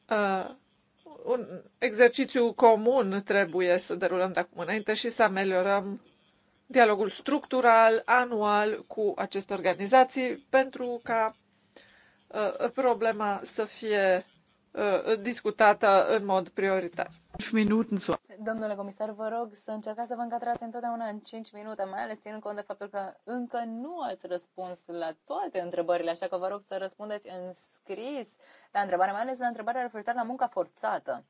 Speaker 3: Uh, un exercițiu comun trebuie să derulăm de acum înainte și să ameliorăm dialogul structural, anual cu aceste organizații pentru ca Uh, problema să fie uh, discutată în mod prioritar.
Speaker 2: Domnule comisar, vă rog să încercați să vă încadrați întotdeauna în 5 minute, mai ales ținând cont de faptul că încă nu ați răspuns la toate întrebările, așa că vă rog să răspundeți în scris la întrebare, mai ales la întrebarea referitoare la munca forțată.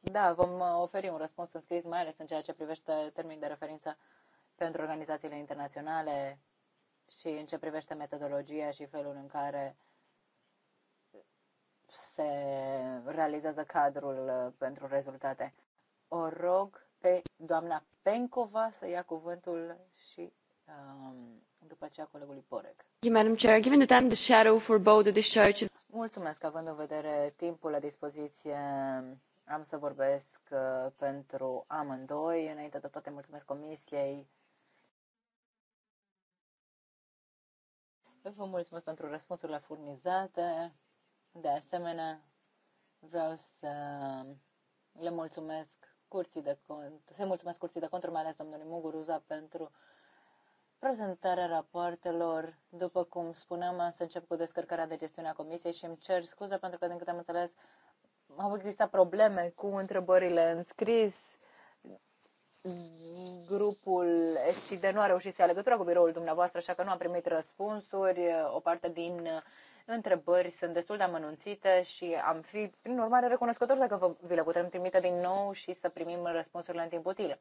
Speaker 2: Da, vom uh, oferi un răspuns în scris, mai ales în ceea ce privește termenii de referință pentru organizațiile internaționale, și în ce privește metodologia și felul în care se realizează cadrul uh, pentru rezultate. O rog pe doamna Pencova să ia cuvântul și um, după aceea colegului Porec. Madam Chair, given the time the shadow for both the discharge... Mulțumesc, având în vedere timpul la dispoziție, am să vorbesc uh, pentru amândoi. Înainte de toate, mulțumesc Comisiei Vă mulțumesc pentru răspunsurile furnizate. De asemenea, vreau să le mulțumesc curții de cont, să mulțumesc curții de cont, mai ales domnului Muguruza, pentru prezentarea rapoartelor. După cum spuneam, am să încep cu descărcarea de gestiune a comisiei și îmi cer scuze pentru că, din câte am înțeles, au existat probleme cu întrebările înscris grupul SCD nu a reușit să ia legătura cu biroul dumneavoastră, așa că nu am primit răspunsuri. O parte din întrebări sunt destul de amănunțite și am fi, prin urmare, recunoscător dacă vă, vi le putem trimite din nou și să primim răspunsurile în timp util.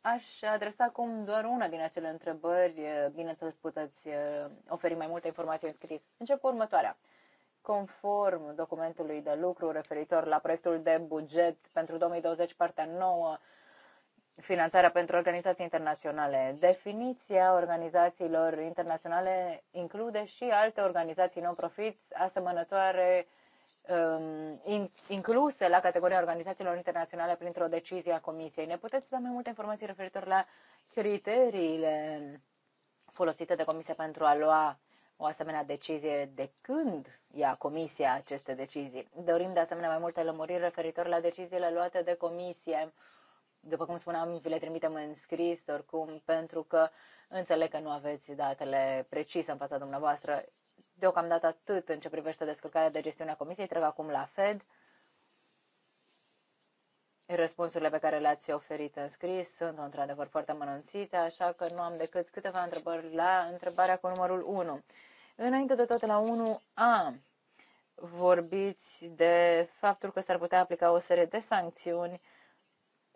Speaker 2: Aș adresa acum doar una din acele întrebări. Bineînțeles, puteți uh, oferi mai multe informații în scris. Încep cu următoarea. Conform documentului de lucru referitor la proiectul de buget pentru 2020, partea 9, finanțarea pentru organizații internaționale. Definiția organizațiilor internaționale include și alte organizații non-profit asemănătoare um, incluse la categoria organizațiilor internaționale printr-o decizie a Comisiei. Ne puteți da mai multe informații referitor la criteriile folosite de Comisie pentru a lua o asemenea decizie de când ia Comisia aceste decizii. Dorim de asemenea mai multe lămuriri referitor la deciziile luate de Comisie după cum spuneam, vi le trimitem în scris, oricum, pentru că înțeleg că nu aveți datele precise în fața dumneavoastră. Deocamdată atât în ce privește descărcarea de gestiune a comisiei, trec acum la Fed. Răspunsurile pe care le-ați oferit în scris sunt într-adevăr foarte mănânțite, așa că nu am decât câteva întrebări la întrebarea cu numărul 1. Înainte de toate, la 1A, vorbiți de faptul că s-ar putea aplica o serie de sancțiuni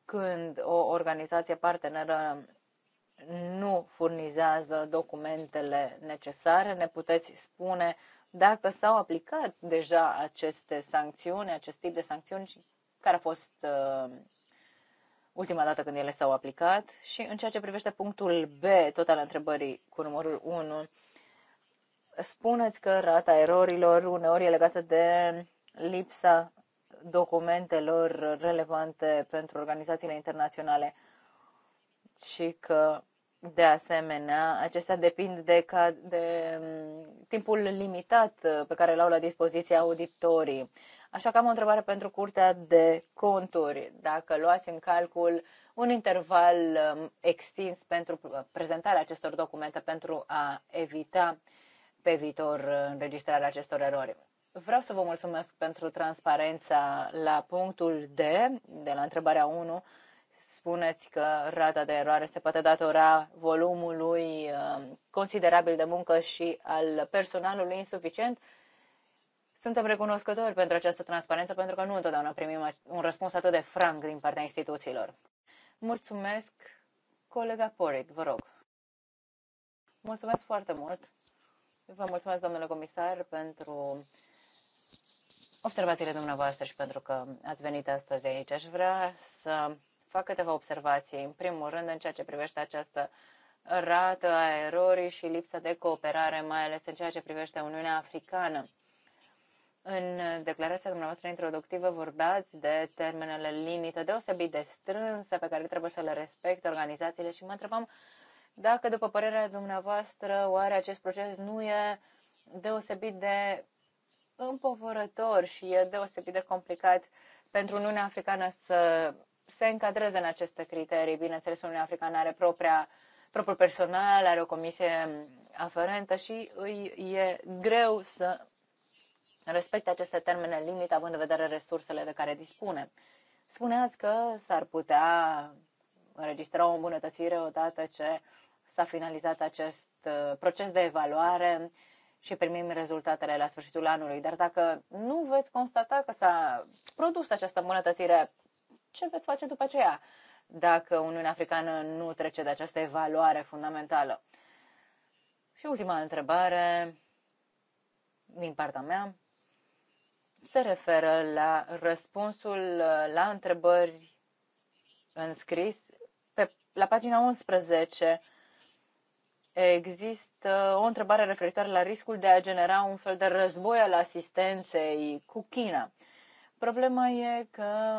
Speaker 2: când o organizație parteneră nu furnizează documentele necesare, ne puteți spune dacă s-au aplicat deja aceste sancțiuni, acest tip de sancțiuni și care a fost uh, ultima dată când ele s-au aplicat și în ceea ce privește punctul B, tot al întrebării cu numărul 1, spuneți că rata erorilor uneori e legată de lipsa documentelor relevante pentru organizațiile internaționale și că, de asemenea, acestea depind de, ca, de mm, timpul limitat pe care l-au la dispoziție auditorii. Așa că am o întrebare pentru Curtea de Conturi. Dacă luați în calcul un interval mm, extins pentru prezentarea acestor documente pentru a evita pe viitor înregistrarea acestor erori. Vreau să vă mulțumesc pentru transparența la punctul D, de la întrebarea 1. Spuneți că rata de eroare se poate datora volumului uh, considerabil de muncă și al personalului insuficient. Suntem recunoscători pentru această transparență, pentru că nu întotdeauna primim un răspuns atât de franc din partea instituțiilor. Mulțumesc, colega Poric, vă rog. Mulțumesc foarte mult. Vă mulțumesc, domnule comisar, pentru observațiile dumneavoastră și pentru că ați venit astăzi aici. Aș vrea să fac câteva observații. În primul rând, în ceea ce privește această rată a erorii și lipsa de cooperare, mai ales în ceea ce privește Uniunea Africană. În declarația dumneavoastră introductivă vorbeați de termenele limită deosebit de strânse pe care trebuie să le respecte organizațiile și mă întrebam dacă, după părerea dumneavoastră, oare acest proces nu e deosebit de împovărător și e deosebit de complicat pentru Uniunea Africană să se încadreze în aceste criterii. Bineînțeles, Uniunea Africană are propria, propriul personal, are o comisie aferentă și îi e greu să respecte aceste termene limit, având în vedere resursele de care dispune. Spuneați că s-ar putea înregistra o îmbunătățire odată ce s-a finalizat acest uh, proces de evaluare și primim rezultatele la sfârșitul anului. Dar dacă nu veți constata că s-a produs această îmbunătățire, ce veți face după aceea dacă Uniunea Africană nu trece de această evaluare fundamentală? Și ultima întrebare din partea mea se referă la răspunsul la întrebări înscris pe, la pagina 11 există o întrebare referitoare la riscul de a genera un fel de război al asistenței cu China. Problema e că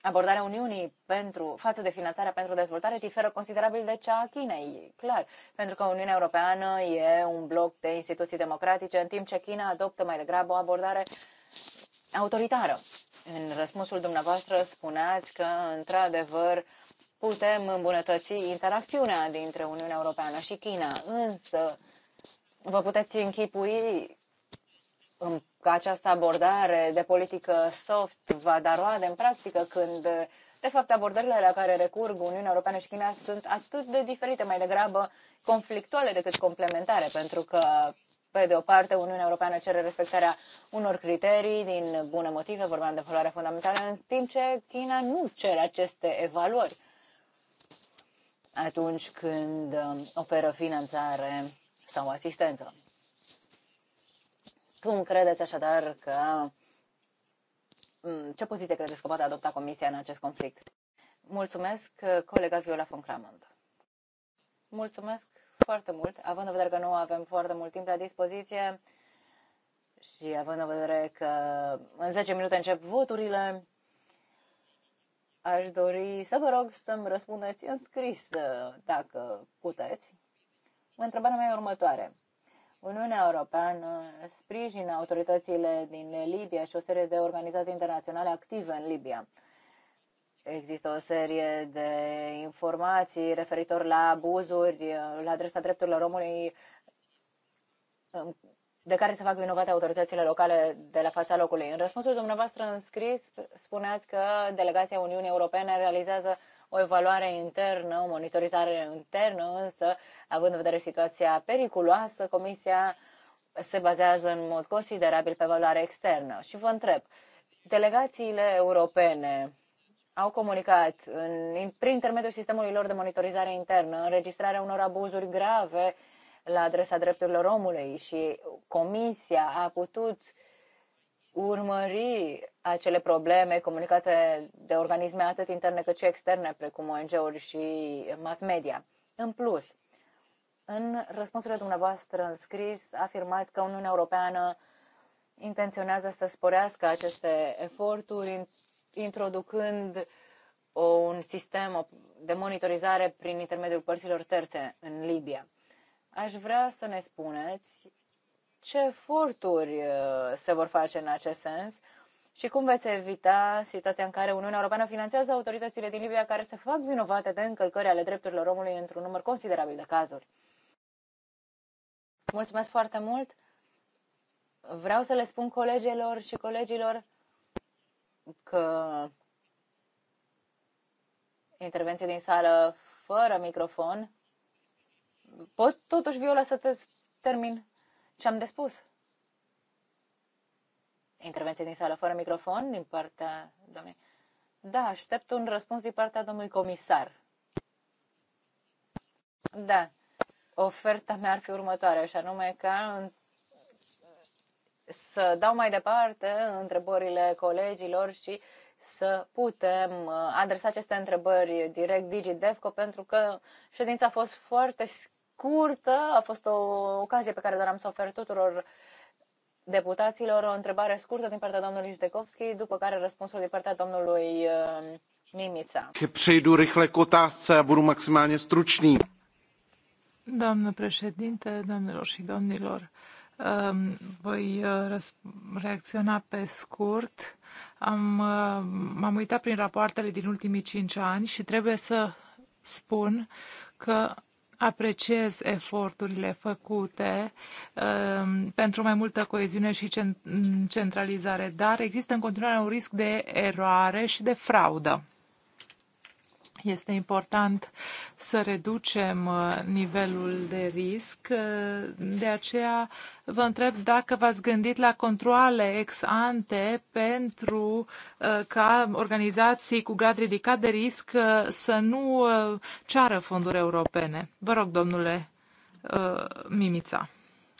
Speaker 2: abordarea Uniunii pentru, față de finanțarea pentru dezvoltare diferă considerabil de cea a Chinei, clar, pentru că Uniunea Europeană e un bloc de instituții democratice, în timp ce China adoptă mai degrabă o abordare autoritară. În răspunsul dumneavoastră spuneați că, într-adevăr, putem îmbunătăți interacțiunea dintre Uniunea Europeană și China. Însă, vă puteți închipui că această abordare de politică soft va da roade în practică când, de fapt, abordările la care recurg Uniunea Europeană și China sunt atât de diferite, mai degrabă conflictuale decât complementare, pentru că pe de o parte, Uniunea Europeană cere respectarea unor criterii din bune motive, vorbeam de valoarea fundamentală, în timp ce China nu cere aceste evaluări atunci când um, oferă finanțare sau asistență. Cum credeți așadar că um, ce poziție credeți că poate adopta Comisia în acest conflict? Mulțumesc, colega Viola von Cramond. Mulțumesc foarte mult, având în vedere că nu avem foarte mult timp la dispoziție și având în vedere că în 10 minute încep voturile, Aș dori să vă rog să-mi răspundeți în scris, ă, dacă puteți. Întrebarea mea e următoare. Uniunea Europeană sprijină autoritățile din Libia și o serie de organizații internaționale active în Libia. Există o serie de informații referitor la abuzuri la adresa drepturilor omului de care se fac vinovate autoritățile locale de la fața locului. În răspunsul dumneavoastră scris spuneați că delegația Uniunii Europene realizează o evaluare internă, o monitorizare internă, însă, având în vedere situația periculoasă, Comisia se bazează în mod considerabil pe evaluare externă. Și vă întreb, delegațiile europene au comunicat în, prin intermediul sistemului lor de monitorizare internă înregistrarea unor abuzuri grave la adresa drepturilor omului și Comisia a putut urmări acele probleme comunicate de organisme atât interne cât și externe, precum ONG-uri și mass media. În plus, în răspunsurile dumneavoastră în scris, afirmați că Uniunea Europeană intenționează să sporească aceste eforturi, introducând un sistem de monitorizare prin intermediul părților terțe în Libia. Aș vrea să ne spuneți ce eforturi uh, se vor face în acest sens și cum veți evita situația în care Uniunea Europeană finanțează autoritățile din Libia care se fac vinovate de încălcări ale drepturilor omului într-un număr considerabil de cazuri. Mulțumesc foarte mult! Vreau să le spun colegilor și colegilor că intervenții din sală fără microfon Pot totuși, Viola, să te termin ce am de spus? Intervenție din sală fără microfon din partea domnului. Da, aștept un răspuns din partea domnului comisar. Da, oferta mea ar fi următoarea, și anume ca să dau mai departe întrebările colegilor și să putem uh, adresa aceste întrebări direct DigiDevco, pentru că ședința a fost foarte scurtă. A fost o ocazie pe care doar am să ofer tuturor deputaților o întrebare scurtă din partea domnului Jdekovski, după care răspunsul din
Speaker 1: partea domnului uh, Mimița.
Speaker 3: Přejdu rychle k otázce a budu maximálně
Speaker 1: stručný. Doamnă președinte, doamnelor și domnilor, um, voi uh, reacționa pe scurt. Am, uh, m-am uitat prin rapoartele din ultimii cinci ani și trebuie să spun că apreciez eforturile făcute um, pentru mai multă coeziune și centralizare, dar există în continuare un risc de eroare și de fraudă. Este important să reducem uh, nivelul de risc, uh, de aceea vă întreb dacă v-ați gândit la controle ex ante pentru uh, ca organizații cu grad ridicat de risc să nu ceară fonduri europene. Vă rog, domnule Mimița.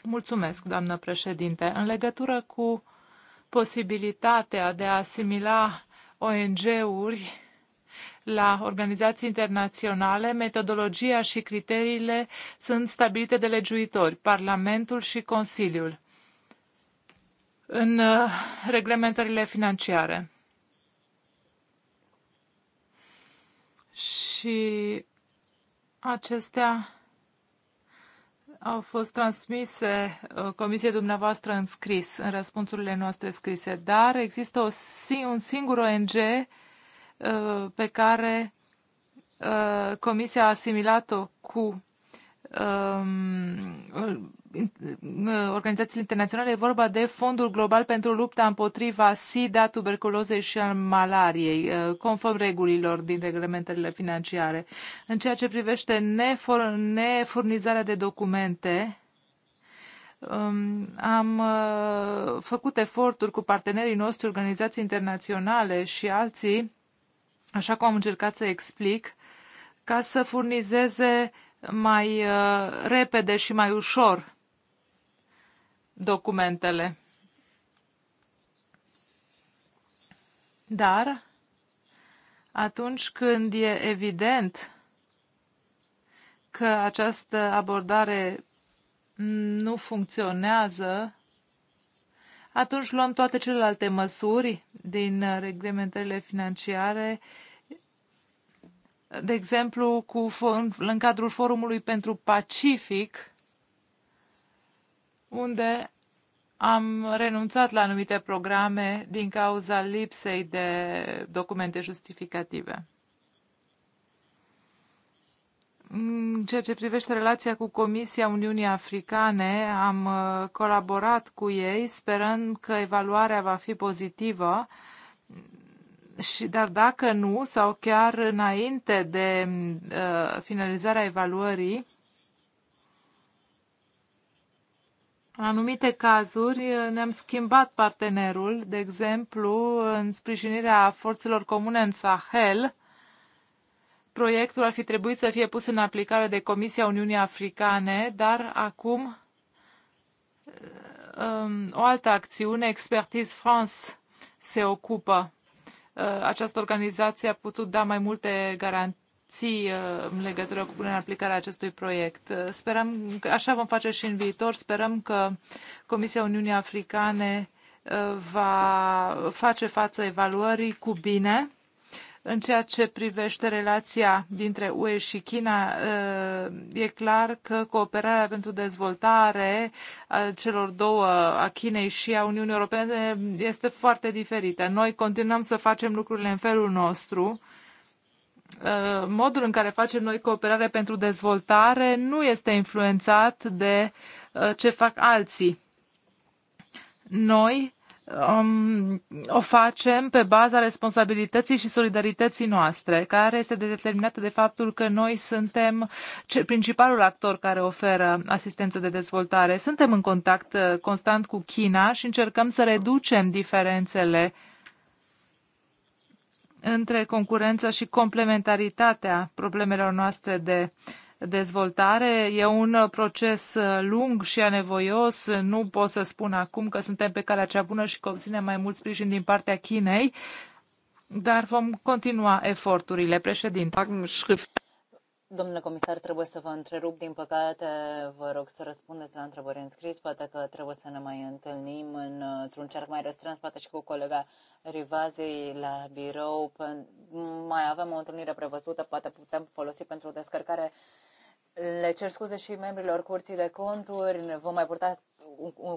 Speaker 1: Mulțumesc, doamnă președinte. În legătură cu posibilitatea de a asimila ONG-uri la organizații internaționale, metodologia și criteriile sunt stabilite de legiuitori, Parlamentul și Consiliul, în uh, reglementările financiare. Și acestea au fost transmise uh, comisiei dumneavoastră în scris, în răspunsurile noastre scrise, dar există o, un singur ONG Uh, pe care uh, Comisia a asimilat-o cu um, uh, organizațiile internaționale, e vorba de Fondul Global pentru lupta împotriva SIDA, tuberculozei și al malariei, conform regulilor din reglementările financiare. În ceea ce privește nefurnizarea de documente, um, am făcut eforturi cu partenerii noștri, organizații internaționale și alții, așa cum am încercat să explic, ca să furnizeze mai uh, repede și mai ușor documentele. Dar atunci când e evident că această abordare nu funcționează, atunci luăm toate celelalte măsuri din uh, reglementările financiare, de exemplu, cu, în cadrul Forumului pentru Pacific, unde am renunțat la anumite programe din cauza lipsei de documente justificative. În ceea ce privește relația cu Comisia Uniunii Africane, am uh, colaborat cu ei, sperând că evaluarea va fi pozitivă și dar dacă nu, sau chiar înainte de uh, finalizarea evaluării, în anumite cazuri uh, ne-am schimbat partenerul, de exemplu, în sprijinirea forțelor comune în Sahel, Proiectul ar fi trebuit să fie pus în aplicare de Comisia Uniunii Africane, dar acum um, o altă acțiune, Expertise France, se ocupă. Uh, această organizație a putut da mai multe garanții uh, în legătură cu punerea în aplicare a acestui proiect. Uh, sperăm că așa vom face și în viitor. Sperăm că Comisia Uniunii Africane va face față evaluării cu bine în ceea ce privește relația dintre UE și China, e clar că cooperarea pentru dezvoltare al celor două, a Chinei și a Uniunii Europene, este foarte diferită. Noi continuăm să facem lucrurile în felul nostru, uh, modul în care facem noi cooperare pentru dezvoltare nu este influențat de uh, ce fac alții. Noi um, o facem pe baza responsabilității și solidarității noastre, care este determinată de faptul că noi suntem principalul actor care oferă asistență de dezvoltare. Suntem în contact uh, constant cu China și încercăm să reducem diferențele între concurență și complementaritatea problemelor noastre de uh, dezvoltare. E un uh, proces uh, lung și anevoios. Nu pot să spun acum că suntem pe calea cea bună și că obținem mai mult sprijin din partea Chinei, dar vom continua eforturile, președinte.
Speaker 2: Domnule comisar, trebuie să vă întrerup. Din păcate, vă rog să răspundeți la întrebări în scris. Poate că trebuie să ne mai întâlnim uh, într-un cerc mai restrâns, poate și cu colega Rivazei la birou. Mai avem o întâlnire prevăzută, poate putem folosi pentru o descărcare le cer scuze și membrilor Curții de Conturi. Vom mai purta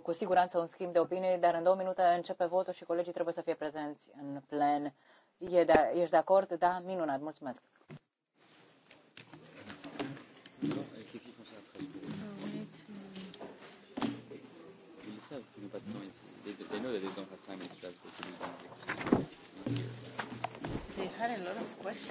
Speaker 2: cu siguranță un schimb de opinie, dar în două minute începe votul și colegii trebuie să fie prezenți în plen. E de, ești de acord? Da? Minunat. Mulțumesc. They had a lot of questions.